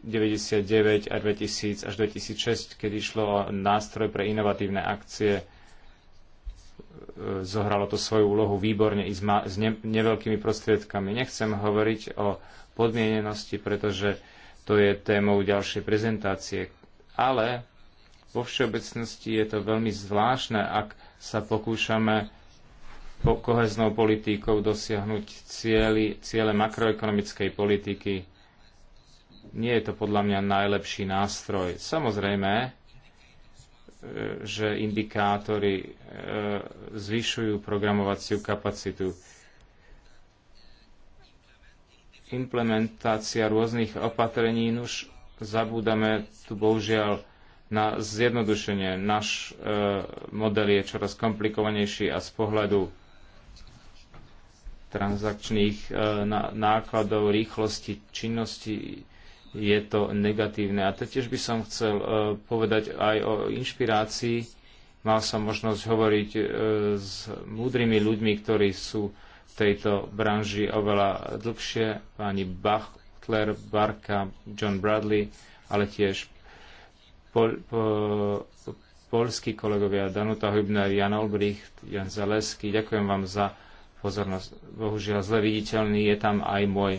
[SPEAKER 1] 99 a 2000 až 2006, keď išlo o nástroj pre inovatívne akcie, e, zohralo to svoju úlohu výborne i s, neveľkými prostriedkami. Nechcem hovoriť o podmienenosti, pretože to je témou ďalšej prezentácie, ale vo všeobecnosti je to veľmi zvláštne, ak sa pokúšame po koheznou politikou dosiahnuť cieľi, ciele makroekonomickej politiky. Nie je to podľa mňa najlepší nástroj. Samozrejme, e, že indikátory e, zvyšujú programovaciu kapacitu. Implementácia rôznych opatrení, už zabúdame tu bohužiaľ na zjednodušenie. Náš e, model je čoraz komplikovanejší a z pohľadu transakčných e, na, nákladov, rýchlosti, činnosti je to negatívne. A tiež by som chcel e, povedať aj o inšpirácii. Mal som možnosť hovoriť e, s múdrymi ľuďmi, ktorí sú v tejto branži oveľa dlhšie, pani Bach, Claire Barka, John Bradley, ale tiež pol, po, polskí kolegovia Danuta Hübner, Jan Olbricht, Jan Zalesky. Ďakujem vám za pozornosť. Bohužiaľ zle viditeľný je tam aj môj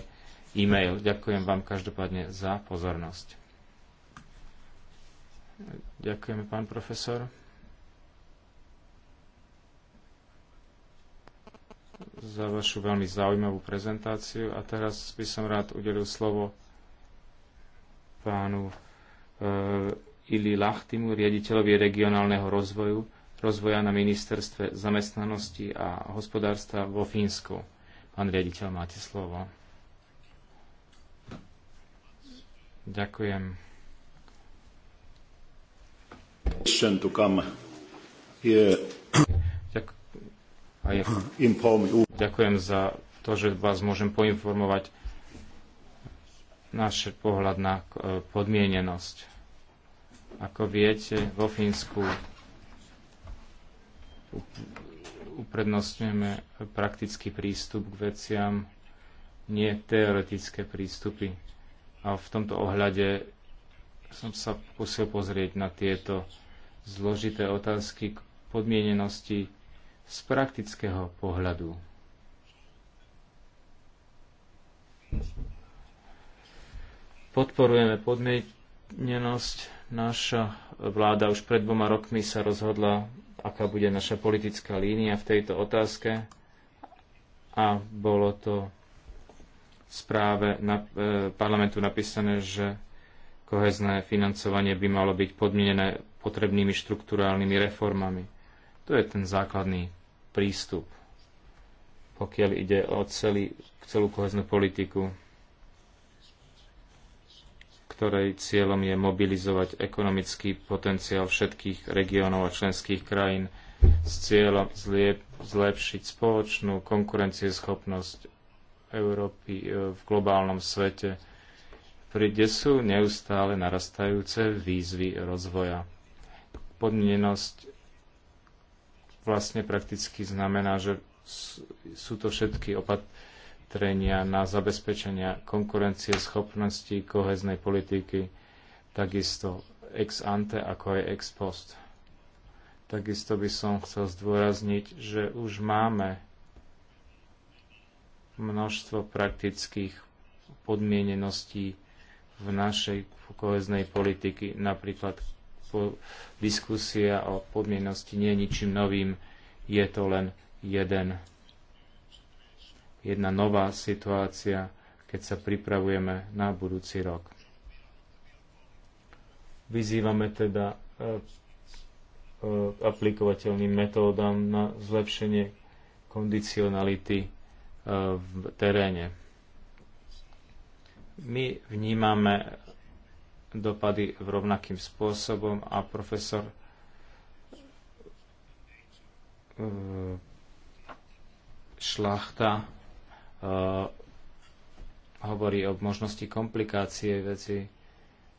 [SPEAKER 1] e-mail. Ďakujem vám každopádne za pozornosť. Ďakujeme, pán profesor. za vašu veľmi zaujímavú prezentáciu a teraz by som rád udelil slovo pánu e, Ili Lachtimu, riaditeľovi regionálneho rozvoju, rozvoja na ministerstve zamestnanosti a hospodárstva vo Fínsku. Pán riaditeľ, máte slovo. Ďakujem. Ďakujem za to, že vás môžem poinformovať náš pohľad na e, podmienenosť ako viete, vo Fínsku uprednostňujeme praktický prístup k veciam, nie teoretické prístupy. A v tomto ohľade som sa pokusil pozrieť na tieto zložité otázky k podmienenosti z praktického pohľadu. Podporujeme podmienenosť Naša vláda už pred dvoma rokmi sa rozhodla, aká bude naša politická línia v tejto otázke a bolo to v správe na, e, parlamentu napísané, že kohezné financovanie by malo byť podmienené potrebnými štruktúrálnymi reformami. To je ten základný prístup, pokiaľ ide o celý, celú koheznú politiku ktorej cieľom je mobilizovať ekonomický potenciál všetkých regiónov a členských krajín s cieľom zlepšiť spoločnú konkurencieschopnosť Európy e, v globálnom svete, kde sú neustále narastajúce výzvy rozvoja. Podmienenosť vlastne prakticky znamená, že sú to všetky opatrenia, opatrenia na zabezpečenia konkurencie schopnosti koheznej politiky, takisto ex ante, ako aj ex post. Takisto by som chcel zdôrazniť, že už máme množstvo praktických podmieneností v našej koheznej politiky. Napríklad po, diskusia o podmienosti nie je ničím novým, je to len jeden jedna nová situácia, keď sa pripravujeme na budúci rok. Vyzývame teda e, e, aplikovateľným metódam na zlepšenie kondicionality e, v teréne. My vnímame dopady v rovnakým spôsobom a profesor Šlachta Eh, hovorí o možnosti komplikácie veci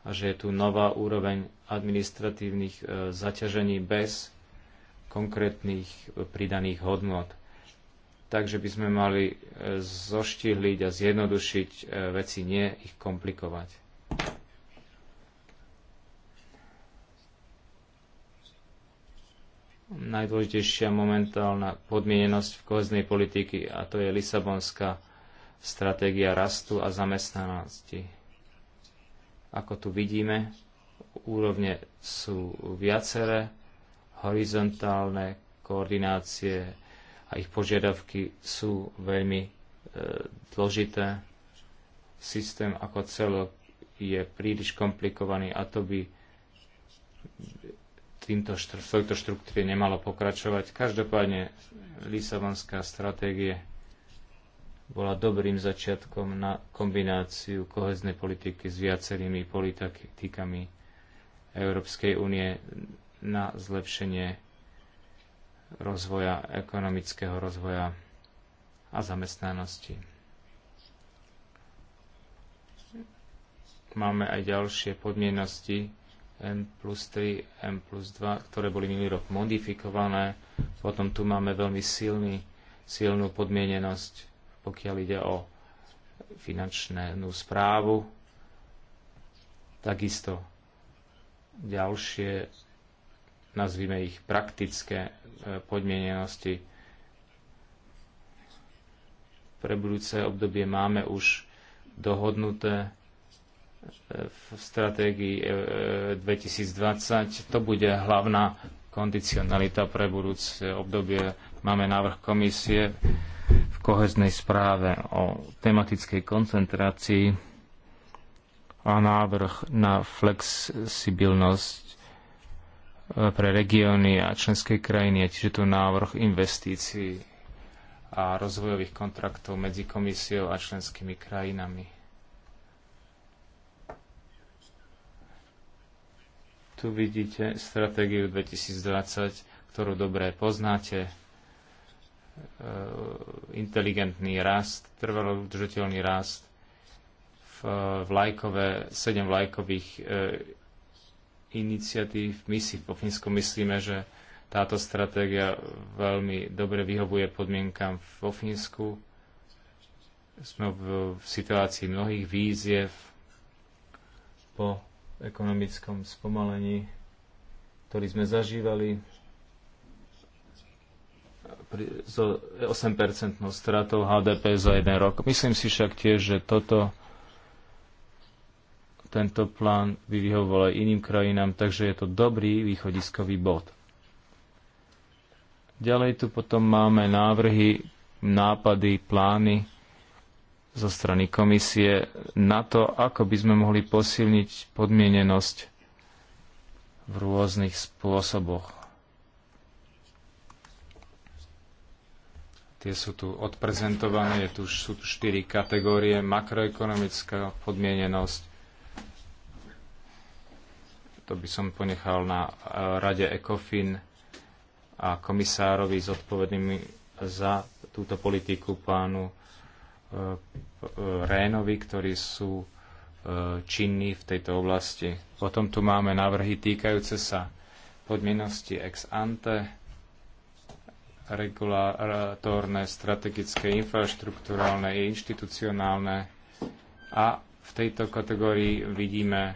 [SPEAKER 1] a že je tu nová úroveň administratívnych eh, zaťažení bez konkrétnych pridaných hodnot. Takže by sme mali eh, zoštihliť a zjednodušiť veci, nie ich komplikovať. najdôležitejšia momentálna podmienenosť v koheznej politiky a to je Lisabonská stratégia rastu a zamestnanosti. Ako tu vidíme, úrovne sú viaceré, horizontálne koordinácie a ich požiadavky sú veľmi e, zložité. Systém ako celok je príliš komplikovaný a to by týmto v tejto štruktúre nemalo pokračovať. Každopádne Lisabonská stratégie bola dobrým začiatkom na kombináciu koheznej politiky s viacerými politikami Európskej únie na zlepšenie rozvoja, ekonomického rozvoja a zamestnanosti. Máme aj ďalšie podmienosti, M plus 3, M plus 2, ktoré boli minulý rok modifikované. Potom tu máme veľmi silný, silnú podmienenosť, pokiaľ ide o finančnú správu. Takisto ďalšie, nazvime ich praktické e, podmienenosti. Pre budúce obdobie máme už dohodnuté v stratégii 2020. E, to bude hlavná kondicionalita pre budúce obdobie. Máme návrh komisie v koheznej správe o tematickej koncentrácii a návrh na flexibilnosť e, pre regióny a členské krajiny, a tiež tu návrh investícií a rozvojových kontraktov medzi komisiou a členskými krajinami. Tu vidíte stratégiu 2020, ktorú dobre poznáte. E, inteligentný rast, trvalo udržateľný rast, vlajkové, sedem vlajkových e, iniciatív. My si po Fínsku myslíme, že táto stratégia veľmi dobre vyhovuje podmienkam vo Fínsku. Sme v, v situácii mnohých víziev po ekonomickom spomalení, ktorý sme zažívali so 8-percentnou stratou HDP za jeden rok. Myslím si však tiež, že toto, tento plán by vyhovoval aj iným krajinám, takže je to dobrý východiskový bod. Ďalej tu potom máme návrhy, nápady, plány zo strany komisie na to, ako by sme mohli posilniť podmienenosť v rôznych spôsoboch. Tie sú tu odprezentované, je tu, sú tu štyri kategórie. Makroekonomická podmienenosť, to by som ponechal na e, rade ECOFIN a komisárovi zodpovednými za túto politiku pánu E, Rénovi, ktorí sú e, činní v tejto oblasti. Potom tu máme návrhy týkajúce sa podmienosti ex ante, regulatórne, strategické, infraštruktúrálne i inštitucionálne. A v tejto kategórii vidíme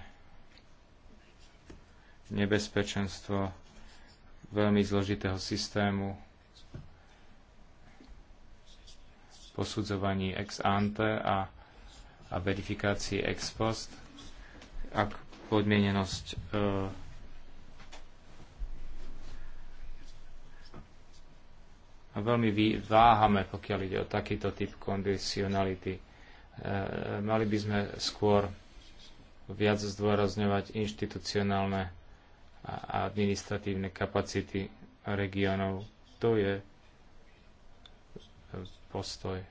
[SPEAKER 1] nebezpečenstvo veľmi zložitého systému posudzovaní ex ante a, a verifikácii ex post, ak podmienenosť e, a veľmi váhame, pokiaľ ide o takýto typ kondicionality. E, mali by sme skôr viac zdôrazňovať inštitucionálne a administratívne kapacity regiónov. To je postoj.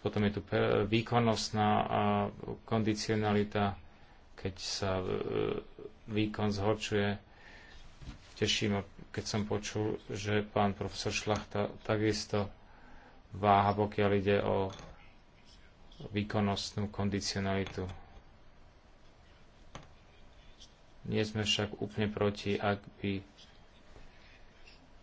[SPEAKER 1] Potom je tu výkonnostná kondicionalita, keď sa e, výkon zhorčuje. Teším, keď som počul, že pán profesor Šlachta takisto váha, pokiaľ ide o výkonnostnú kondicionalitu. Nie sme však úplne proti, ak by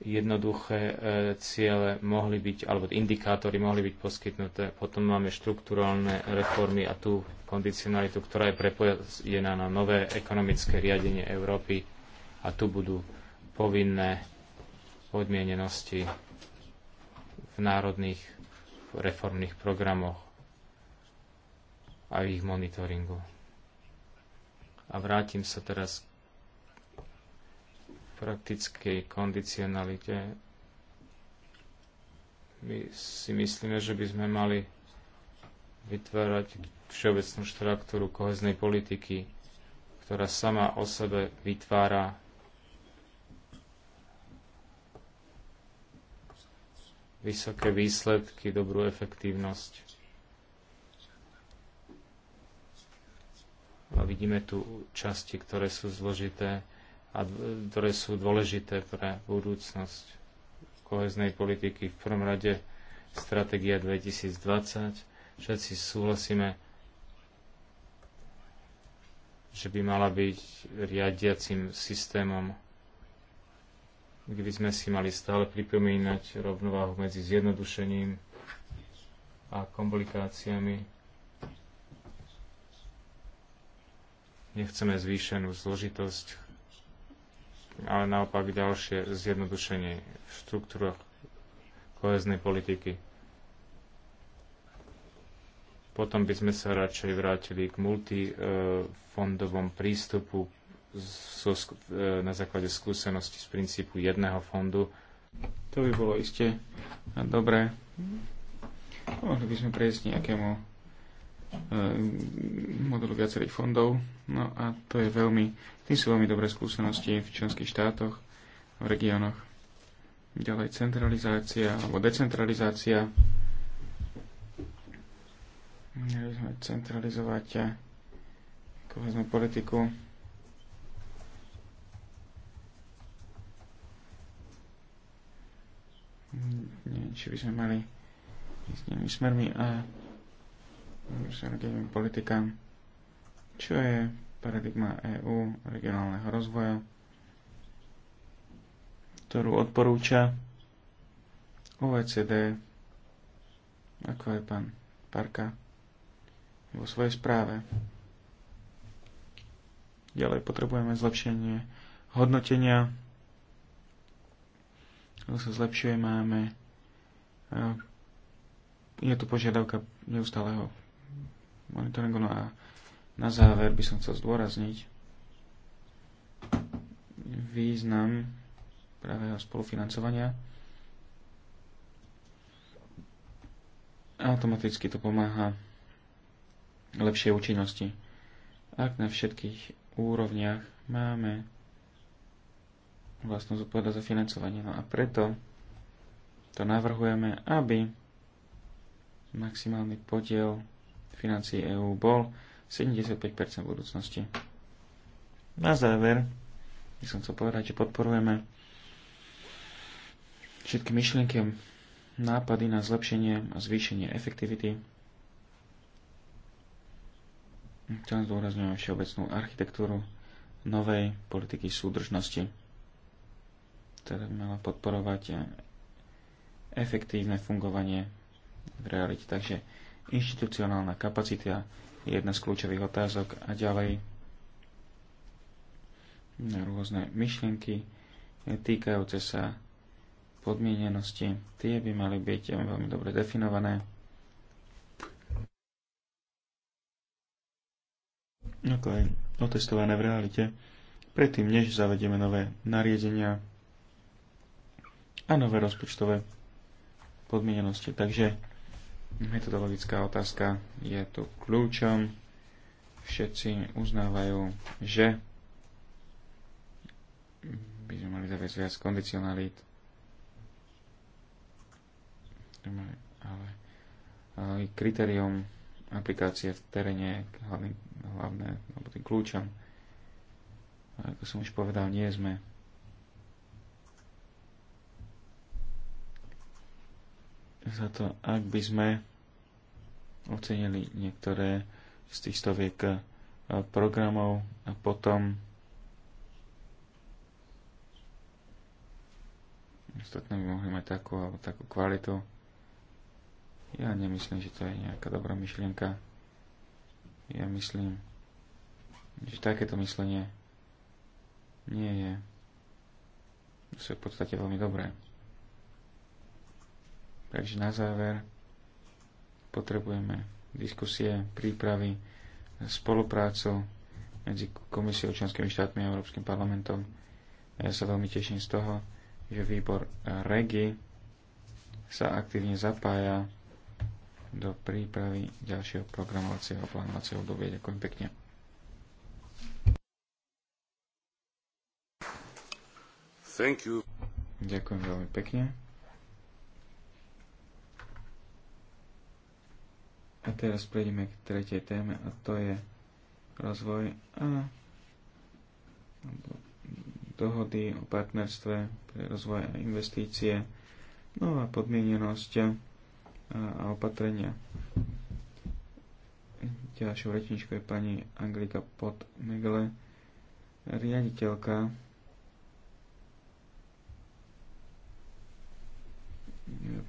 [SPEAKER 1] jednoduché e, ciele mohli byť, alebo indikátory mohli byť poskytnuté. Potom máme štruktúrálne reformy a tú kondicionalitu, ktorá je prepojená na nové ekonomické riadenie Európy a tu budú povinné podmienenosti v národných reformných programoch a ich monitoringu. A vrátim sa teraz praktickej kondicionalite my si myslíme, že by sme mali vytvárať všeobecnú štruktúru koheznej politiky, ktorá sama o sebe vytvára vysoké výsledky, dobrú efektívnosť. A vidíme tu časti, ktoré sú zložité a e, ktoré sú dôležité pre budúcnosť koheznej politiky. V prvom rade stratégia 2020. Všetci súhlasíme, že by mala byť riadiacim systémom, kde by sme si mali stále pripomínať rovnováhu medzi zjednodušením a komplikáciami. Nechceme zvýšenú zložitosť, ale naopak ďalšie zjednodušenie v štruktúrach koheznej politiky. Potom by sme sa radšej vrátili k multifondovom prístupu e, na základe skúsenosti z princípu jedného fondu. To by bolo iste dobré.
[SPEAKER 3] Mohli by sme prejsť nejakému Eh, modelu viacerých fondov. No a to je veľmi, tým sú veľmi dobré skúsenosti v členských štátoch, v regiónoch. Ďalej centralizácia alebo decentralizácia. Mali sme centralizovať vezme politiku neviem, či by sme mali ísť nejakými smermi a regionálnym politikám, čo je paradigma EÚ regionálneho rozvoja, ktorú odporúča OECD, ako aj pán Parka vo svojej správe. Ďalej potrebujeme zlepšenie hodnotenia. To sa zlepšuje, máme eh, je tu požiadavka neustáleho monitoringu. No a na záver by som chcel zdôrazniť význam pravého spolufinancovania. Automaticky to pomáha lepšej účinnosti. Ak na všetkých úrovniach máme vlastnú zodpovednosť za financovanie. No a preto to navrhujeme, aby maximálny podiel financií EÚ bol 75% v budúcnosti. Na záver by som chcel povedať, že podporujeme všetky myšlienky, nápady na zlepšenie a zvýšenie efektivity. Chcem zdôrazňujem všeobecnú architektúru novej politiky súdržnosti, ktorá by mala podporovať efektívne fungovanie v realite. Takže Inštitucionálna kapacita je jedna z kľúčových otázok a ďalej na rôzne myšlienky týkajúce sa podmienenosti. Tie by mali byť veľmi dobre definované. Ako aj otestované v realite, predtým než zavedieme nové nariadenia a nové rozpočtové podmienenosti. Takže Metodologická otázka je tu kľúčom. Všetci uznávajú, že by sme mali zaviesť viac kondicionalít. Ale, kritérium aplikácie v teréne hlavné, alebo tým kľúčom. ako som už povedal, nie sme za to, ak by sme ocenili niektoré z tých stoviek eh, programov a potom ostatné by mohli mať takú alebo takú kvalitu. Ja nemyslím, že to je nejaká dobrá myšlienka. Ja myslím, že takéto myslenie nie je, je v podstate veľmi dobré. Takže na záver potrebujeme diskusie, prípravy, spoluprácu medzi Komisiou, členskými štátmi a Európskym parlamentom. Ja sa veľmi teším z toho, že výbor REGI sa aktívne zapája do prípravy ďalšieho programovacieho a plánovacieho obdobia. Ďakujem pekne. Thank you. Ďakujem veľmi pekne. A teraz prejdeme k tretej téme a to je rozvoj a dohody o partnerstve pre rozvoj a investície, nová podmienenosť a opatrenia. Ďalšou rečničkou je pani Anglika Podmegle, riaditeľka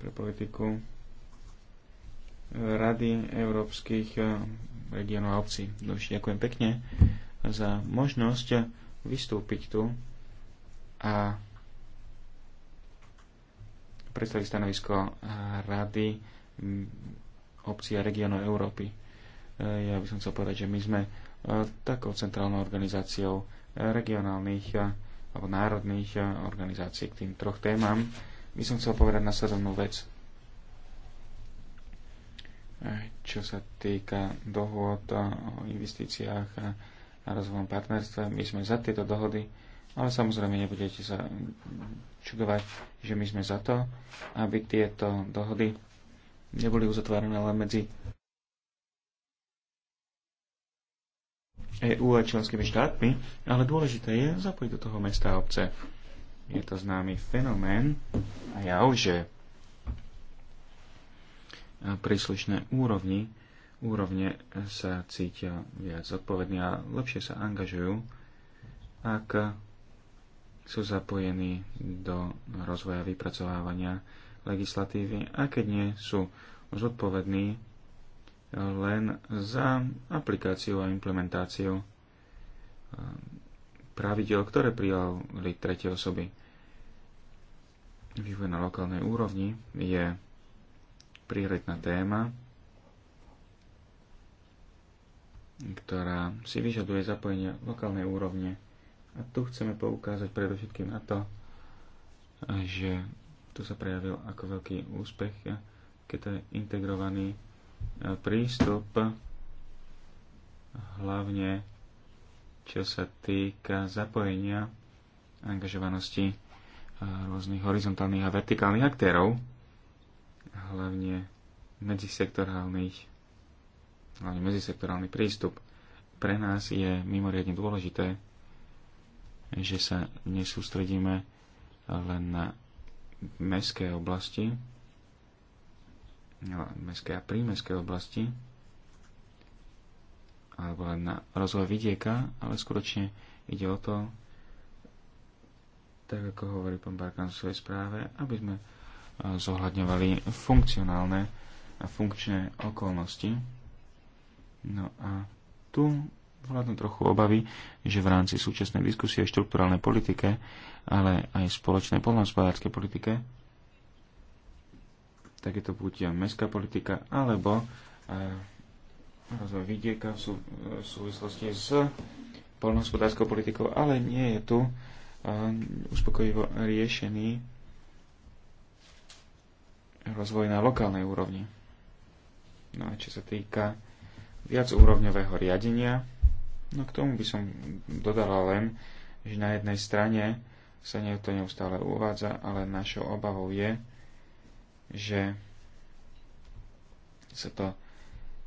[SPEAKER 3] pre politiku Rady európskych eh, regionov a obcí. Ďakujem pekne za možnosť vystúpiť tu a predstaviť stanovisko Rady mm, obcí a regionov Európy. Eh, ja by som chcel povedať, že my sme eh, takou centrálnou organizáciou regionálnych alebo národných organizácií k tým troch témam. By som chcel povedať nasledovnú vec čo sa týka dohôd o investíciách a rozvojom partnerstva. My sme za tieto dohody, ale samozrejme nebudete sa čudovať, že my sme za to, aby tieto dohody neboli uzatvárané len medzi EU a členskými štátmi, ale dôležité je zapojiť do toho mesta a obce. Je to známy fenomén a ja už, že príslušné úrovni, úrovne sa cítia viac zodpovední a lepšie sa angažujú, ak sú zapojení do rozvoja vypracovávania legislatívy a keď nie sú zodpovední len za aplikáciu a implementáciu eh, pravidel, ktoré prijali tretie osoby. Vývoj na lokálnej úrovni je prioritná téma, ktorá si vyžaduje zapojenie lokálnej úrovne. A tu chceme poukázať predovšetkým na to, že tu sa prejavil ako veľký úspech, keď to je integrovaný e, prístup, hlavne čo sa týka zapojenia angažovanosti e, rôznych horizontálnych a vertikálnych aktérov hlavne medzisektorálnych, hlavne medzisektorálny prístup. Pre nás je mimoriadne dôležité, že sa nesústredíme len na mestské oblasti, no, mestské a prímestské oblasti, alebo len na rozvoj vidieka, ale skutočne ide o to, tak ako hovorí pán Barkan v svojej správe, aby sme zohľadňovali funkcionálne a funkčné okolnosti. No a tu vládnu trochu obavy, že v rámci súčasnej diskusie o štruktúralnej politike, ale aj spoločnej poľnohospodárskej politike, tak je to buď mestská politika, alebo e, rozvoj vidieka v, sú, e, v súvislosti s poľnohospodárskou politikou, ale nie je tu e, uspokojivo riešený rozvoj na lokálnej úrovni. No a čo sa týka viacúrovňového riadenia, no k tomu by som dodala len, že na jednej strane sa nie to neustále uvádza, ale našou obavou je, že sa to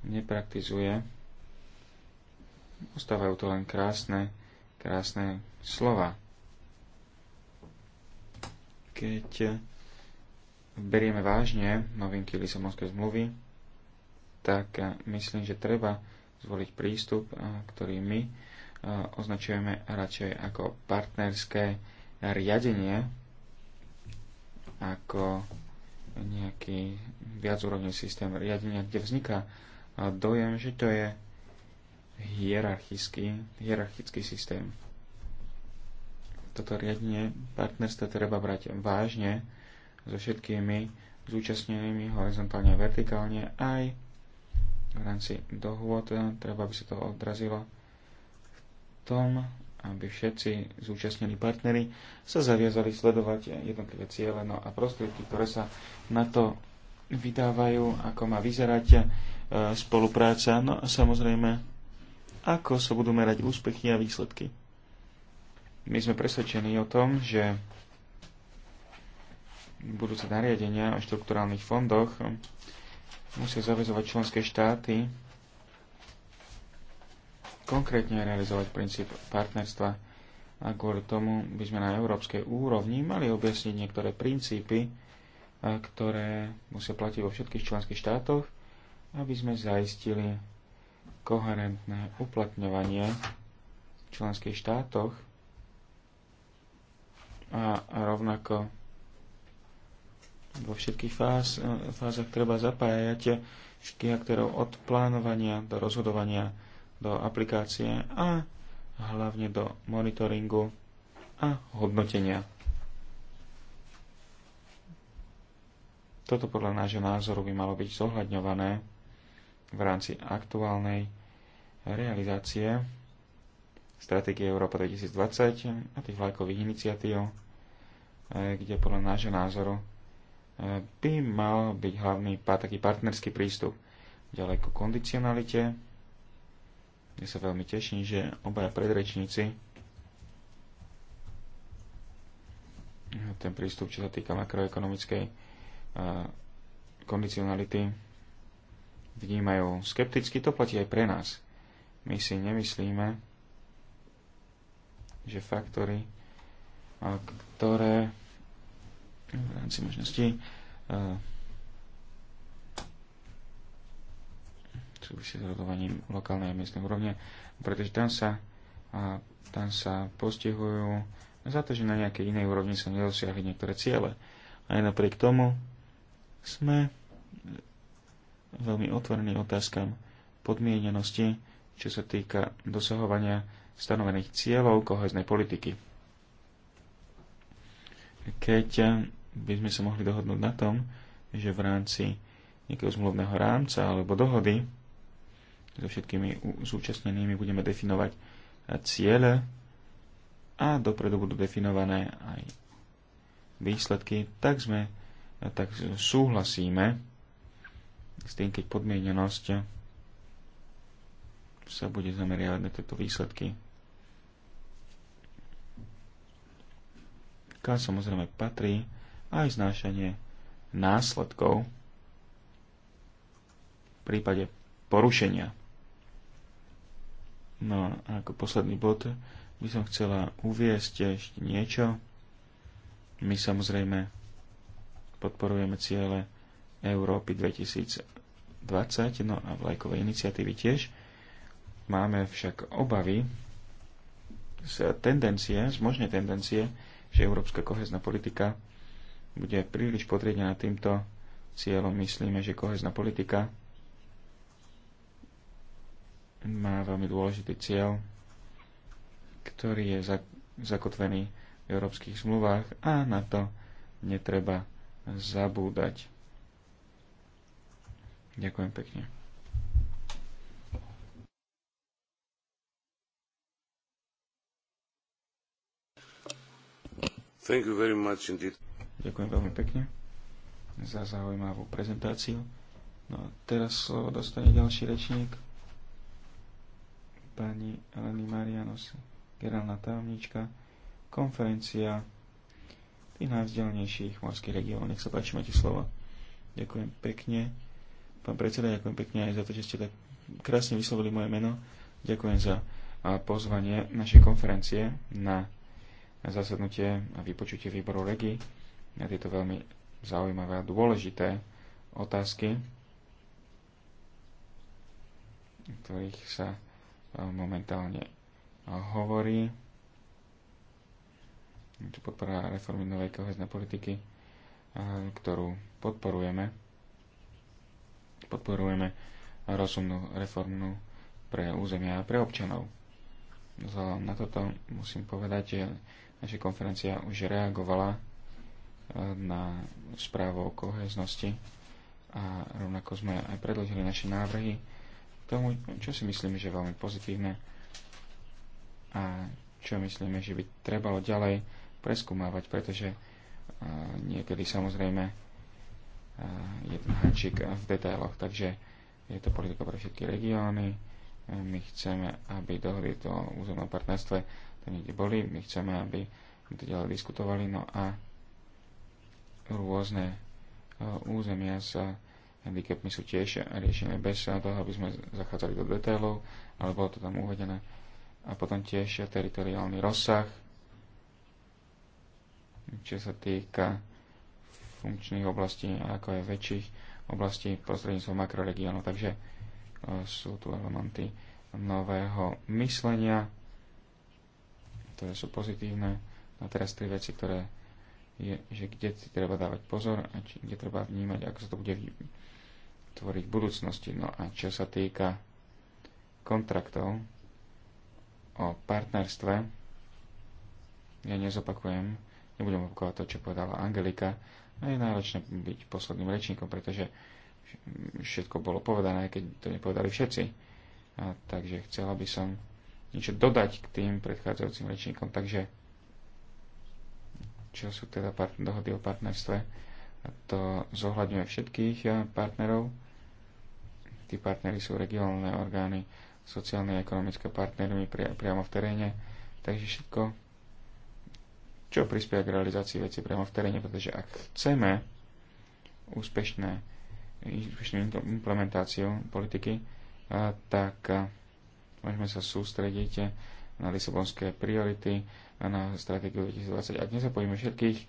[SPEAKER 3] nepraktizuje. Ostávajú to len krásne, krásne slova. Keď berieme vážne novinky Lisabonskej zmluvy, tak eh, myslím, že treba zvoliť prístup, eh, ktorý my eh, označujeme radšej ako partnerské riadenie, ako nejaký viacúrovný systém riadenia, kde vzniká dojem, že to je hierarchický, hierarchický systém. Toto riadenie partnerstva treba brať vážne, so všetkými zúčastnenými horizontálne a vertikálne aj v rámci dohôd. Treba, aby sa to odrazilo v tom, aby všetci zúčastnení partnery sa zaviazali sledovať jednotlivé ciele no a prostriedky, ktoré sa na to vydávajú, ako má vyzerať e, spolupráca, no a samozrejme, ako sa budú merať úspechy a výsledky. My sme presvedčení o tom, že budúce nariadenia o štrukturálnych fondoch musia zavezovať členské štáty konkrétne realizovať princíp partnerstva a kvôli tomu by sme na európskej úrovni mali objasniť niektoré princípy, ktoré musia platiť vo všetkých členských štátoch, aby sme zaistili koherentné uplatňovanie v členských štátoch a rovnako vo všetkých fáz, e, fázach treba zapájať všetkých aktérov od plánovania do rozhodovania, do aplikácie a hlavne do monitoringu a hodnotenia. Toto podľa nášho názoru by malo byť zohľadňované v rámci aktuálnej realizácie stratégie Európa 2020 a tých vlajkových iniciatív, e, kde podľa nášho názoru by mal byť hlavný taký partnerský prístup. Ďalej ku kondicionalite. Ja sa veľmi teším, že obaja predrečníci ten prístup, čo sa týka makroekonomickej kondicionality, vnímajú skepticky. To platí aj pre nás. My si nemyslíme, že faktory, ktoré v rámci možností súvisí s rozhodovaním lokálnej a miestnej úrovne, pretože tam sa, a, tam sa postihujú za to, že na nejakej inej úrovni sa nedosiahli niektoré ciele. Aj napriek tomu sme veľmi otvorení otázkam podmienenosti, čo sa týka dosahovania stanovených cieľov koheznej politiky. Keď by sme sa mohli dohodnúť na tom, že v rámci nejakého zmluvného rámca alebo dohody so všetkými zúčastnenými budeme definovať ciele a dopredu budú definované aj výsledky, tak sme tak súhlasíme s tým, keď podmienenosť sa bude zameriavať na tieto výsledky. K samozrejme patrí aj znášanie následkov v prípade porušenia. No a ako posledný bod by som chcela uviesť ešte niečo. My samozrejme podporujeme ciele Európy 2020, no a vlajkové iniciatívy tiež. Máme však obavy z tendencie, z možnej tendencie, že európska kohezná politika bude príliš podriedená týmto cieľom. Myslíme, že kohezná politika má veľmi dôležitý cieľ, ktorý je zakotvený v európskych zmluvách a na to netreba zabúdať. Ďakujem
[SPEAKER 1] pekne. Thank you very much indeed.
[SPEAKER 3] Ďakujem veľmi pekne za zaujímavú prezentáciu. No a teraz slovo dostane ďalší rečník, pani Eleny Marianos, generálna tajomníčka, konferencia tých najvzdelnejších morských regiónov. Nech sa páči, máte slovo. Ďakujem pekne. Pán predseda, ďakujem pekne aj za to, že ste tak krásne vyslovili moje meno. Ďakujem za pozvanie našej konferencie na zasadnutie a vypočutie výboru REGI na tieto veľmi zaujímavé a dôležité otázky, o ktorých sa e, momentálne e, hovorí. Čo podpora reformy novej kohezné politiky, e, ktorú podporujeme. Podporujeme rozumnú reformu pre územia a pre občanov. Vzhľadom na toto musím povedať, že naša konferencia už reagovala na správu o koheznosti a rovnako sme aj predložili naše návrhy k tomu, čo si myslíme, že je veľmi pozitívne a čo myslíme, že by trebalo ďalej preskúmávať, pretože niekedy samozrejme je ten háčik v detailoch, takže je to politika pre všetky regióny, my chceme, aby dohody to územnom partnerstve tam niekde boli, my chceme, aby to ďalej diskutovali, no a rôzne e, územia s handicapmi sú tiež riešené bez toho, aby sme zachádzali do detailov, ale bolo to tam uvedené. A potom tiež teritoriálny rozsah, čo sa týka funkčných oblastí, ako aj väčších oblastí prostredníctvom makroregiónu. Takže e, sú tu elementy nového myslenia, ktoré sú pozitívne. A teraz tie veci, ktoré je, že kde si treba dávať pozor a či, kde treba vnímať, ako sa to bude tvoriť v budúcnosti. No a čo sa týka kontraktov o partnerstve, ja nezopakujem, nebudem opakovať to, čo povedala Angelika, a je náročné byť posledným rečníkom, pretože všetko bolo povedané, keď to nepovedali všetci. A takže chcela by som niečo dodať k tým predchádzajúcim rečníkom, takže čo sú teda dohody o partnerstve. To zohľadňuje všetkých partnerov. Tí partnery sú regionálne orgány, sociálne a ekonomické partnery pri, priamo v teréne. Takže všetko, čo prispieva k realizácii veci priamo v teréne, pretože ak chceme úspešné, úspešnú implementáciu politiky, tak môžeme sa sústrediť na lisabonské priority a na stratégiu 2020. Ak nezapojíme všetkých,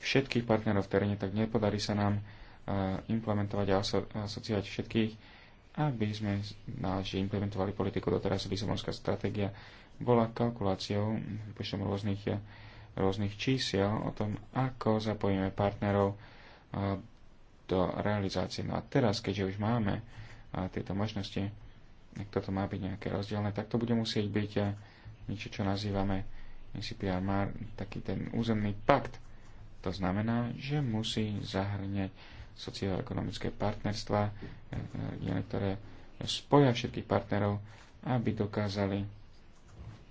[SPEAKER 3] všetkých partnerov v teréne, tak nepodarí sa nám eh, implementovať a aso- asociovať všetkých, aby sme že implementovali politiku. Doteraz Lisabonská stratégia bola kalkuláciou, počtom rôznych, eh, rôznych čísiel o tom, ako zapojíme partnerov eh, do realizácie. No a teraz, keďže už máme tieto možnosti, ak toto má byť nejaké rozdielne, tak to bude musieť byť niečo, čo nazývame NCPR taký ten územný pakt. To znamená, že musí zahrňať socioekonomické partnerstva, ktoré spoja všetkých partnerov, aby dokázali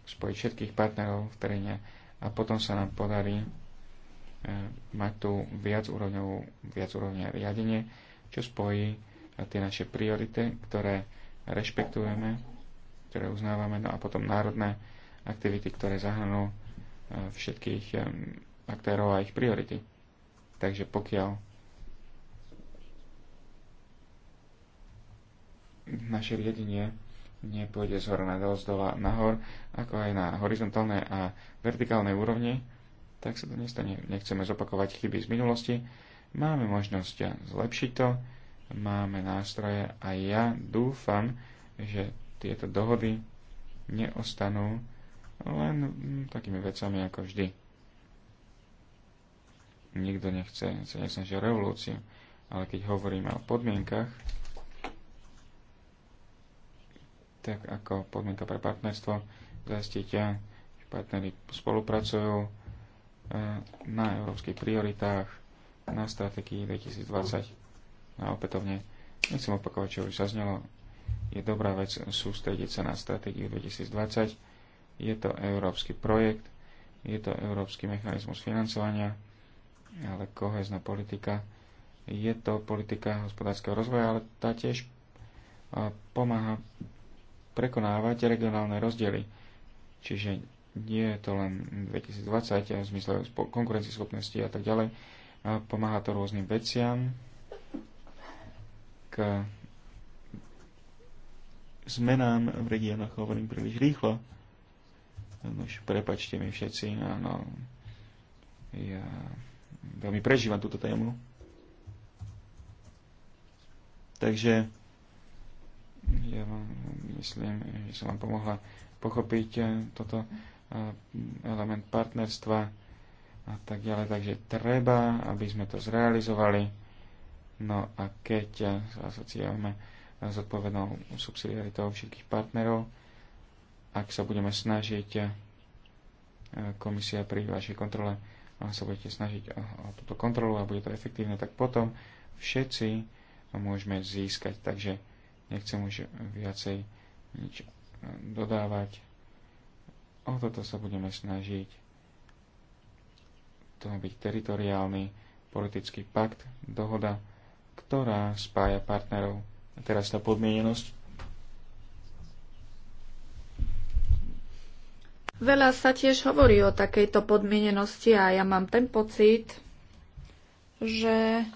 [SPEAKER 3] spojiť všetkých partnerov v teréne a potom sa nám podarí e, mať tu viac úrovňovú, viac úrovňa riadenie, čo spojí e, tie naše priority, ktoré rešpektujeme, ktoré uznávame, no a potom národné aktivity, ktoré zahrnú e, všetkých e, aktérov a ich priority. Takže pokiaľ naše riadenie nepôjde z hora nadol, z dola nahor, ako aj na horizontálnej a vertikálnej úrovni, tak sa to nestane. Nechceme zopakovať chyby z minulosti. Máme možnosť zlepšiť to, máme nástroje a ja dúfam, že tieto dohody neostanú len mm, takými vecami ako vždy. Nikto nechce, sa nesnaží revolúciu, ale keď hovoríme o podmienkach, tak ako podmienka pre partnerstvo, zaistíte, že partnery spolupracujú e, na európskych prioritách, na stratégii 2020 a opätovne nechcem opakovať, čo už zaznelo, je dobrá vec sústrediť sa na stratégiu 2020 je to európsky projekt, je to európsky mechanizmus financovania, ale kohezná politika. Je to politika hospodárskeho rozvoja, ale tá tiež pomáha prekonávať regionálne rozdiely. Čiže nie je to len 2020 v zmysle konkurencieschopnosti a tak ďalej. Pomáha to rôznym veciam k zmenám v regiónoch, hovorím príliš rýchlo. Už prepačte mi všetci, áno. Ja veľmi prežívam túto tému. Takže ja vám myslím, že som vám pomohla pochopiť eh, toto eh, element partnerstva a tak ďalej. Takže treba, aby sme to zrealizovali. No a keď eh, sa asociujeme s odpovednou subsidiaritou všetkých partnerov, ak sa budeme snažiť, e, komisia pri vašej kontrole sa budete snažiť e, o túto kontrolu a bude to efektívne, tak potom všetci môžeme získať. Takže nechcem už viacej nič e, dodávať. O toto sa budeme snažiť. To byť teritoriálny politický pakt, dohoda, ktorá spája partnerov. A teraz tá podmienenosť
[SPEAKER 4] Veľa sa tiež hovorí o takejto podmienenosti a ja mám ten pocit, že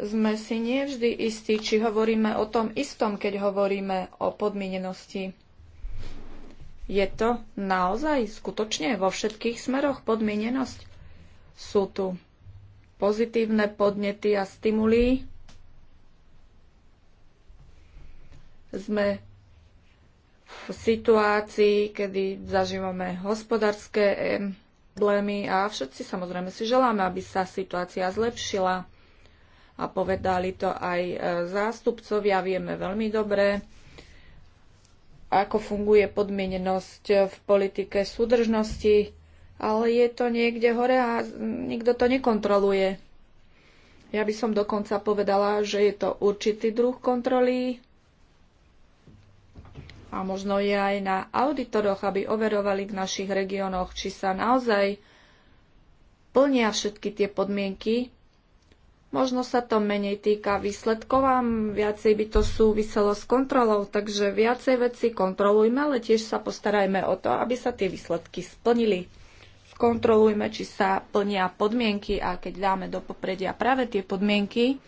[SPEAKER 4] sme si nevždy istí, či hovoríme o tom istom, keď hovoríme o podmienenosti. Je to naozaj skutočne vo všetkých smeroch podmienenosť? Sú tu pozitívne podnety a stimuly. Sme v situácii, kedy zažívame hospodárske eh, problémy a všetci samozrejme si želáme, aby sa situácia zlepšila. A povedali to aj eh, zástupcovia, vieme veľmi dobre, ako funguje podmienenosť eh, v politike súdržnosti, ale je to niekde hore a nikto to nekontroluje. Ja by som dokonca povedala, že je to určitý druh kontroly, a možno je aj na auditoroch, aby overovali v našich regiónoch, či sa naozaj plnia všetky tie podmienky. Možno sa to menej týka výsledkov a viacej by to súviselo s kontrolou, takže viacej veci kontrolujme, ale tiež sa postarajme o to, aby sa tie výsledky splnili. Skontrolujme, či sa plnia podmienky a keď dáme do popredia práve tie podmienky,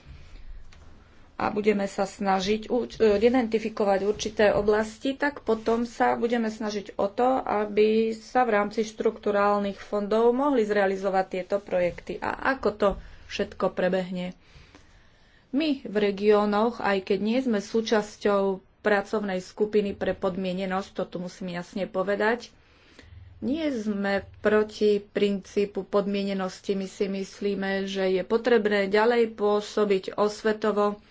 [SPEAKER 4] a budeme sa snažiť e, identifikovať určité oblasti, tak potom sa budeme snažiť o to, aby sa v rámci štrukturálnych fondov mohli zrealizovať tieto projekty. A ako to všetko prebehne? My v regiónoch, aj keď nie sme súčasťou pracovnej skupiny pre podmienenosť, to tu musím jasne povedať, nie sme proti princípu podmienenosti. My si myslíme, že je potrebné ďalej pôsobiť osvetovo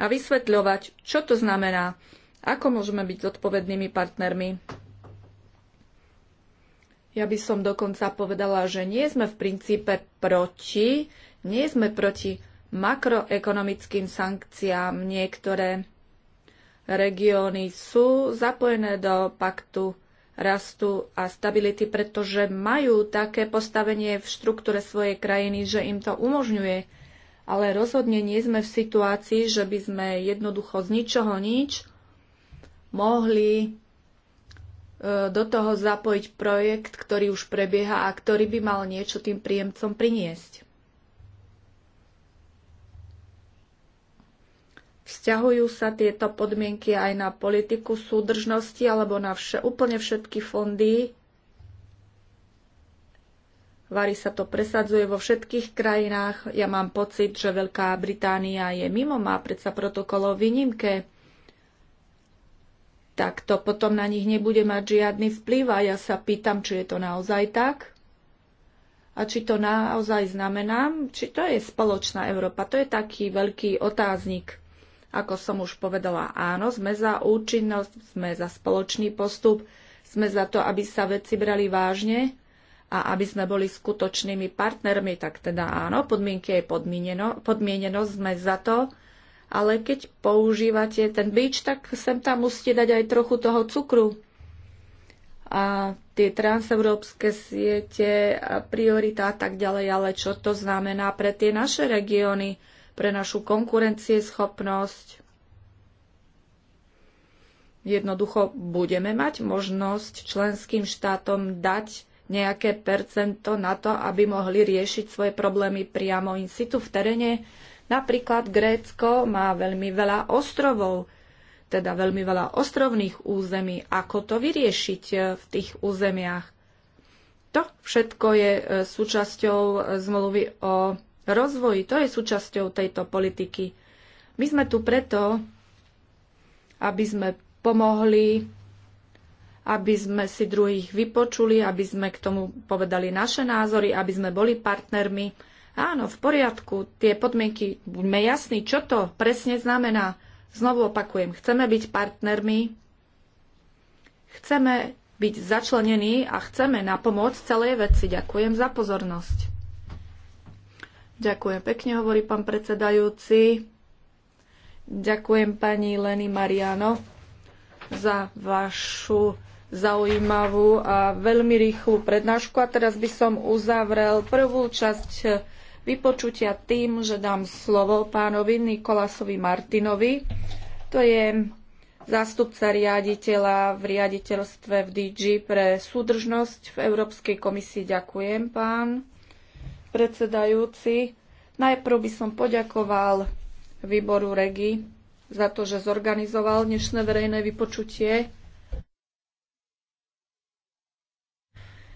[SPEAKER 4] a vysvetľovať, čo to znamená, ako môžeme byť zodpovednými partnermi. Ja by som dokonca povedala, že nie sme v princípe proti, nie sme proti makroekonomickým sankciám. Niektoré regióny sú zapojené do paktu rastu a stability, pretože majú také postavenie v štruktúre svojej krajiny, že im to umožňuje ale rozhodne nie sme v situácii, že by sme jednoducho z ničoho nič mohli e, do toho zapojiť projekt, ktorý už prebieha a ktorý by mal niečo tým príjemcom priniesť. Vzťahujú sa tieto podmienky aj na politiku súdržnosti alebo na vše, úplne všetky fondy, Vary sa to presadzuje vo všetkých krajinách. Ja mám pocit, že Veľká Británia je mimo, má predsa protokol o výnimke. Tak to potom na nich nebude mať žiadny vplyv a ja sa pýtam, či je to naozaj tak. A či to naozaj znamená, či to je spoločná Európa. To je taký veľký otáznik. Ako som už povedala, áno, sme za účinnosť, sme za spoločný postup, sme za to, aby sa veci brali vážne, a aby sme boli skutočnými partnermi, tak teda áno, podmienky je podmienenosť, sme za to, ale keď používate ten bič, tak sem tam musíte dať aj trochu toho cukru. A tie transeurópske siete, a priorita a tak ďalej, ale čo to znamená pre tie naše regióny, pre našu konkurencieschopnosť? Jednoducho budeme mať možnosť členským štátom dať nejaké percento na to, aby mohli riešiť svoje problémy priamo in situ v teréne. Napríklad Grécko má veľmi veľa ostrovov, teda veľmi veľa ostrovných území. Ako to vyriešiť eh, v tých územiach? To všetko je eh, súčasťou eh, zmluvy o rozvoji, to je súčasťou tejto politiky. My sme tu preto, aby sme pomohli aby sme si druhých vypočuli, aby sme k tomu povedali naše názory, aby sme boli partnermi. Áno, v poriadku, tie podmienky, buďme jasní, čo to presne znamená. Znovu opakujem, chceme byť partnermi, chceme byť začlenení a chceme na pomoc celej veci. Ďakujem za pozornosť. Ďakujem pekne, hovorí pán predsedajúci. Ďakujem pani Leny Mariano za vašu zaujímavú a veľmi rýchlu prednášku. A teraz by som uzavrel prvú časť vypočutia tým, že dám slovo pánovi Nikolasovi Martinovi. To je zástupca riaditeľa v riaditeľstve v DG pre súdržnosť v Európskej komisii. Ďakujem, pán predsedajúci. Najprv by som poďakoval výboru REGI za to, že zorganizoval dnešné verejné vypočutie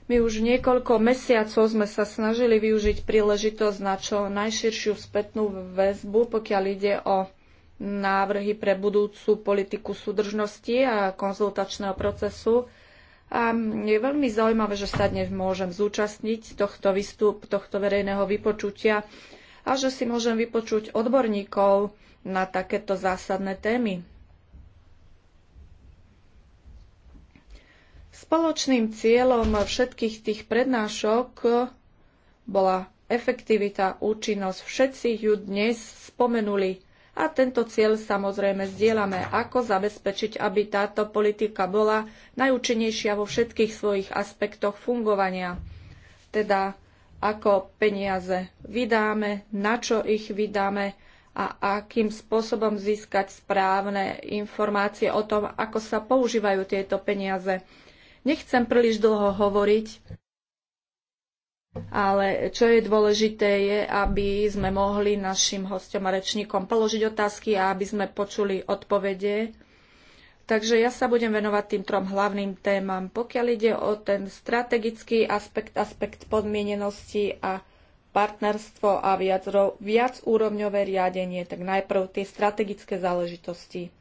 [SPEAKER 4] My už niekoľko mesiacov sme sa snažili využiť príležitosť na čo najširšiu spätnú väzbu, pokiaľ ide o návrhy pre budúcu politiku súdržnosti a konzultačného procesu. A je veľmi zaujímavé, že sa dnes môžem zúčastniť tohto výstup, tohto verejného vypočutia a že si môžem vypočuť odborníkov na takéto zásadné témy. Spoločným cieľom všetkých tých prednášok bola efektivita, účinnosť. Všetci ju dnes spomenuli. A tento cieľ samozrejme zdieľame, ako zabezpečiť, aby táto politika bola najúčinnejšia vo všetkých svojich aspektoch fungovania. Teda ako peniaze vydáme, na čo ich vydáme a akým spôsobom získať správne informácie o tom, ako sa používajú tieto peniaze. Nechcem príliš dlho hovoriť, ale čo je dôležité je, aby sme mohli našim hostom a rečníkom položiť otázky a aby sme počuli odpovede. Takže ja sa budem venovať tým trom hlavným témam. Pokiaľ ide o ten strategický aspekt, aspekt podmienenosti a partnerstvo a viac, viacúrovňové riadenie, tak najprv tie strategické záležitosti.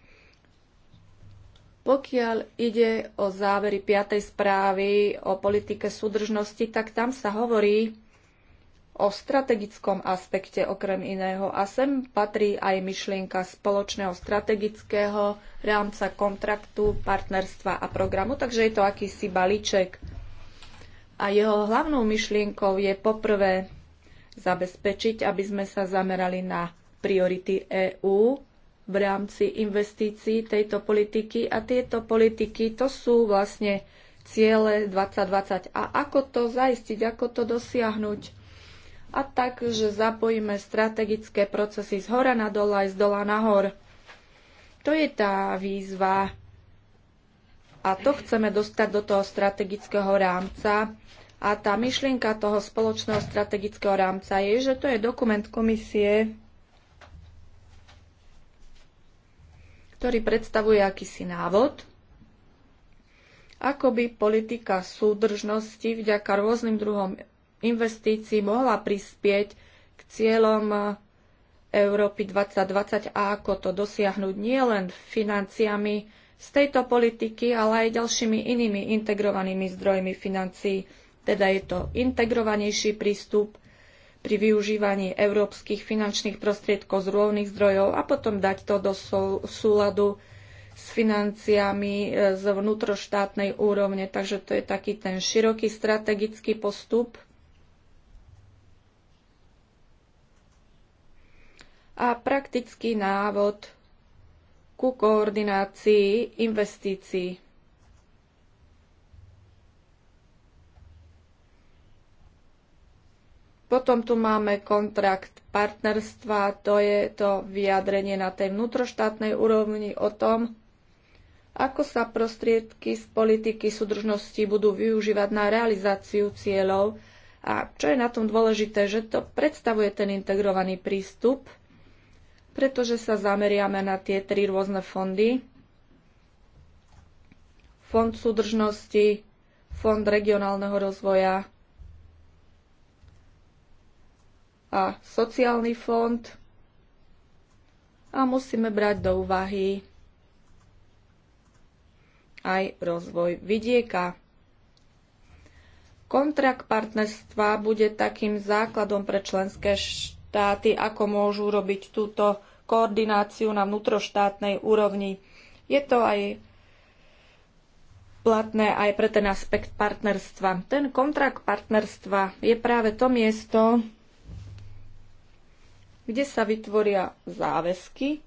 [SPEAKER 4] Pokiaľ ide o závery 5. správy o politike súdržnosti, tak tam sa hovorí o strategickom aspekte okrem iného a sem patrí aj myšlienka spoločného strategického rámca kontraktu, partnerstva a programu, takže je to akýsi balíček. A jeho hlavnou myšlienkou je poprvé zabezpečiť, aby sme sa zamerali na priority EÚ v rámci investícií tejto politiky a tieto politiky to sú vlastne ciele 2020 a ako to zaistiť, ako to dosiahnuť. A tak, že zapojíme strategické procesy z hora na dola aj z dola nahor. To je tá výzva. A to chceme dostať do toho strategického rámca. A tá myšlienka toho spoločného strategického rámca je, že to je dokument komisie, ktorý predstavuje akýsi návod, ako by politika súdržnosti vďaka rôznym druhom investícií mohla prispieť k cieľom Európy 2020 a ako to dosiahnuť nielen financiami z tejto politiky, ale aj ďalšími inými integrovanými zdrojmi financií. Teda je to integrovanejší prístup pri využívaní európskych finančných prostriedkov z rôznych zdrojov a potom dať to do súladu s financiami e, z vnútroštátnej úrovne. Takže to je taký ten široký strategický postup. A praktický návod ku koordinácii investícií. Potom tu máme kontrakt partnerstva, to je to vyjadrenie na tej vnútroštátnej úrovni o tom, ako sa prostriedky z politiky súdržnosti budú využívať na realizáciu cieľov a čo je na tom dôležité, že to predstavuje ten integrovaný prístup, pretože sa zameriame na tie tri rôzne fondy. Fond súdržnosti, Fond regionálneho rozvoja a sociálny fond a musíme brať do úvahy aj rozvoj vidieka. Kontrakt partnerstva bude takým základom pre členské štáty, ako môžu robiť túto koordináciu na vnútroštátnej úrovni. Je to aj platné aj pre ten aspekt partnerstva. Ten kontrakt partnerstva je práve to miesto, kde sa vytvoria záväzky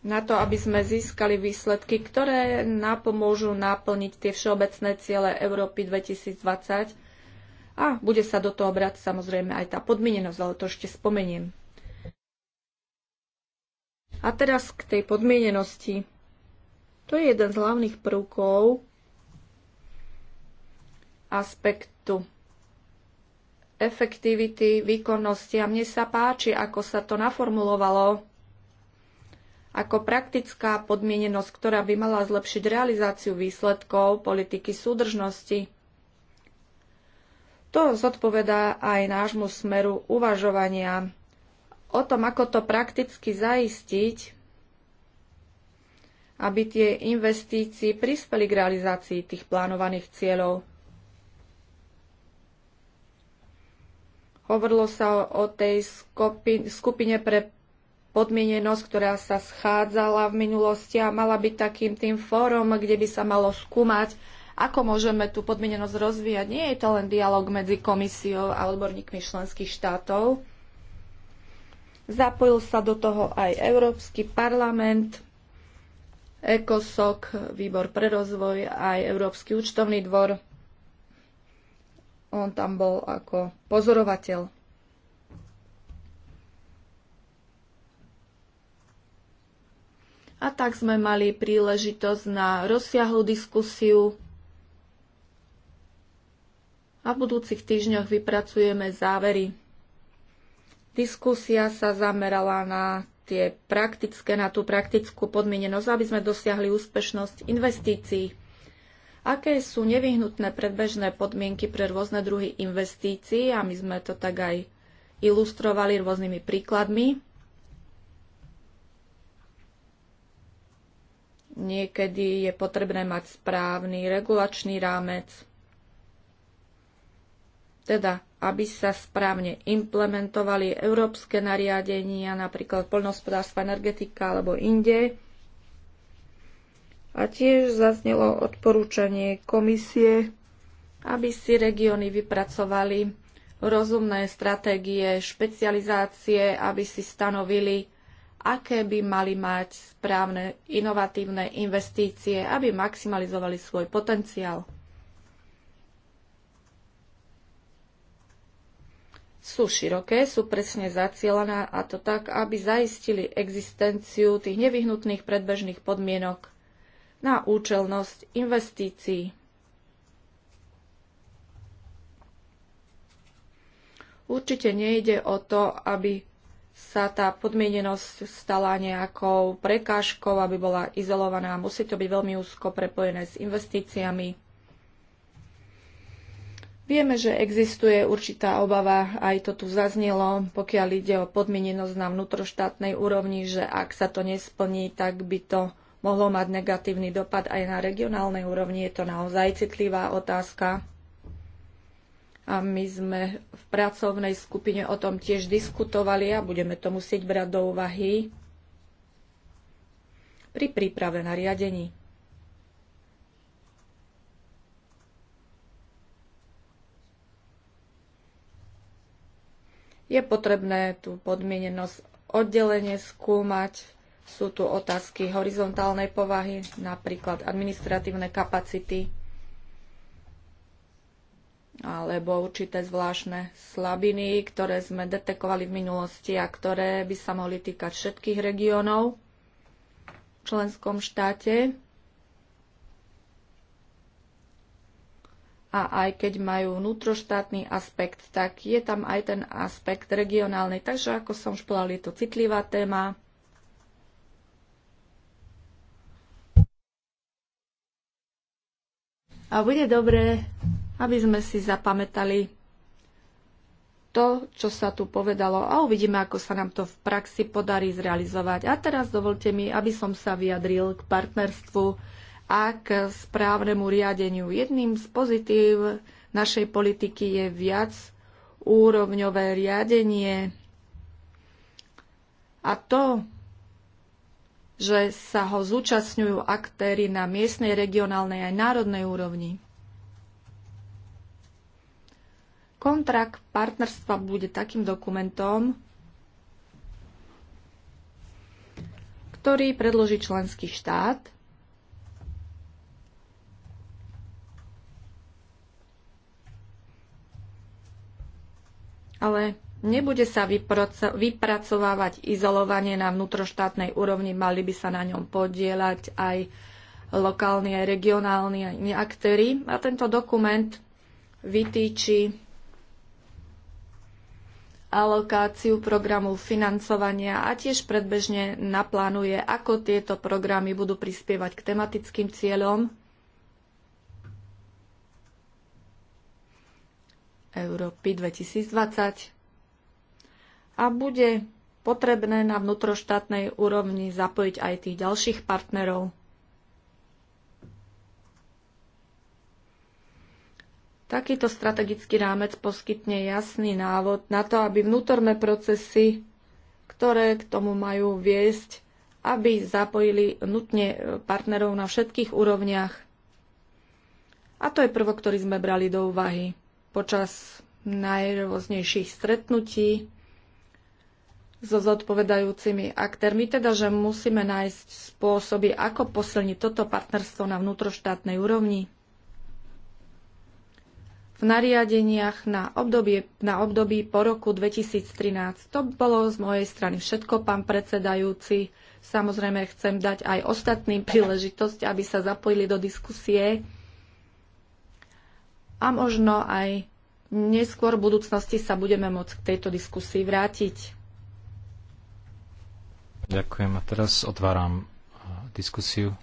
[SPEAKER 4] na to, aby sme získali výsledky, ktoré napomôžu naplniť tie všeobecné ciele Európy 2020. A bude sa do toho brať samozrejme aj tá podmienenosť, ale to ešte spomeniem. A teraz k tej podmienenosti. To je jeden z hlavných prvkov, aspektu efektivity, výkonnosti. A mne sa páči, ako sa to naformulovalo ako praktická podmienenosť, ktorá by mala zlepšiť realizáciu výsledkov politiky súdržnosti. To zodpovedá aj nášmu smeru uvažovania o tom, ako to prakticky zaistiť, aby tie investície prispeli k realizácii tých plánovaných cieľov. Hovorilo sa o, o tej skupine pre podmienenosť, ktorá sa schádzala v minulosti a mala byť takým tým fórom, kde by sa malo skúmať, ako môžeme tú podmienenosť rozvíjať. Nie je to len dialog medzi komisiou a odborníkmi členských štátov. Zapojil sa do toho aj Európsky parlament, ECOSOC, Výbor pre rozvoj, aj Európsky účtovný dvor. On tam bol ako pozorovateľ. A tak sme mali príležitosť na rozsiahlu diskusiu. A v budúcich týždňoch vypracujeme závery. Diskusia sa zamerala na tie praktické, na tú praktickú podmienenosť, aby sme dosiahli úspešnosť investícií aké sú nevyhnutné predbežné podmienky pre rôzne druhy investícií a my sme to tak aj ilustrovali rôznymi príkladmi. Niekedy je potrebné mať správny regulačný rámec, teda aby sa správne implementovali európske nariadenia, napríklad poľnohospodárstva, energetika alebo inde a tiež zaznelo odporúčanie komisie, aby si regióny vypracovali rozumné stratégie špecializácie, aby si stanovili, aké by mali mať správne inovatívne investície, aby maximalizovali svoj potenciál. sú široké, sú presne zacielené a to tak, aby zaistili existenciu tých nevyhnutných predbežných podmienok na účelnosť investícií. Určite nejde o to, aby sa tá podmienenosť stala nejakou prekážkou, aby bola izolovaná. Musí to byť veľmi úzko prepojené s investíciami. Vieme, že existuje určitá obava, aj to tu zaznelo, pokiaľ ide o podmienenosť na vnútroštátnej úrovni, že ak sa to nesplní, tak by to mohlo mať negatívny dopad aj na regionálnej úrovni. Je to naozaj citlivá otázka. A my sme v pracovnej skupine o tom tiež diskutovali a budeme to musieť brať do úvahy pri príprave na riadení. Je potrebné tú podmienenosť oddelenie skúmať sú tu otázky horizontálnej povahy, napríklad administratívne kapacity alebo určité zvláštne slabiny, ktoré sme detekovali v minulosti a ktoré by sa mohli týkať všetkých regiónov v členskom štáte. a aj keď majú vnútroštátny aspekt, tak je tam aj ten aspekt regionálny. Takže ako som už povedal, je to citlivá téma. A bude dobré, aby sme si zapamätali to, čo sa tu povedalo a uvidíme, ako sa nám to v praxi podarí zrealizovať. A teraz dovolte mi, aby som sa vyjadril k partnerstvu a k správnemu riadeniu. Jedným z pozitív našej politiky je viac úrovňové riadenie. A to že sa ho zúčastňujú aktéry na miestnej, regionálnej aj národnej úrovni. Kontrakt partnerstva bude takým dokumentom, ktorý predloží členský štát ale Nebude sa vypracovávať izolovanie na vnútroštátnej úrovni, mali by sa na ňom podielať aj lokálni, aj regionálni aktéry. A tento dokument vytýči alokáciu programu financovania a tiež predbežne naplánuje, ako tieto programy budú prispievať k tematickým cieľom Európy 2020 a bude potrebné na vnútroštátnej úrovni zapojiť aj tých ďalších partnerov. Takýto strategický rámec poskytne jasný návod na to, aby vnútorné procesy, ktoré k tomu majú viesť, aby zapojili nutne partnerov na všetkých úrovniach. A to je prvok, ktorý sme brali do úvahy počas najrôznejších stretnutí so zodpovedajúcimi aktérmi, teda že musíme nájsť spôsoby, ako posilniť toto partnerstvo na vnútroštátnej úrovni. V nariadeniach na obdobie, na období po roku 2013. To bolo z mojej strany všetko, pán predsedajúci. Samozrejme chcem dať aj ostatným príležitosť, aby sa zapojili do diskusie a možno aj neskôr v budúcnosti sa budeme môcť k tejto diskusii vrátiť.
[SPEAKER 1] Ďakujem. A teraz otváram diskusiu.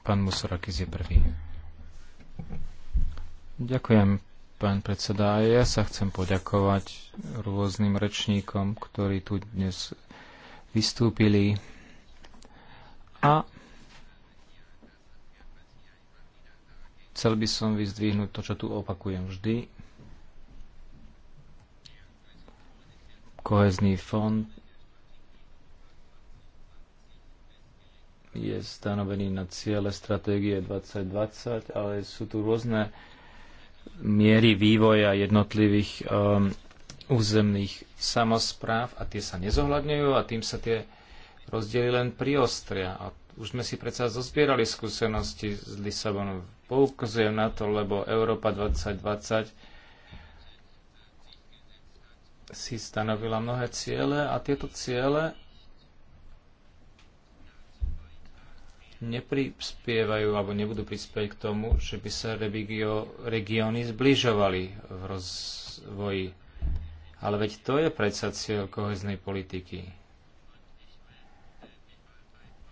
[SPEAKER 1] Pán Musorakis je prvý. Ďakujem, pán predseda. A ja sa chcem poďakovať rôznym rečníkom, ktorí tu dnes vystúpili. A chcel by som vyzdvihnúť to, čo tu opakujem vždy. Kohezný fond je stanovený na ciele stratégie 2020, ale sú tu rôzne miery vývoja jednotlivých um, územných samozpráv a tie sa nezohľadňujú a tým sa tie rozdiely len priostria. A už sme si predsa zozbierali skúsenosti z Lisabonu. Poukazujem na to, lebo Európa 2020 si stanovila mnohé ciele a tieto ciele neprispievajú alebo nebudú prispieť k tomu, že by sa regio, regióny zbližovali v rozvoji. Ale veď to je predsa cieľ koheznej politiky.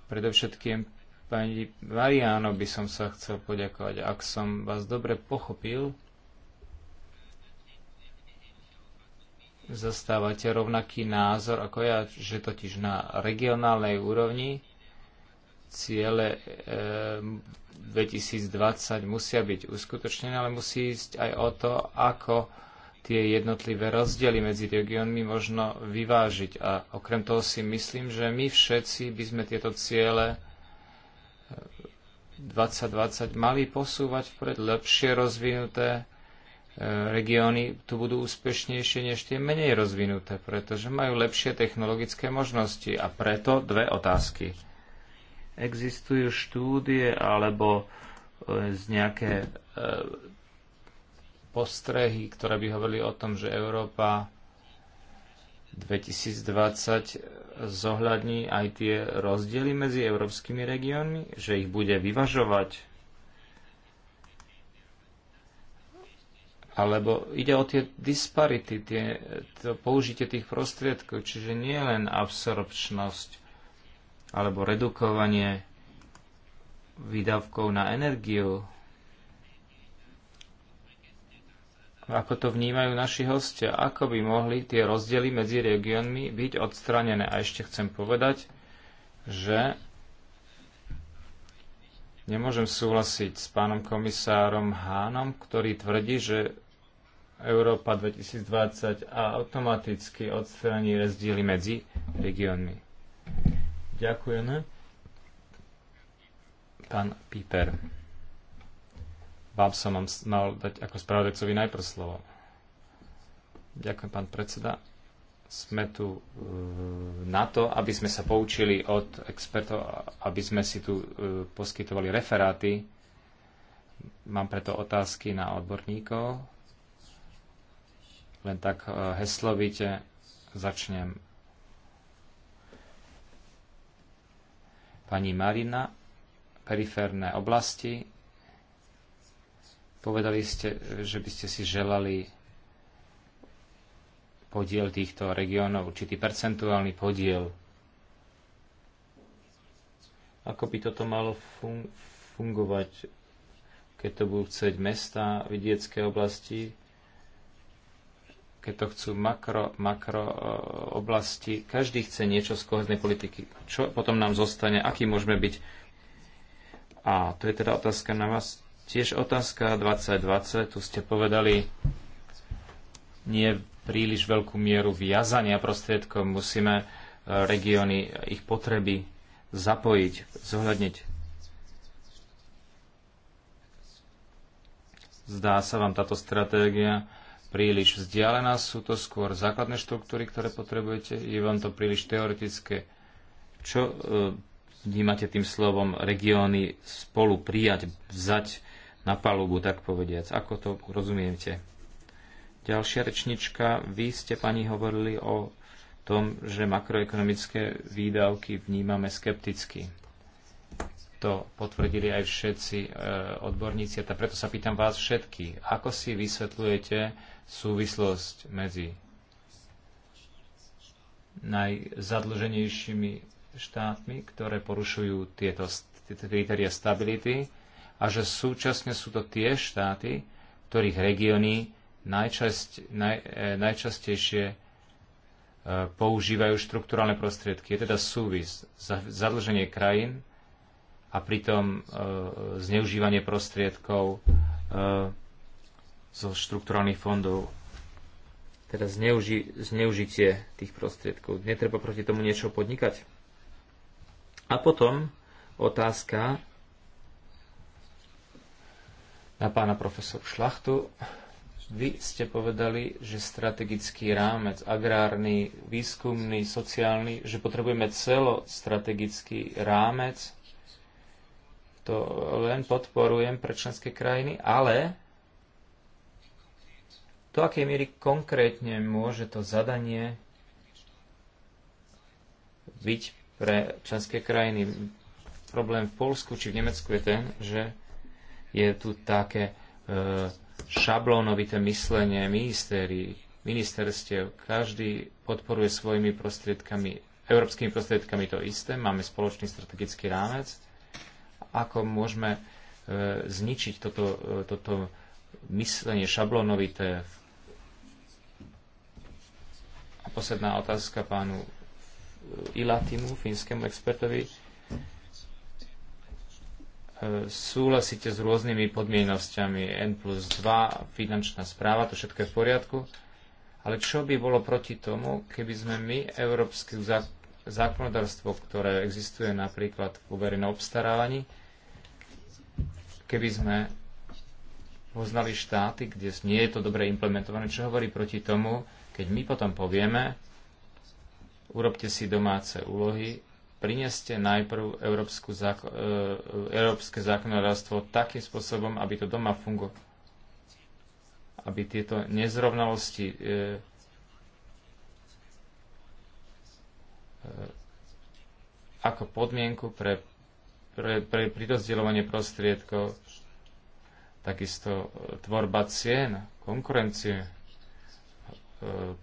[SPEAKER 1] Predovšetkým pani Mariano by som sa chcel poďakovať. Ak som vás dobre pochopil, zastávate rovnaký názor ako ja, že totiž na regionálnej úrovni ciele e, eh, 2020 musia byť uskutočnené, ale musí ísť aj o to, ako tie jednotlivé rozdiely medzi regiónmi možno vyvážiť. A okrem toho si myslím, že my všetci by sme tieto ciele 2020 eh, mali posúvať vpred lepšie rozvinuté E, regióny tu budú úspešnejšie než tie menej rozvinuté, pretože majú lepšie technologické možnosti. A preto dve otázky. Existujú štúdie alebo e, z nejaké e, postrehy, ktoré by hovorili o tom, že Európa 2020 zohľadní aj tie rozdiely medzi európskymi regiónmi, že ich bude vyvažovať alebo ide o tie disparity, tie, to použitie tých prostriedkov, čiže nie len absorpčnosť alebo redukovanie výdavkov na energiu. Ako to vnímajú naši hostia? Ako by mohli tie rozdiely medzi regiónmi byť odstranené? A ešte chcem povedať, že Nemôžem súhlasiť s pánom komisárom Hánom, ktorý tvrdí, že Európa 2020 a automaticky odstraní rozdiely medzi regiónmi. Ďakujeme. Pán Piper. Vám som mal dať ako spravodajcovi najprv slovo. Ďakujem, pán predseda. Sme tu e, na to, aby sme sa poučili od expertov, aby sme si tu e, poskytovali referáty. Mám preto otázky na odborníkov. Len tak e, heslovite začnem. Pani Marina, periférne oblasti, Povedali ste, že by ste si želali podiel týchto regiónov, určitý percentuálny podiel. Ako by toto malo fun- fungovať, keď to budú chcieť mesta, vidiecké oblasti, keď to chcú makro, makro e, oblasti. Každý chce niečo z koheznej politiky. Čo potom nám zostane? Aký môžeme byť? A to je teda otázka na vás. Tiež otázka 2020. Tu ste povedali, nie príliš veľkú mieru viazania prostriedkom. Musíme e, regióny, ich potreby zapojiť, zohľadniť. Zdá sa vám táto stratégia príliš vzdialená? Sú to skôr základné štruktúry, ktoré potrebujete? Je vám to príliš teoretické? Čo e, vnímate tým slovom regióny spolu prijať, vzať na palubu, tak povediac? Ako to rozumiete? Ďalšia rečnička, vy ste, pani, hovorili o tom, že makroekonomické výdavky vnímame skepticky. To potvrdili aj všetci e, odborníci, a preto sa pýtam vás všetky, ako si vysvetľujete súvislosť medzi najzadlženejšími štátmi, ktoré porušujú tieto kritéria stability a že súčasne sú to tie štáty, ktorých regióny najčasť, naj, e, najčastejšie e, používajú štrukturálne prostriedky. Je teda súvis zadlženie krajín a pritom e, zneužívanie prostriedkov zo štrukturálnych fondov. Teda zneuži- zneužitie tých prostriedkov. Netreba proti tomu niečo podnikať. A potom otázka na pána profesor Šlachtu. Vy ste povedali, že strategický rámec, agrárny, výskumný, sociálny, že potrebujeme celostrategický rámec. To len podporujem pre členské krajiny, ale do akej miery konkrétne môže to zadanie byť pre členské krajiny? Problém v Polsku či v Nemecku je ten, že je tu také e, šablónovité myslenie ministérií, ministerstiev. Každý podporuje svojimi prostriedkami, európskymi prostriedkami to isté. Máme spoločný strategický rámec. Ako môžeme e, zničiť toto, e, toto myslenie šablónovité? A posledná otázka pánu e, Ilatimu, fínskemu expertovi súhlasíte s rôznymi podmienosťami N plus 2, finančná správa, to všetko je v poriadku. Ale čo by bolo proti tomu, keby sme my, európske zákonodárstvo, ktoré existuje napríklad v uverejnom obstarávaní, keby sme poznali štáty, kde nie je to dobre implementované, čo hovorí proti tomu, keď my potom povieme, urobte si domáce úlohy, Prineste najprv európsku záko- e, európske zákonodárstvo takým spôsobom, aby to doma fungovalo, aby tieto nezrovnalosti e, e, ako podmienku pre, pre, pre prostriedkov, takisto tvorba cien, konkurencie, e,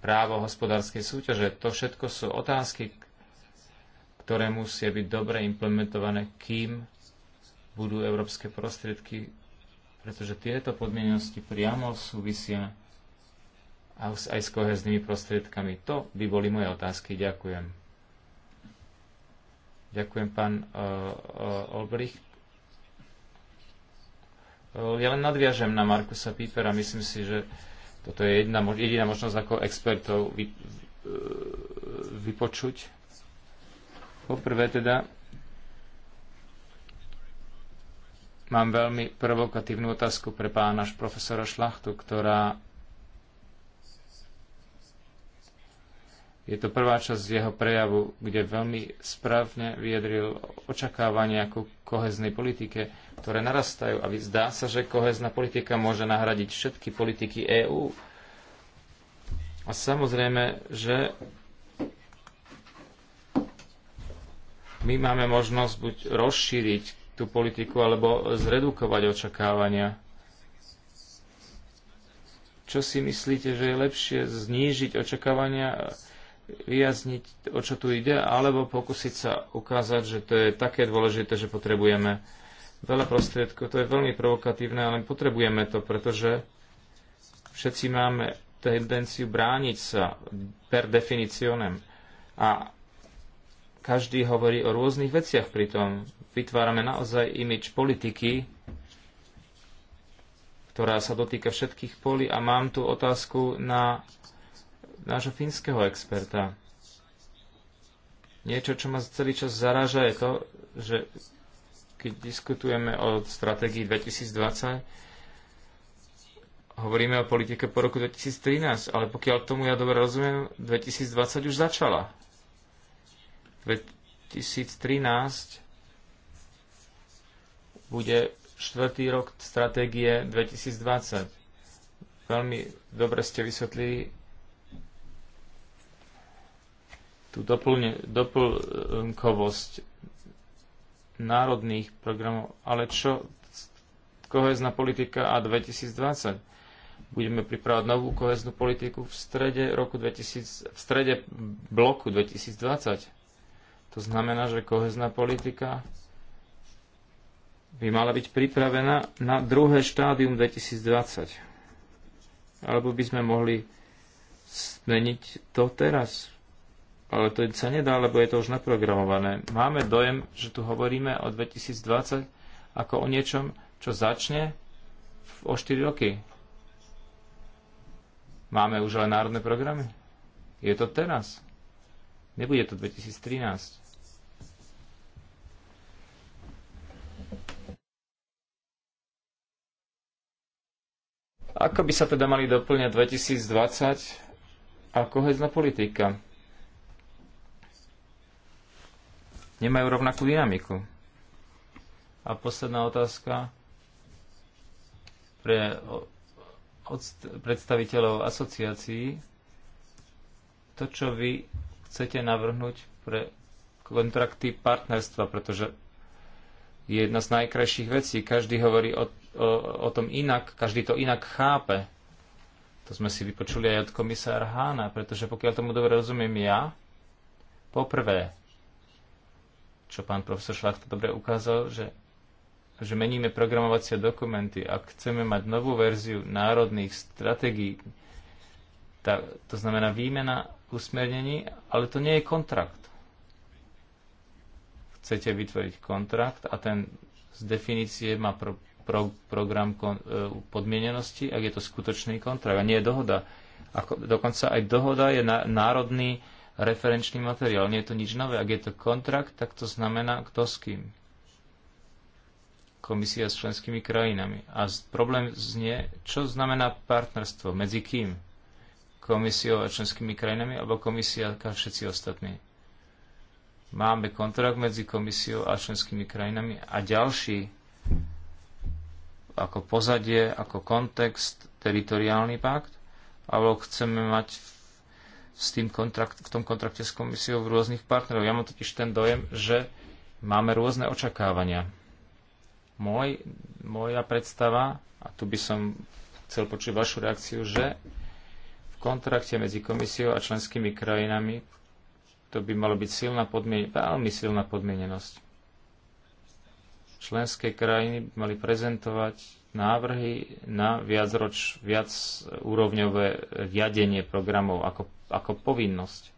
[SPEAKER 1] právo hospodárskej súťaže. To všetko sú otázky, ktoré musia byť dobre implementované, kým budú európske prostriedky, pretože tieto podmienenosti priamo súvisia aj s koheznými prostriedkami. To by boli moje otázky. Ďakujem. Ďakujem, pán uh, eh, uh, eh, Olbrich. Uh, eh, ja len nadviažem na Markusa Pípera. Myslím si, že toto je jediná, jediná možnosť ako expertov vy, vypočuť Poprvé teda mám veľmi provokatívnu otázku pre pána profesora Šlachtu, ktorá je to prvá časť jeho prejavu, kde veľmi správne vyjadril očakávania ku koheznej politike, ktoré narastajú. A zdá sa, že kohezná politika môže nahradiť všetky politiky EÚ. A samozrejme, že My máme možnosť buď rozšíriť tú politiku, alebo zredukovať očakávania. Čo si myslíte, že je lepšie znížiť očakávania, vyjazniť, o čo tu ide, alebo pokúsiť sa ukázať, že to je také dôležité, že potrebujeme veľa prostriedkov. To je veľmi provokatívne, ale potrebujeme to, pretože všetci máme tendenciu brániť sa per definicionem. A každý hovorí o rôznych veciach pritom. Vytvárame naozaj imič politiky, ktorá sa dotýka všetkých polí a mám tu otázku na nášho fínskeho experta. Niečo, čo ma celý čas zaráža, je to, že keď diskutujeme o stratégii 2020, hovoríme o politike po roku 2013, ale pokiaľ tomu ja dobre rozumiem, 2020 už začala. 2013 bude štvrtý rok stratégie 2020. Veľmi dobre ste vysvetlili tú doplne, doplnkovosť národných programov, ale čo kohezná politika a 2020? Budeme pripravať novú koheznú politiku v strede roku 2000, v strede bloku 2020 to znamená, že kohezná politika by mala byť pripravená na druhé štádium 2020. Alebo by sme mohli zmeniť to teraz. Ale to sa nedá, lebo je to už naprogramované. Máme dojem, že tu hovoríme o 2020 ako o niečom, čo začne o 4 roky. Máme už ale národné programy. Je to teraz. Nebude to 2013. Ako by sa teda mali doplňať 2020 a kohezná politika? Nemajú rovnakú dynamiku. A posledná otázka pre predstaviteľov asociácií. To, čo vy chcete navrhnúť pre kontrakty partnerstva, pretože je jedna z najkrajších vecí. Každý hovorí o o, tom inak, každý to inak chápe. To sme si vypočuli aj od komisára Hána, pretože pokiaľ tomu dobre rozumiem ja, poprvé, čo pán profesor to dobre ukázal, že, že meníme programovacie dokumenty. a chceme mať novú verziu národných stratégií, tá, to znamená výmena usmernení, ale to nie je kontrakt. Chcete vytvoriť kontrakt a ten z definície má pro, pro, program kon, e, podmienenosti, ak je to skutočný kontrakt a nie je dohoda. Ako, dokonca aj dohoda je na, národný referenčný materiál. Nie je to nič nové. Ak je to kontrakt, tak to znamená kto s kým. Komisia s členskými krajinami. A problém znie, čo znamená partnerstvo, medzi kým? Komisiou a členskými krajinami alebo komisia a všetci ostatní? Máme kontrakt medzi komisiou a členskými krajinami a ďalší ako pozadie, ako kontext, teritoriálny pakt, alebo chceme mať s tým kontrakt, v tom kontrakte s komisiou v rôznych partnerov. Ja mám totiž ten dojem, že máme rôzne očakávania. Môj, moja predstava, a tu by som chcel počuť vašu reakciu, že v kontrakte medzi komisiou a členskými krajinami to by malo byť silná podmienenosť, veľmi silná podmienenosť. Členské krajiny mali prezentovať návrhy na viacroč, viac úrovňové riadenie programov ako, ako povinnosť.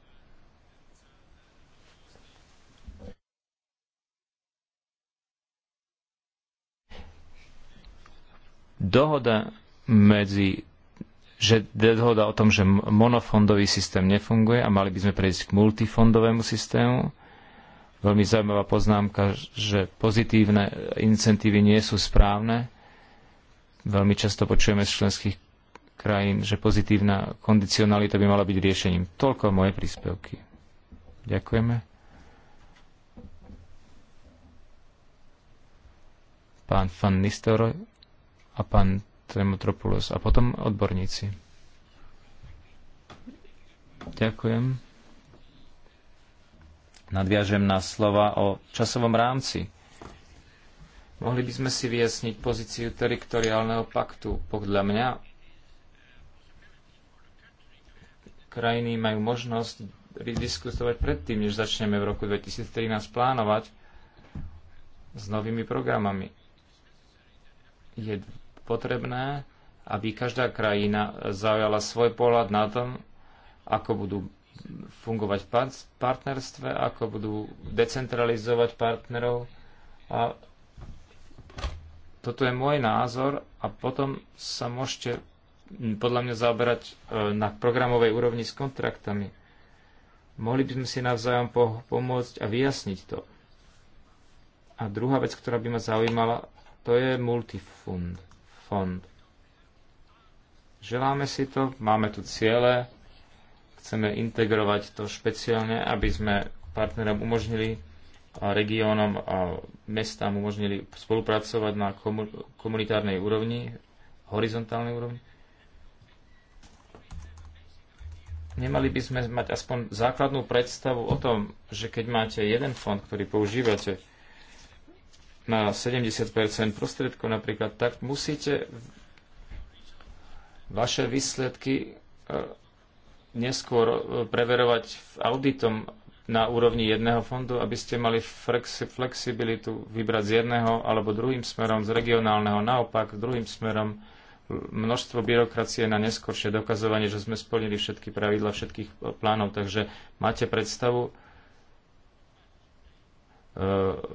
[SPEAKER 1] Dohoda medzi že dohoda o tom, že monofondový systém nefunguje a mali by sme prejsť k multifondovému systému, Veľmi zaujímavá poznámka, že pozitívne incentívy nie sú správne. Veľmi často počujeme z členských krajín, že pozitívna kondicionalita by mala byť riešením. Toľko moje príspevky. Ďakujeme. Pán Fan Nistor a pán Tremotropoulos a potom odborníci. Ďakujem. Nadviažem na slova o časovom rámci. Mohli by sme si vyjasniť pozíciu teritoriálneho paktu. Podľa mňa krajiny majú možnosť diskutovať predtým, než začneme v roku 2013 plánovať s novými programami. Je potrebné, aby každá krajina zaujala svoj pohľad na tom, ako budú fungovať v partnerstve, ako budú decentralizovať partnerov. A toto je môj názor a potom sa môžete podľa mňa zaoberať e, na programovej úrovni s kontraktami. Mohli by sme si navzájom pomôcť a vyjasniť to. A druhá vec, ktorá by ma zaujímala, to je multifund. Fond. Želáme si to, máme tu ciele, Chceme integrovať to špeciálne, aby sme partnerom umožnili a regiónom a mestám umožnili spolupracovať na komunitárnej úrovni, horizontálnej úrovni. Nemali by sme mať aspoň základnú predstavu o tom, že keď máte jeden fond, ktorý používate na 70 prostriedkov napríklad, tak musíte vaše výsledky e, neskôr e, preverovať auditom na úrovni jedného fondu, aby ste mali flexibilitu vybrať z jedného alebo druhým smerom, z regionálneho naopak, druhým smerom množstvo byrokracie na neskôršie dokazovanie, že sme splnili všetky pravidla všetkých e, plánov. Takže máte predstavu, e,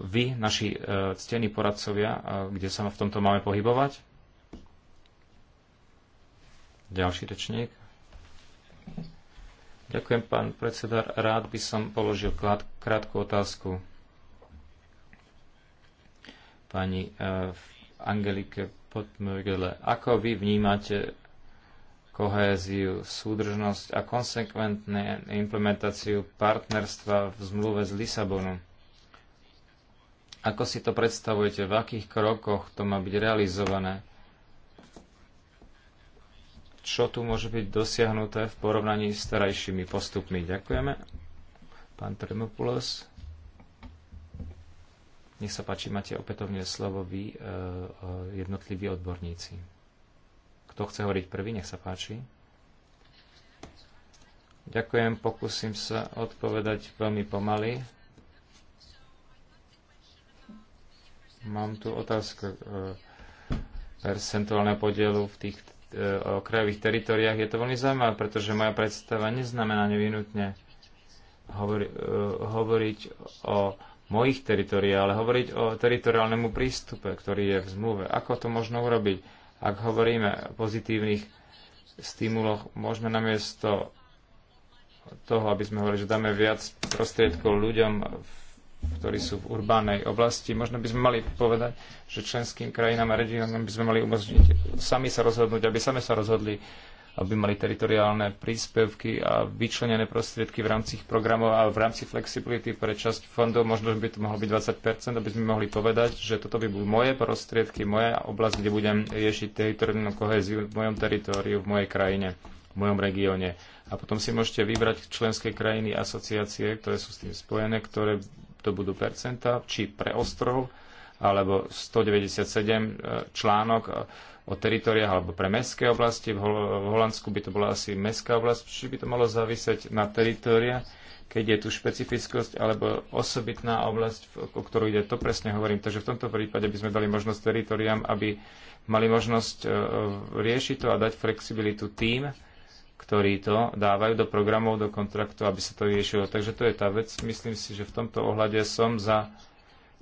[SPEAKER 1] vy, naši ctení poradcovia, kde sa v tomto máme pohybovať? Ďalší rečník. Ďakujem, pán predseda. Rád by som položil krátku otázku pani eh, Angelike Potmögele. Ako vy vnímate kohéziu, súdržnosť a konsekventnú implementáciu partnerstva v zmluve z Lisabonu? Ako si to predstavujete? V akých krokoch to má byť realizované? čo tu môže byť dosiahnuté v porovnaní s starajšími postupmi. Ďakujeme. Pán Tremopulos. Nech sa páči, máte opätovne slovo vy, e, e, jednotliví odborníci. Kto chce hovoriť prvý, nech sa páči. Ďakujem, pokúsim sa odpovedať veľmi pomaly. Mám tu otázku e, percentuálneho podielu v tých Eh, o krajových teritoriách, je to veľmi zaujímavé, pretože moja predstava neznamená nevyhnutne hovori, eh, hovoriť o mojich teritoriách, ale hovoriť o teritoriálnemu prístupe, ktorý je v zmluve. Ako to možno urobiť? Ak hovoríme o pozitívnych stimuloch, môžeme namiesto toho, aby sme hovorili, že dáme viac prostriedkov ľuďom v ktorí sú v urbánnej oblasti. Možno by sme mali povedať, že členským krajinám a regiónom by sme mali umožniť sami sa rozhodnúť, aby sami sa rozhodli, aby mali teritoriálne príspevky a vyčlenené prostriedky v rámci programov a v rámci flexibility pre časť fondov, možno by to mohlo byť 20%, aby sme mohli povedať, že toto by boli moje prostriedky, moja oblasť, kde budem riešiť teritoriálnu kohéziu v mojom teritóriu, v mojej krajine, v mojom regióne. A potom si môžete vybrať členské krajiny, asociácie, ktoré sú s tým spojené, ktoré to budú percenta, či pre ostrov, alebo 197 e, článok e, o teritoriách alebo pre mestské oblasti. V Holandsku by to bola asi mestská oblasť, či by to malo závisieť na teritória, keď je tu špecifickosť alebo osobitná oblasť, o ktorú ide, to presne hovorím. Takže v tomto prípade by sme dali možnosť teritoriám, aby mali možnosť e, riešiť to a dať flexibilitu tým, ktorí to dávajú do programov, do kontraktu, aby sa to riešilo. Takže to je tá vec. Myslím si, že v tomto ohľade som za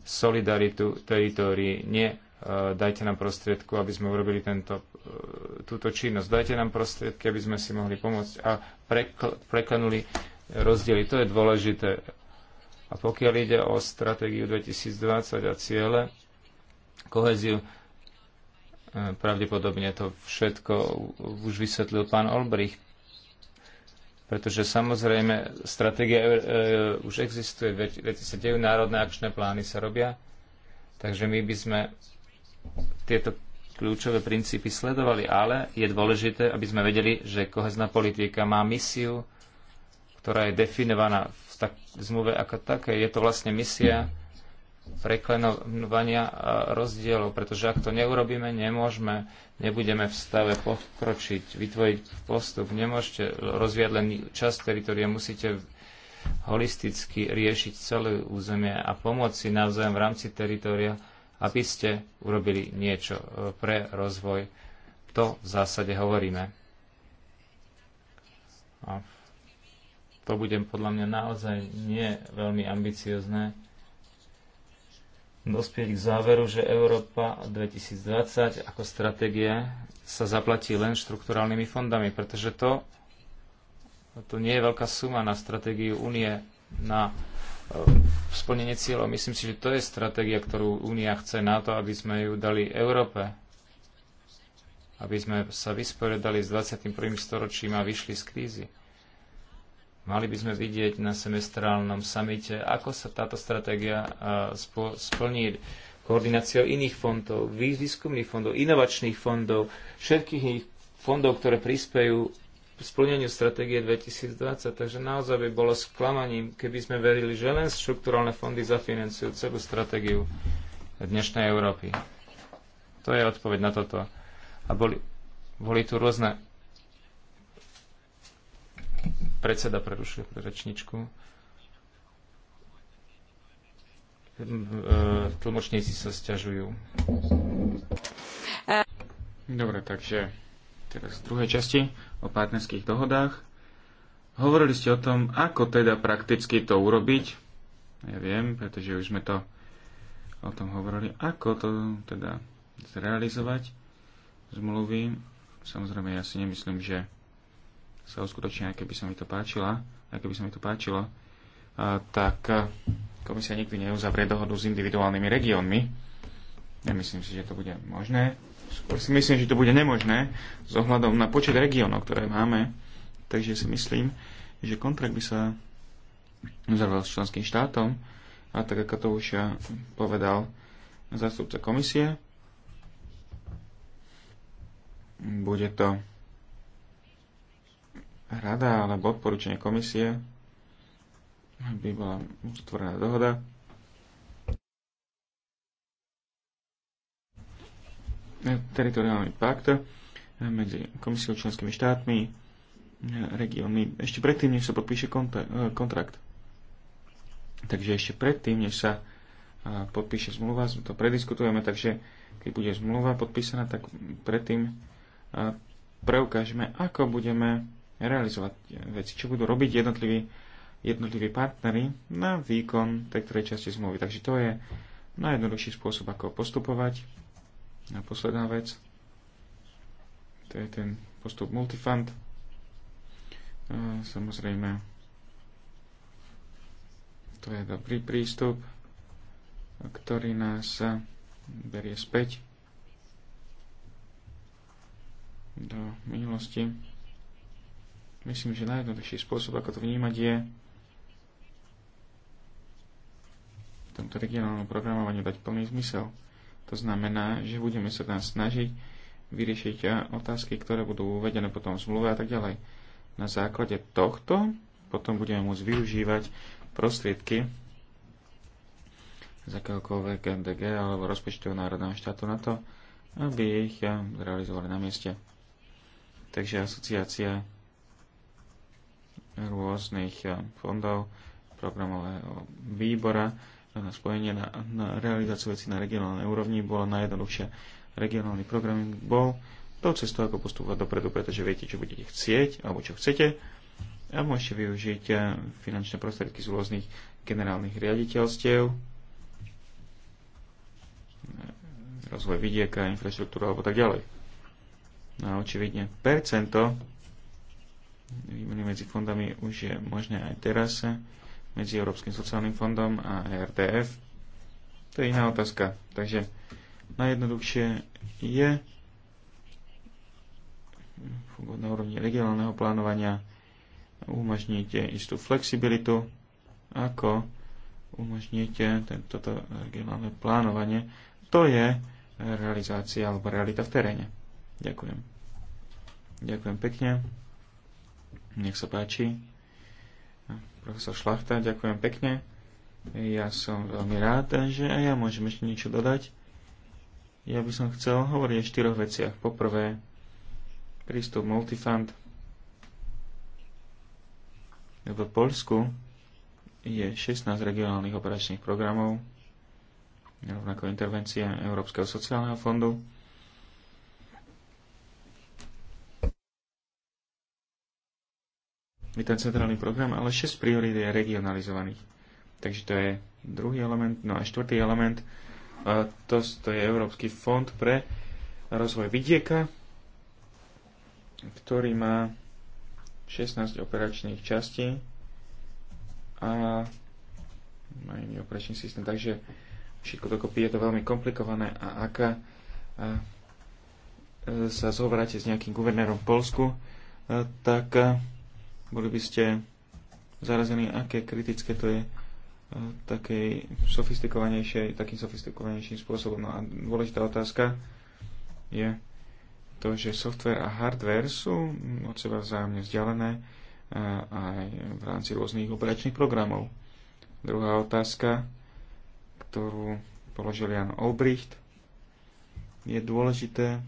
[SPEAKER 1] solidaritu teritórií. Nie e, dajte nám prostriedku, aby sme urobili tento, e, túto činnosť. Dajte nám prostriedky, aby sme si mohli pomôcť a prekl- preklenuli rozdiely. To je dôležité. A pokiaľ ide o stratégiu 2020 a ciele, koheziu, e, pravdepodobne to všetko už vysvetlil pán Olbrich. Pretože samozrejme, stratégia e, e, už existuje, veci sa dejú, národné akčné plány sa robia, takže my by sme tieto kľúčové princípy sledovali, ale je dôležité, aby sme vedeli, že kohezná politika má misiu, ktorá je definovaná v, tak, v zmluve ako také. Je to vlastne misia, preklenovania a e, rozdielov, pretože ak to neurobíme, nemôžeme, nebudeme v stave pokročiť, vytvoriť postup. Nemôžete rozviať len časť teritoria, musíte holisticky riešiť celé územie a pomôcť si navzájom v rámci teritoria, aby ste urobili niečo e, pre rozvoj. To v zásade hovoríme. A to bude podľa mňa naozaj nie veľmi ambiciozne dospieť k záveru, že Európa 2020 ako stratégia sa zaplatí len štrukturálnymi fondami, pretože to, to nie je veľká suma na stratégiu únie na e, splnenie cieľov. Myslím si, že to je stratégia, ktorú únia chce na to, aby sme ju dali Európe, aby sme sa vysporiadali s 21. storočím a vyšli z krízy. Mali by sme vidieť na semestrálnom samite, ako sa táto stratégia splní koordináciou iných fondov, výskumných fondov, inovačných fondov, všetkých fondov, ktoré prispejú splneniu stratégie 2020. Takže naozaj by bolo sklamaním, keby sme verili, že len štruktúralne fondy zafinancujú celú stratégiu dnešnej Európy. To je odpoveď na toto. A boli, boli tu rôzne Predseda prerušuje rečničku. E, tlmočníci sa stiažujú.
[SPEAKER 3] Dobre, takže teraz v druhej časti o partnerských dohodách. Hovorili ste o tom, ako teda prakticky to urobiť. Ja viem, pretože už sme to o tom hovorili, ako to teda zrealizovať zmluvy. Samozrejme, ja si nemyslím, že sa uskutoční, aj keby sa mi to páčila, aj keby sa mi to páčilo, tak komisia nikdy neuzavrie dohodu s individuálnymi regiónmi. Nemyslím si, že to bude možné. Skôr si myslím, že to bude nemožné s ohľadom na počet regiónov, ktoré máme. Takže si myslím, že kontrakt by sa uzavrel s členským štátom a tak ako to už povedal zástupca komisie, bude to rada alebo odporúčanie komisie by bola uzatvorená dohoda. Teritoriálny pakt medzi komisiou členskými štátmi, regiónmi, ešte predtým, než sa podpíše eh, kontrakt. Takže ešte predtým, než sa eh, podpíše zmluva, to prediskutujeme, takže keď bude zmluva podpísaná, tak predtým eh, preukážeme, ako budeme realizovať veci, čo budú robiť jednotliví, jednotliví partnery na výkon tej ktorej časti zmluvy. Takže to je najjednoduchší spôsob, ako postupovať. A posledná vec, to je ten postup multifund. Samozrejme, to je dobrý prístup, ktorý nás berie späť do minulosti. Myslím, že najjednoduchší spôsob, ako to vnímať, je v tomto regionálnom programovaniu dať plný zmysel. To znamená, že budeme sa tam snažiť vyriešiť otázky, ktoré budú uvedené potom v zmluve a tak ďalej. Na základe tohto potom budeme môcť využívať prostriedky z akéhokoľvek MDG alebo rozpočtového národného štátu na to, aby ich realizovali na mieste. Takže asociácia rôznych eh, fondov, programového eh, výbora na eh, spojenie na, na realizáciu veci na regionálnej úrovni bolo najjednoduchšie. Regionálny programming bol to cestou, ako postupovať dopredu, pretože viete, čo budete chcieť alebo čo chcete a môžete využiť finančné prostriedky z rôznych generálnych riaditeľstiev, rozvoj vidieka, infraštruktúra alebo tak ďalej. No a očividne percento výmeny medzi fondami už je možné aj teraz medzi Európskym sociálnym fondom a RDF. To je iná otázka. Takže najjednoduchšie je na úrovni regionálneho plánovania umožníte istú flexibilitu, ako umožníte toto regionálne plánovanie. To je realizácia alebo realita v teréne. Ďakujem. Ďakujem pekne. Nech sa páči. Profesor Šlachta, ďakujem pekne. Ja som veľmi rád, že aj ja môžem ešte niečo dodať. Ja by som chcel hovoriť o štyroch veciach. Poprvé, prístup Multifund. V Polsku je 16 regionálnych operačných programov, rovnako intervencia Európskeho sociálneho fondu je ten centrálny program, ale 6 priorít je regionalizovaných. Takže to je druhý element. No a štvrtý element, to, to je Európsky fond pre rozvoj vidieka, ktorý má 16 operačných častí a má iný operačný systém. Takže všetko dokopy je to veľmi komplikované a ak e, sa zhovoráte s nejakým guvernérom v Polsku, e, tak e, boli by ste zarazení, aké kritické to je e, takej sofistikovanejšej, takým sofistikovanejším spôsobom. No a dôležitá otázka je to, že software a hardware sú od seba vzájomne vzdialené e, aj v rámci rôznych operačných programov. Druhá otázka, ktorú položil Jan Obricht, je dôležité,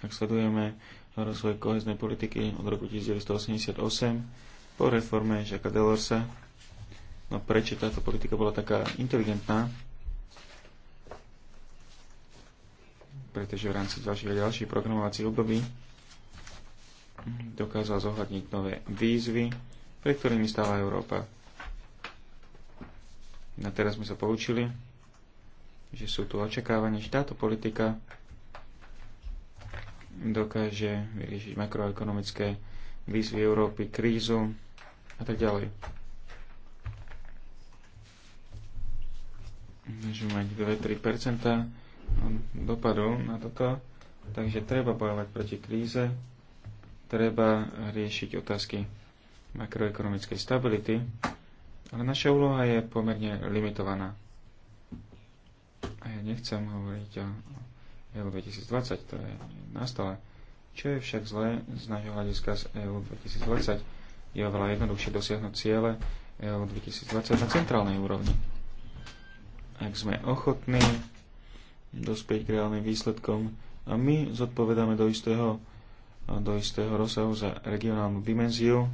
[SPEAKER 3] ak sledujeme rozvoj koheznej politiky od roku 1988 po reforme Jacques Delorsa. No prečo táto politika bola taká inteligentná? Pretože v rámci ďalších a ďalších programovacích období dokázala zohľadniť nové výzvy, pre ktorými stála Európa. Na no teraz sme sa poučili, že sú tu očakávania, že táto politika dokáže vyriešiť makroekonomické výzvy Európy, krízu a tak ďalej. Môžeme mať 2-3 dopadov na toto, takže treba bojovať proti kríze, treba riešiť otázky makroekonomickej stability, ale naša úloha je pomerne limitovaná. A ja nechcem hovoriť o EU 2020, to je na stole. Čo je však zlé z nášho hľadiska z EU 2020, je oveľa jednoduchšie dosiahnuť ciele EU 2020 na centrálnej úrovni. Ak sme ochotní dospieť k reálnym výsledkom a my zodpovedáme do istého, do istého rozsahu za regionálnu dimenziu.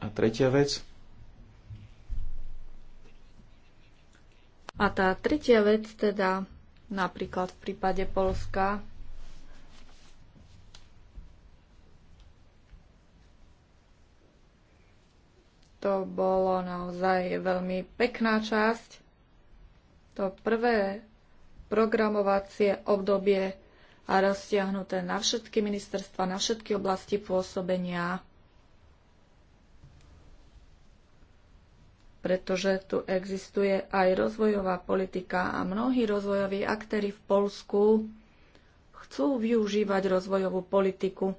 [SPEAKER 3] A tretia vec,
[SPEAKER 4] A tá tretia vec, teda napríklad v prípade Polska, to bolo naozaj veľmi pekná časť. To prvé programovacie obdobie a roztiahnuté na všetky ministerstva, na všetky oblasti pôsobenia. pretože tu existuje aj rozvojová politika a mnohí rozvojoví aktéry v Polsku chcú využívať rozvojovú politiku.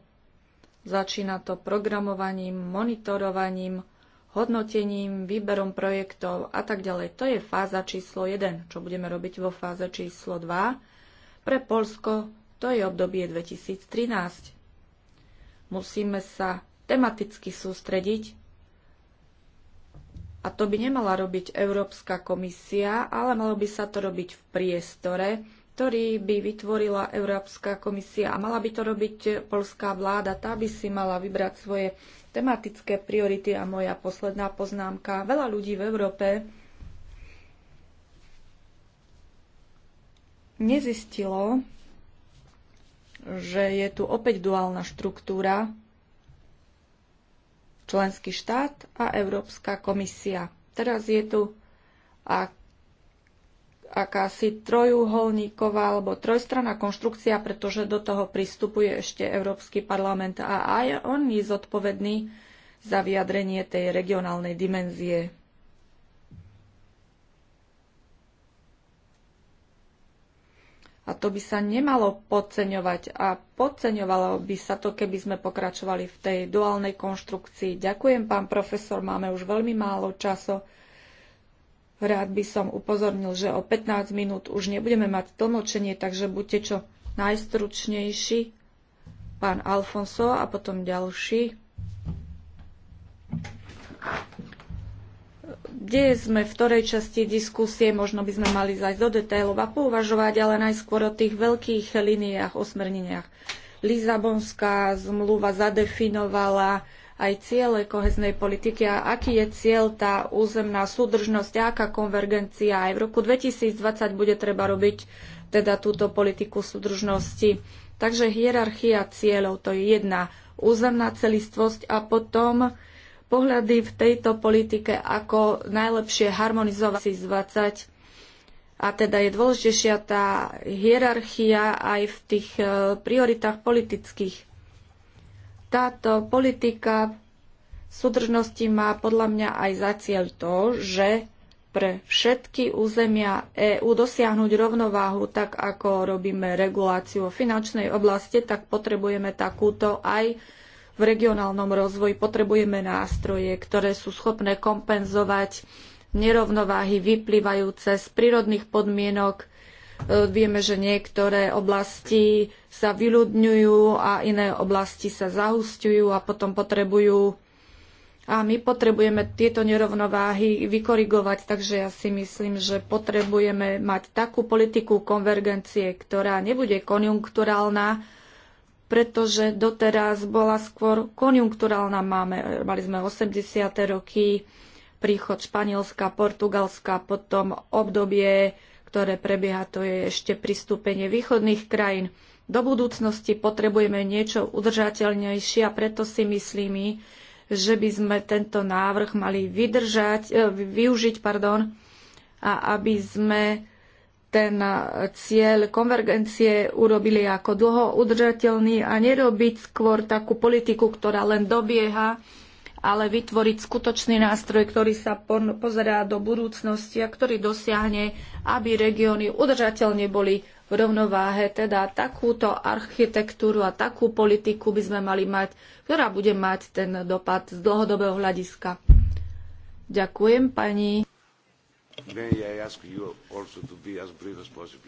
[SPEAKER 4] Začína to programovaním, monitorovaním, hodnotením, výberom projektov a tak ďalej. To je fáza číslo 1, čo budeme robiť vo fáze číslo 2. Pre Polsko to je obdobie 2013. Musíme sa tematicky sústrediť a to by nemala robiť Európska komisia, ale malo by sa to robiť v priestore, ktorý by vytvorila Európska komisia. A mala by to robiť polská vláda, tá by si mala vybrať svoje tematické priority. A moja posledná poznámka. Veľa ľudí v Európe nezistilo, že je tu opäť duálna štruktúra členský štát a Európska komisia. Teraz je tu ak, akási trojuholníková alebo trojstranná konštrukcia, pretože do toho pristupuje ešte Európsky parlament a aj on je zodpovedný za vyjadrenie tej regionálnej dimenzie. A to by sa nemalo podceňovať a podceňovalo by sa to, keby sme pokračovali v tej duálnej konštrukcii. Ďakujem, pán profesor, máme už veľmi málo času. Rád by som upozornil, že o 15 minút už nebudeme mať tlmočenie, takže buďte čo najstručnejší. Pán Alfonso a potom ďalší kde sme, v ktorej časti diskusie, možno by sme mali zajsť do detailov a pouvažovať, ale najskôr o tých veľkých liniách, osmerneniach. Lizabonská zmluva zadefinovala aj ciele koheznej politiky a aký je cieľ tá územná súdržnosť aká konvergencia. Aj v roku 2020 bude treba robiť teda túto politiku súdržnosti. Takže hierarchia cieľov to je jedna územná celistvosť a potom pohľady v tejto politike, ako najlepšie harmonizovať si 20 a teda je dôležitejšia tá hierarchia aj v tých e, prioritách politických. Táto politika súdržnosti má podľa mňa aj za cieľ to, že pre všetky územia EÚ dosiahnuť rovnováhu, tak ako robíme reguláciu o finančnej oblasti, tak potrebujeme takúto aj v regionálnom rozvoji potrebujeme nástroje, ktoré sú schopné kompenzovať nerovnováhy vyplývajúce z prírodných podmienok. E, vieme, že niektoré oblasti sa vyľudňujú a iné oblasti sa zahusťujú a potom potrebujú a my potrebujeme tieto nerovnováhy vykorigovať, takže ja si myslím, že potrebujeme mať takú politiku konvergencie, ktorá nebude konjunkturálna, pretože doteraz bola skôr konjunkturálna. Máme, mali sme 80. roky, príchod Španielska, Portugalska, potom obdobie, ktoré prebieha, to je ešte pristúpenie východných krajín. Do budúcnosti potrebujeme niečo udržateľnejšie a preto si myslím, že by sme tento návrh mali vydržať, e, využiť pardon, a aby sme ten eh, cieľ konvergencie urobili ako dlho udržateľný a nerobiť skôr takú politiku, ktorá len dobieha, ale vytvoriť skutočný nástroj, ktorý sa pozerá do budúcnosti a ktorý dosiahne, aby regióny udržateľne boli v rovnováhe. Teda takúto architektúru a takú politiku by sme mali mať, ktorá bude mať ten dopad z dlhodobého hľadiska. Ďakujem pani
[SPEAKER 1] May I ask you also to be as brief as possible,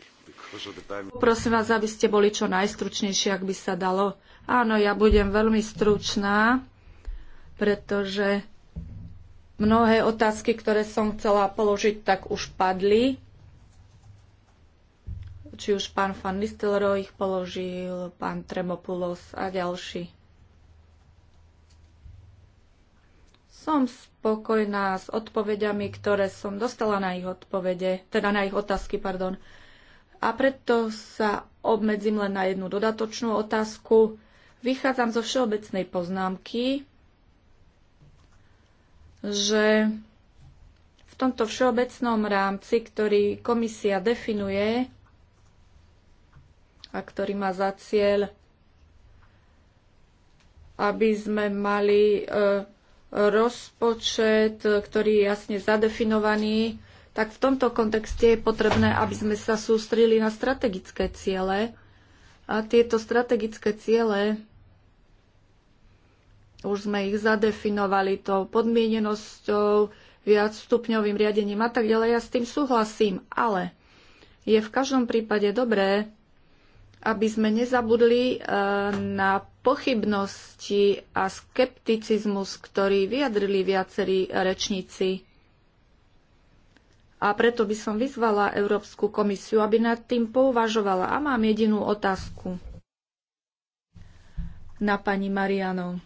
[SPEAKER 1] Prosím vás, aby ste
[SPEAKER 4] boli čo najstručnejšie, ak by sa dalo. Áno, ja budem veľmi stručná, pretože mnohé otázky, ktoré som chcela položiť, tak už padli. Či už pán Fan Nistelro ich položil, pán Tremopulos a ďalší. Som spokojná s odpovediami, ktoré som dostala na ich odpovede, teda na ich otázky, pardon. A preto sa obmedzím len na jednu dodatočnú otázku. Vychádzam zo všeobecnej poznámky, že v tomto všeobecnom rámci, ktorý komisia definuje a ktorý má za cieľ, aby sme mali e, rozpočet, ktorý je jasne zadefinovaný, tak v tomto kontexte je potrebné, aby sme sa sústrili na strategické ciele. A tieto strategické ciele, už sme ich zadefinovali tou podmienenosťou, viac stupňovým riadením a tak ďalej. Ja s tým súhlasím, ale je v každom prípade dobré, aby sme nezabudli eh, na pochybnosti a skepticizmus, ktorý vyjadrili viacerí rečníci. A preto by som vyzvala Európsku komisiu, aby nad tým pouvažovala. A mám jedinú otázku na pani Mariano.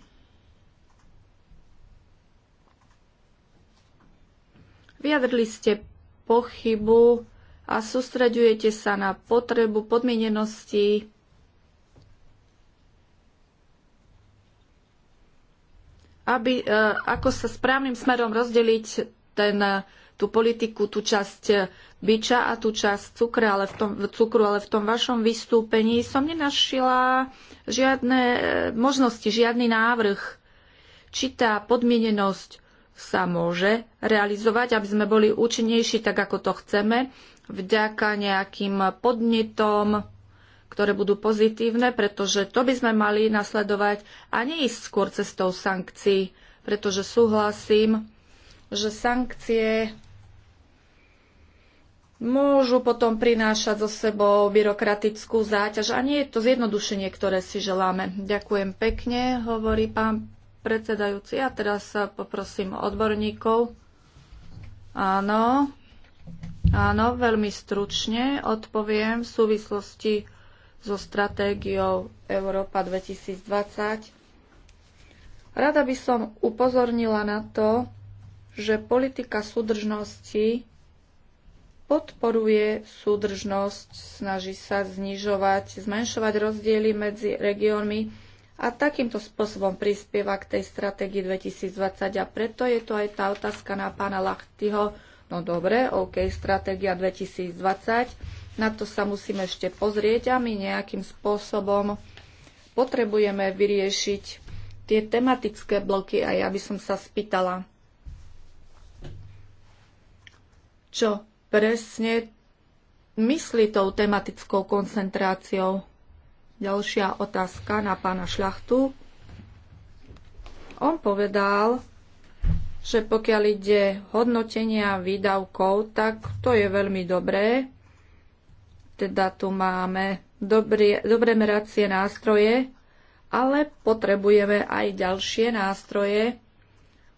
[SPEAKER 4] Vyjadrili ste pochybu a sústredujete sa na potrebu podmienenosti aby, e, ako sa správnym smerom rozdeliť ten, e, tú politiku, tú časť e, byča a tú časť cukru, ale v tom, cukru, ale v tom vašom vystúpení som nenašila žiadne možnosti, žiadny návrh, či tá podmienenosť sa môže realizovať, aby sme boli účinnejší tak, ako to chceme, vďaka nejakým podnetom, ktoré budú pozitívne, pretože to by sme mali nasledovať a neísť skôr cestou sankcií, pretože súhlasím, že sankcie môžu potom prinášať so sebou byrokratickú záťaž a nie je to zjednodušenie, ktoré si želáme. Ďakujem pekne, hovorí pán predsedajúci. A teraz sa poprosím odborníkov. Áno, áno, veľmi stručne odpoviem v súvislosti so stratégiou Európa 2020. Rada by som upozornila na to, že politika súdržnosti podporuje súdržnosť, snaží sa znižovať, zmenšovať rozdiely medzi regiónmi a takýmto spôsobom prispieva k tej stratégii 2020. A preto je to aj tá otázka na pána Lachtyho. No dobre, OK, stratégia 2020 na to sa musíme ešte pozrieť a my nejakým spôsobom potrebujeme vyriešiť tie tematické bloky a ja by som sa spýtala, čo presne myslí tou tematickou koncentráciou. Ďalšia otázka na pána Šľachtu. On povedal, že pokiaľ ide hodnotenia výdavkov, tak to je veľmi dobré, teda tu máme dobré, dobré meracie nástroje, ale potrebujeme aj ďalšie nástroje,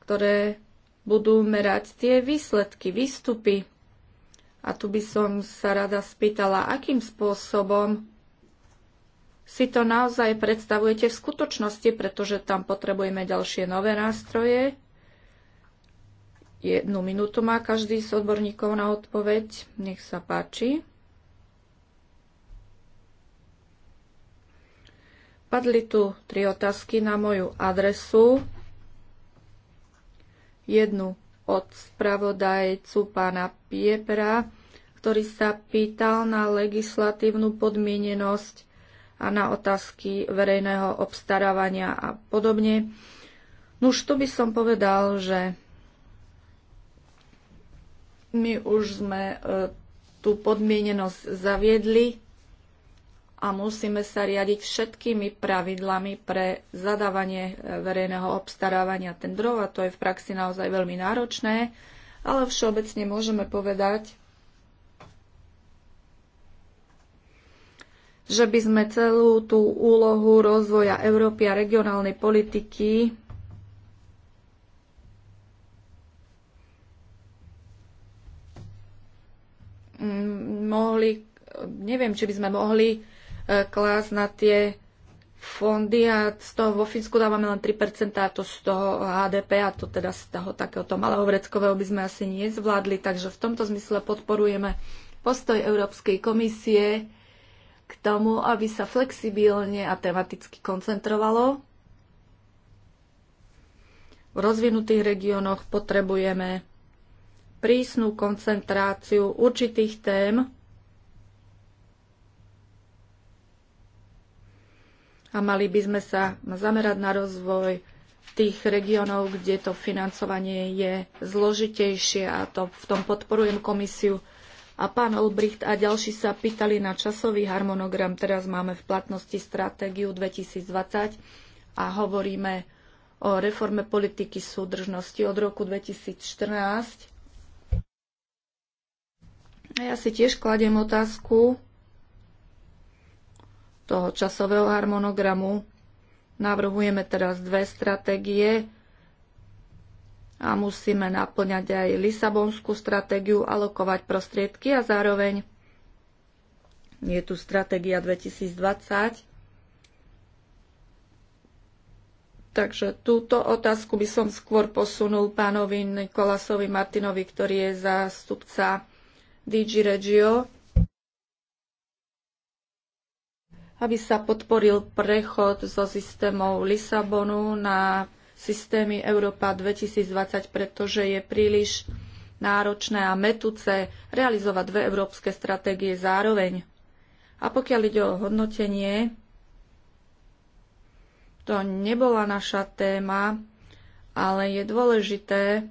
[SPEAKER 4] ktoré budú merať tie výsledky, výstupy. A tu by som sa rada spýtala, akým spôsobom si to naozaj predstavujete v skutočnosti, pretože tam potrebujeme ďalšie nové nástroje. Jednu minútu má každý z odborníkov na odpoveď. Nech sa páči. Padli tu tri otázky na moju adresu. Jednu od spravodajcu pána Piepera, ktorý sa pýtal na legislatívnu podmienenosť a na otázky verejného obstarávania a podobne. Nuž tu by som povedal, že my už sme e, tú podmienenosť zaviedli a musíme sa riadiť všetkými pravidlami pre zadávanie e, verejného obstarávania tendrov a to je v praxi naozaj veľmi náročné, ale všeobecne môžeme povedať, že by sme celú tú úlohu rozvoja Európy a regionálnej politiky mohli, neviem, či by sme mohli klás na tie fondy a z toho vo Fínsku dávame len 3% a to z toho HDP a to teda z toho takéhoto malého vreckového by sme asi nezvládli. Takže v tomto zmysle podporujeme postoj Európskej komisie k tomu, aby sa flexibilne a tematicky koncentrovalo. V rozvinutých regiónoch potrebujeme prísnu koncentráciu určitých tém, a mali by sme sa zamerať na rozvoj tých regiónov, kde to financovanie je zložitejšie a to, v tom podporujem komisiu. A pán Olbricht a ďalší sa pýtali na časový harmonogram. Teraz máme v platnosti stratégiu 2020 a hovoríme o reforme politiky súdržnosti od roku 2014. A Ja si tiež kladiem otázku, toho časového harmonogramu. Navrhujeme teraz dve stratégie a musíme naplňať aj Lisabonskú stratégiu, alokovať prostriedky a zároveň je tu stratégia 2020. Takže túto otázku by som skôr posunul pánovi Nikolasovi Martinovi, ktorý je zástupca DG Regio. aby sa podporil prechod zo systémov Lisabonu na systémy Európa 2020, pretože je príliš náročné a metúce realizovať dve európske stratégie zároveň. A pokiaľ ide o hodnotenie, to nebola naša téma, ale je dôležité,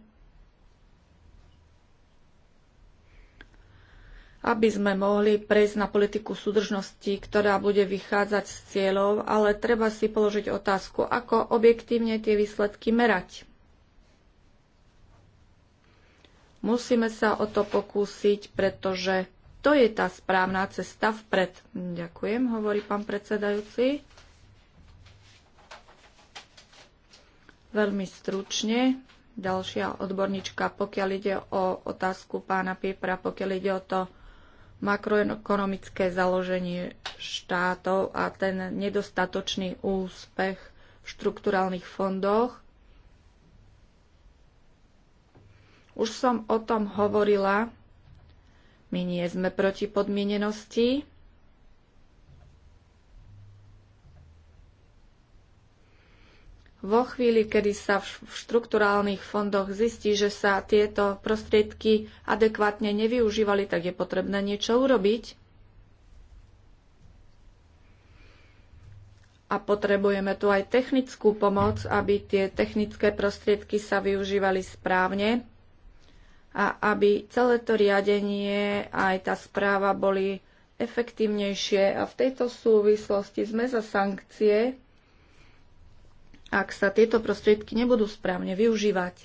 [SPEAKER 4] aby sme mohli prejsť na politiku súdržnosti, ktorá bude vychádzať z cieľov, ale treba si položiť otázku, ako objektívne tie výsledky merať. Musíme sa o to pokúsiť, pretože to je tá správna cesta vpred. Ďakujem, hovorí pán predsedajúci. Veľmi stručne ďalšia odborníčka, pokiaľ ide o otázku pána Piepra, pokiaľ ide o to makroekonomické založenie štátov a ten nedostatočný úspech v štrukturálnych fondoch. Už som o tom hovorila. My nie sme proti podmienenosti. vo chvíli, kedy sa v štrukturálnych fondoch zistí, že sa tieto prostriedky adekvátne nevyužívali, tak je potrebné niečo urobiť. A potrebujeme tu aj technickú pomoc, aby tie technické prostriedky sa využívali správne a aby celé to riadenie aj tá správa boli efektívnejšie. A v tejto súvislosti sme za sankcie, ak sa tieto prostriedky nebudú správne využívať.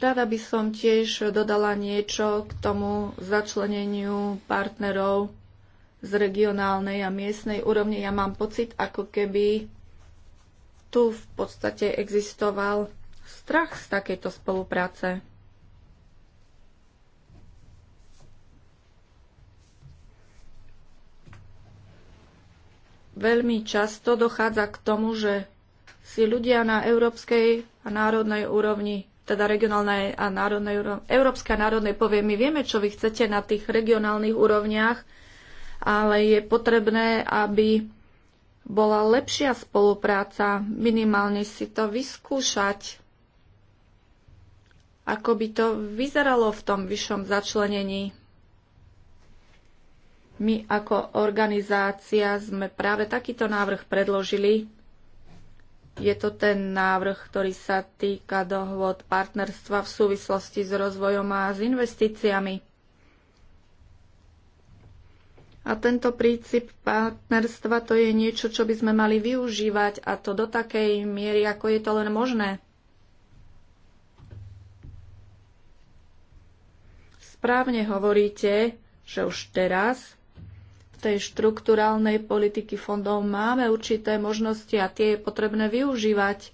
[SPEAKER 4] Rada by som tiež dodala niečo k tomu začleneniu partnerov z regionálnej a miestnej úrovne. Ja mám pocit, ako keby tu v podstate existoval strach z takejto spolupráce. veľmi často dochádza k tomu, že si ľudia na európskej a národnej úrovni, teda regionálnej a národnej úrovni, európskej a národnej povie, my vieme, čo vy chcete na tých regionálnych úrovniach, ale je potrebné, aby bola lepšia spolupráca, minimálne si to vyskúšať, ako by to vyzeralo v tom vyššom začlenení. My ako organizácia sme práve takýto návrh predložili. Je to ten návrh, ktorý sa týka dohôd partnerstva v súvislosti s rozvojom a s investíciami. A tento princíp partnerstva to je niečo, čo by sme mali využívať a to do takej miery, ako je to len možné. Správne hovoríte, že už teraz tej štruktúrálnej politiky fondov máme určité možnosti a tie je potrebné využívať.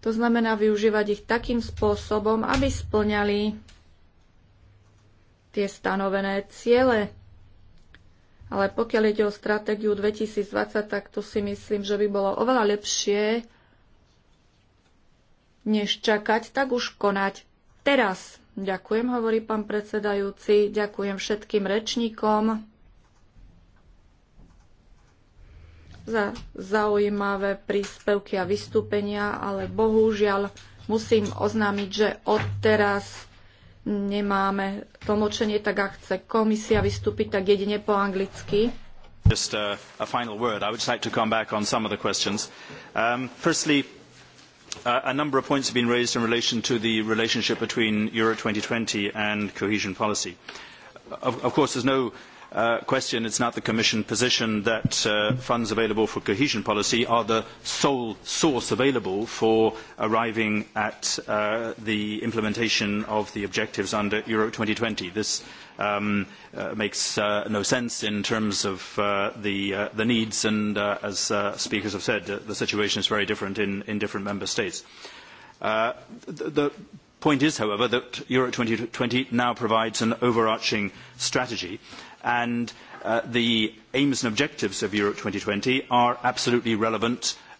[SPEAKER 4] To znamená využívať ich takým spôsobom, aby splňali tie stanovené ciele. Ale pokiaľ ide o stratégiu 2020, tak to si myslím, že by bolo oveľa lepšie, než čakať, tak už konať teraz. Ďakujem, hovorí pán predsedajúci, ďakujem všetkým rečníkom. za zaujímavé príspevky a vystúpenia, ale bohužiaľ musím oznámiť, že odteraz nemáme tlmočenie, tak ak chce komisia vystúpiť, tak jedine po anglicky.
[SPEAKER 2] Just a, uh, a final word. I would just like to come back on some of the questions. Um, firstly, uh, a number of points have been raised in relation to the relationship between Euro 2020 and cohesion policy. Of, of course, there's no Uh, question. It is not the Commission position that uh, funds available for cohesion policy are the sole source available for arriving at uh, the implementation of the objectives under Euro twenty. This um, uh, makes uh, no sense in terms of the, the, needs, and as speakers have said, the situation is very different in, in different member states. The, the point is, however, that Euro twenty now provides an overarching strategy and uh, the aims and objectives of Europe twenty are absolutely relevant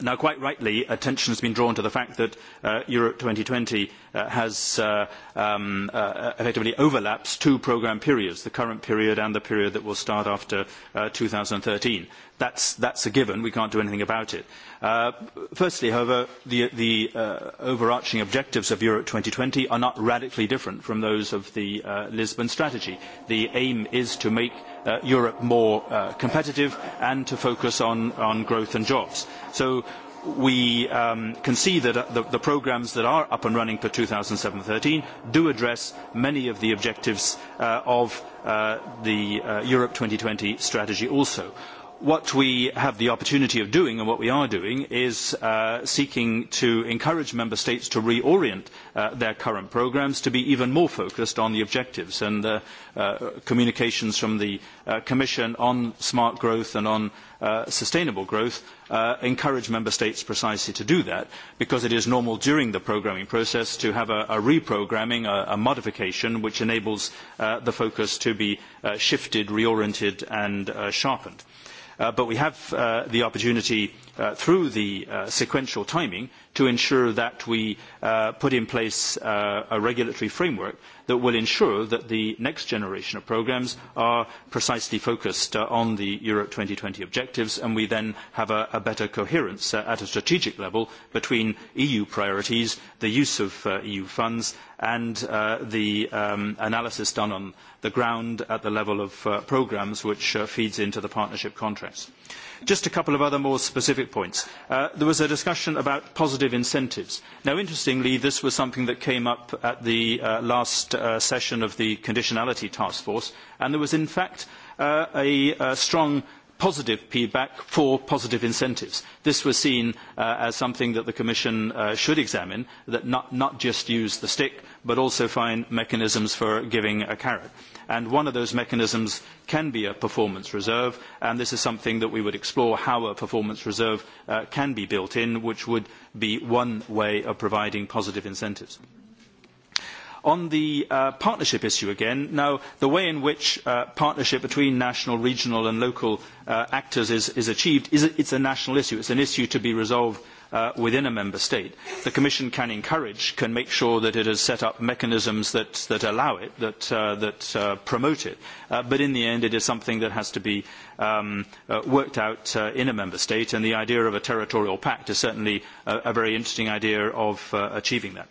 [SPEAKER 2] Now, quite rightly, attention has been drawn to the fact that uh, Europe 2020 uh, has uh, um, uh, uh effectively overlaps two programme periods, the current period and the period that will start after uh, 2013. That's, that's a given. We can't do anything about it. Uh, firstly, however, the, the uh, overarching objectives of Europe 2020 are not radically different from those of the uh, Lisbon strategy. The aim is to make uh, Europe more uh, competitive and to focus on, on growth and jobs. So we um, can see that uh, the, the programmes that are up and running for 2007-13 do address many of the objectives uh, of uh, the uh, Europe 2020 strategy also what we have the opportunity of doing and what we are doing is uh, seeking to encourage member states to reorient uh, their current programmes to be even more focused on the objectives and the uh, communications from the uh, commission on smart growth and on uh, sustainable growth uh, encourage member states precisely to do that because it is normal during the programming process to have a, a reprogramming, a, a, modification which enables the focus to be shifted, reoriented and sharpened. Uh, but we have uh, the opportunity uh, through the sequential timing to ensure that we put in place a regulatory framework that will ensure that the next generation of programmes are precisely focused uh, on the Europe twenty objectives and we then have a, a better coherence uh, at a strategic level between EU priorities, the use of uh, EU funds and uh, the um, analysis done on the ground at the level of uh, programmes which uh, feeds into the partnership contracts. Just a couple of other more specific points. Uh, there was a discussion about positive incentives. Now, interestingly, this was something that came up at the uh, last uh, session of the conditionality task force, and there was, in fact, uh, a, a uh, strong positive feedback for positive incentives. This was seen uh, as something that the Commission uh, should examine, that not, not, just use the stick, but also find mechanisms for giving a carrot and one of those mechanisms can be a performance reserve and this is something that we would explore how a performance reserve uh, can be built in which would be one way of providing positive incentives. On the uh, partnership issue again, now the way in which uh, partnership between national, regional and local uh, actors is, is achieved, is a, it's a national issue. It's an issue to be resolved uh, within a member state. The Commission can encourage, can make sure that it has set up mechanisms that, that allow it, that, uh, that uh, promote it. Uh, but in the end, it is something that has to be um, uh, worked out uh, in a member state, and the idea of a territorial pact is certainly a, a very interesting idea of achieving that.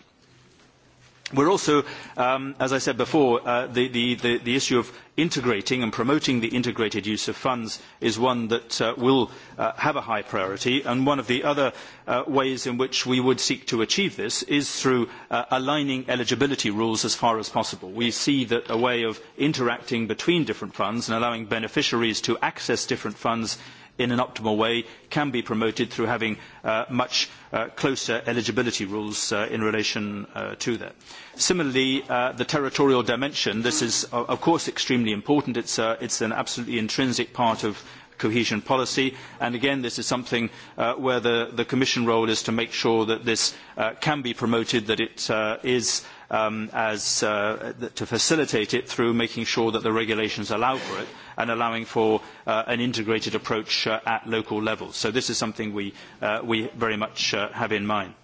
[SPEAKER 2] We are also, um, as I said before, uh, the, the, the, the, issue of integrating and promoting the integrated use of funds is one that uh, will uh, have a high priority. And one of the other uh, ways in which we would seek to achieve this is through uh, aligning eligibility rules as far as possible. We see that a way of interacting between different funds and allowing beneficiaries to access different funds in an optimal way can be promoted through having uh, much uh, closer eligibility rules uh, in relation uh, to that. Similarly, uh, the territorial dimension, this is of course extremely important. It uh, is an absolutely intrinsic part of cohesion policy. And again, this is something uh, where the, the, Commission role is to make sure that this uh, can be promoted, that it uh, is um, as, uh, to facilitate it through making sure that the regulations allow for it and allowing for uh, an integrated approach uh, at local level. So this is something we, uh, we very much uh, have in mind.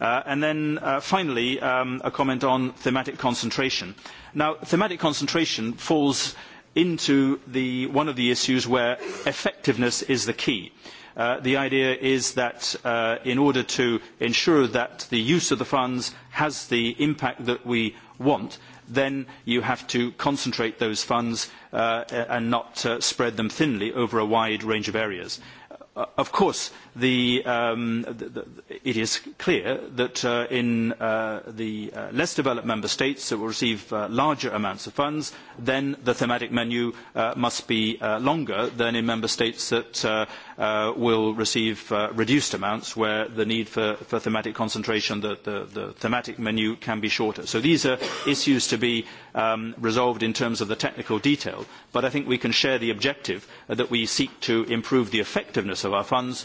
[SPEAKER 2] Uh, and then finally, um, a comment on thematic concentration. Now, thematic concentration falls into the, one of the issues where effectiveness is the key. Uh, the idea is that uh, in order to ensure that the use of the funds has the impact that we want, then you have to concentrate those funds uh, and not uh, spread them thinly over a wide range of areas. Uh, of course, the, um, the, it is clear that uh, in uh, the uh, less developed member states that will receive uh, larger amounts of funds, then the thematic menu uh, must be longer than in member states that will receive reduced amounts where the need for, for thematic concentration, the, the, thematic menu can be shorter. So these are issues to be um, resolved in terms of the technical detail, but I think we can share the objective that we seek to improve the effectiveness of our funds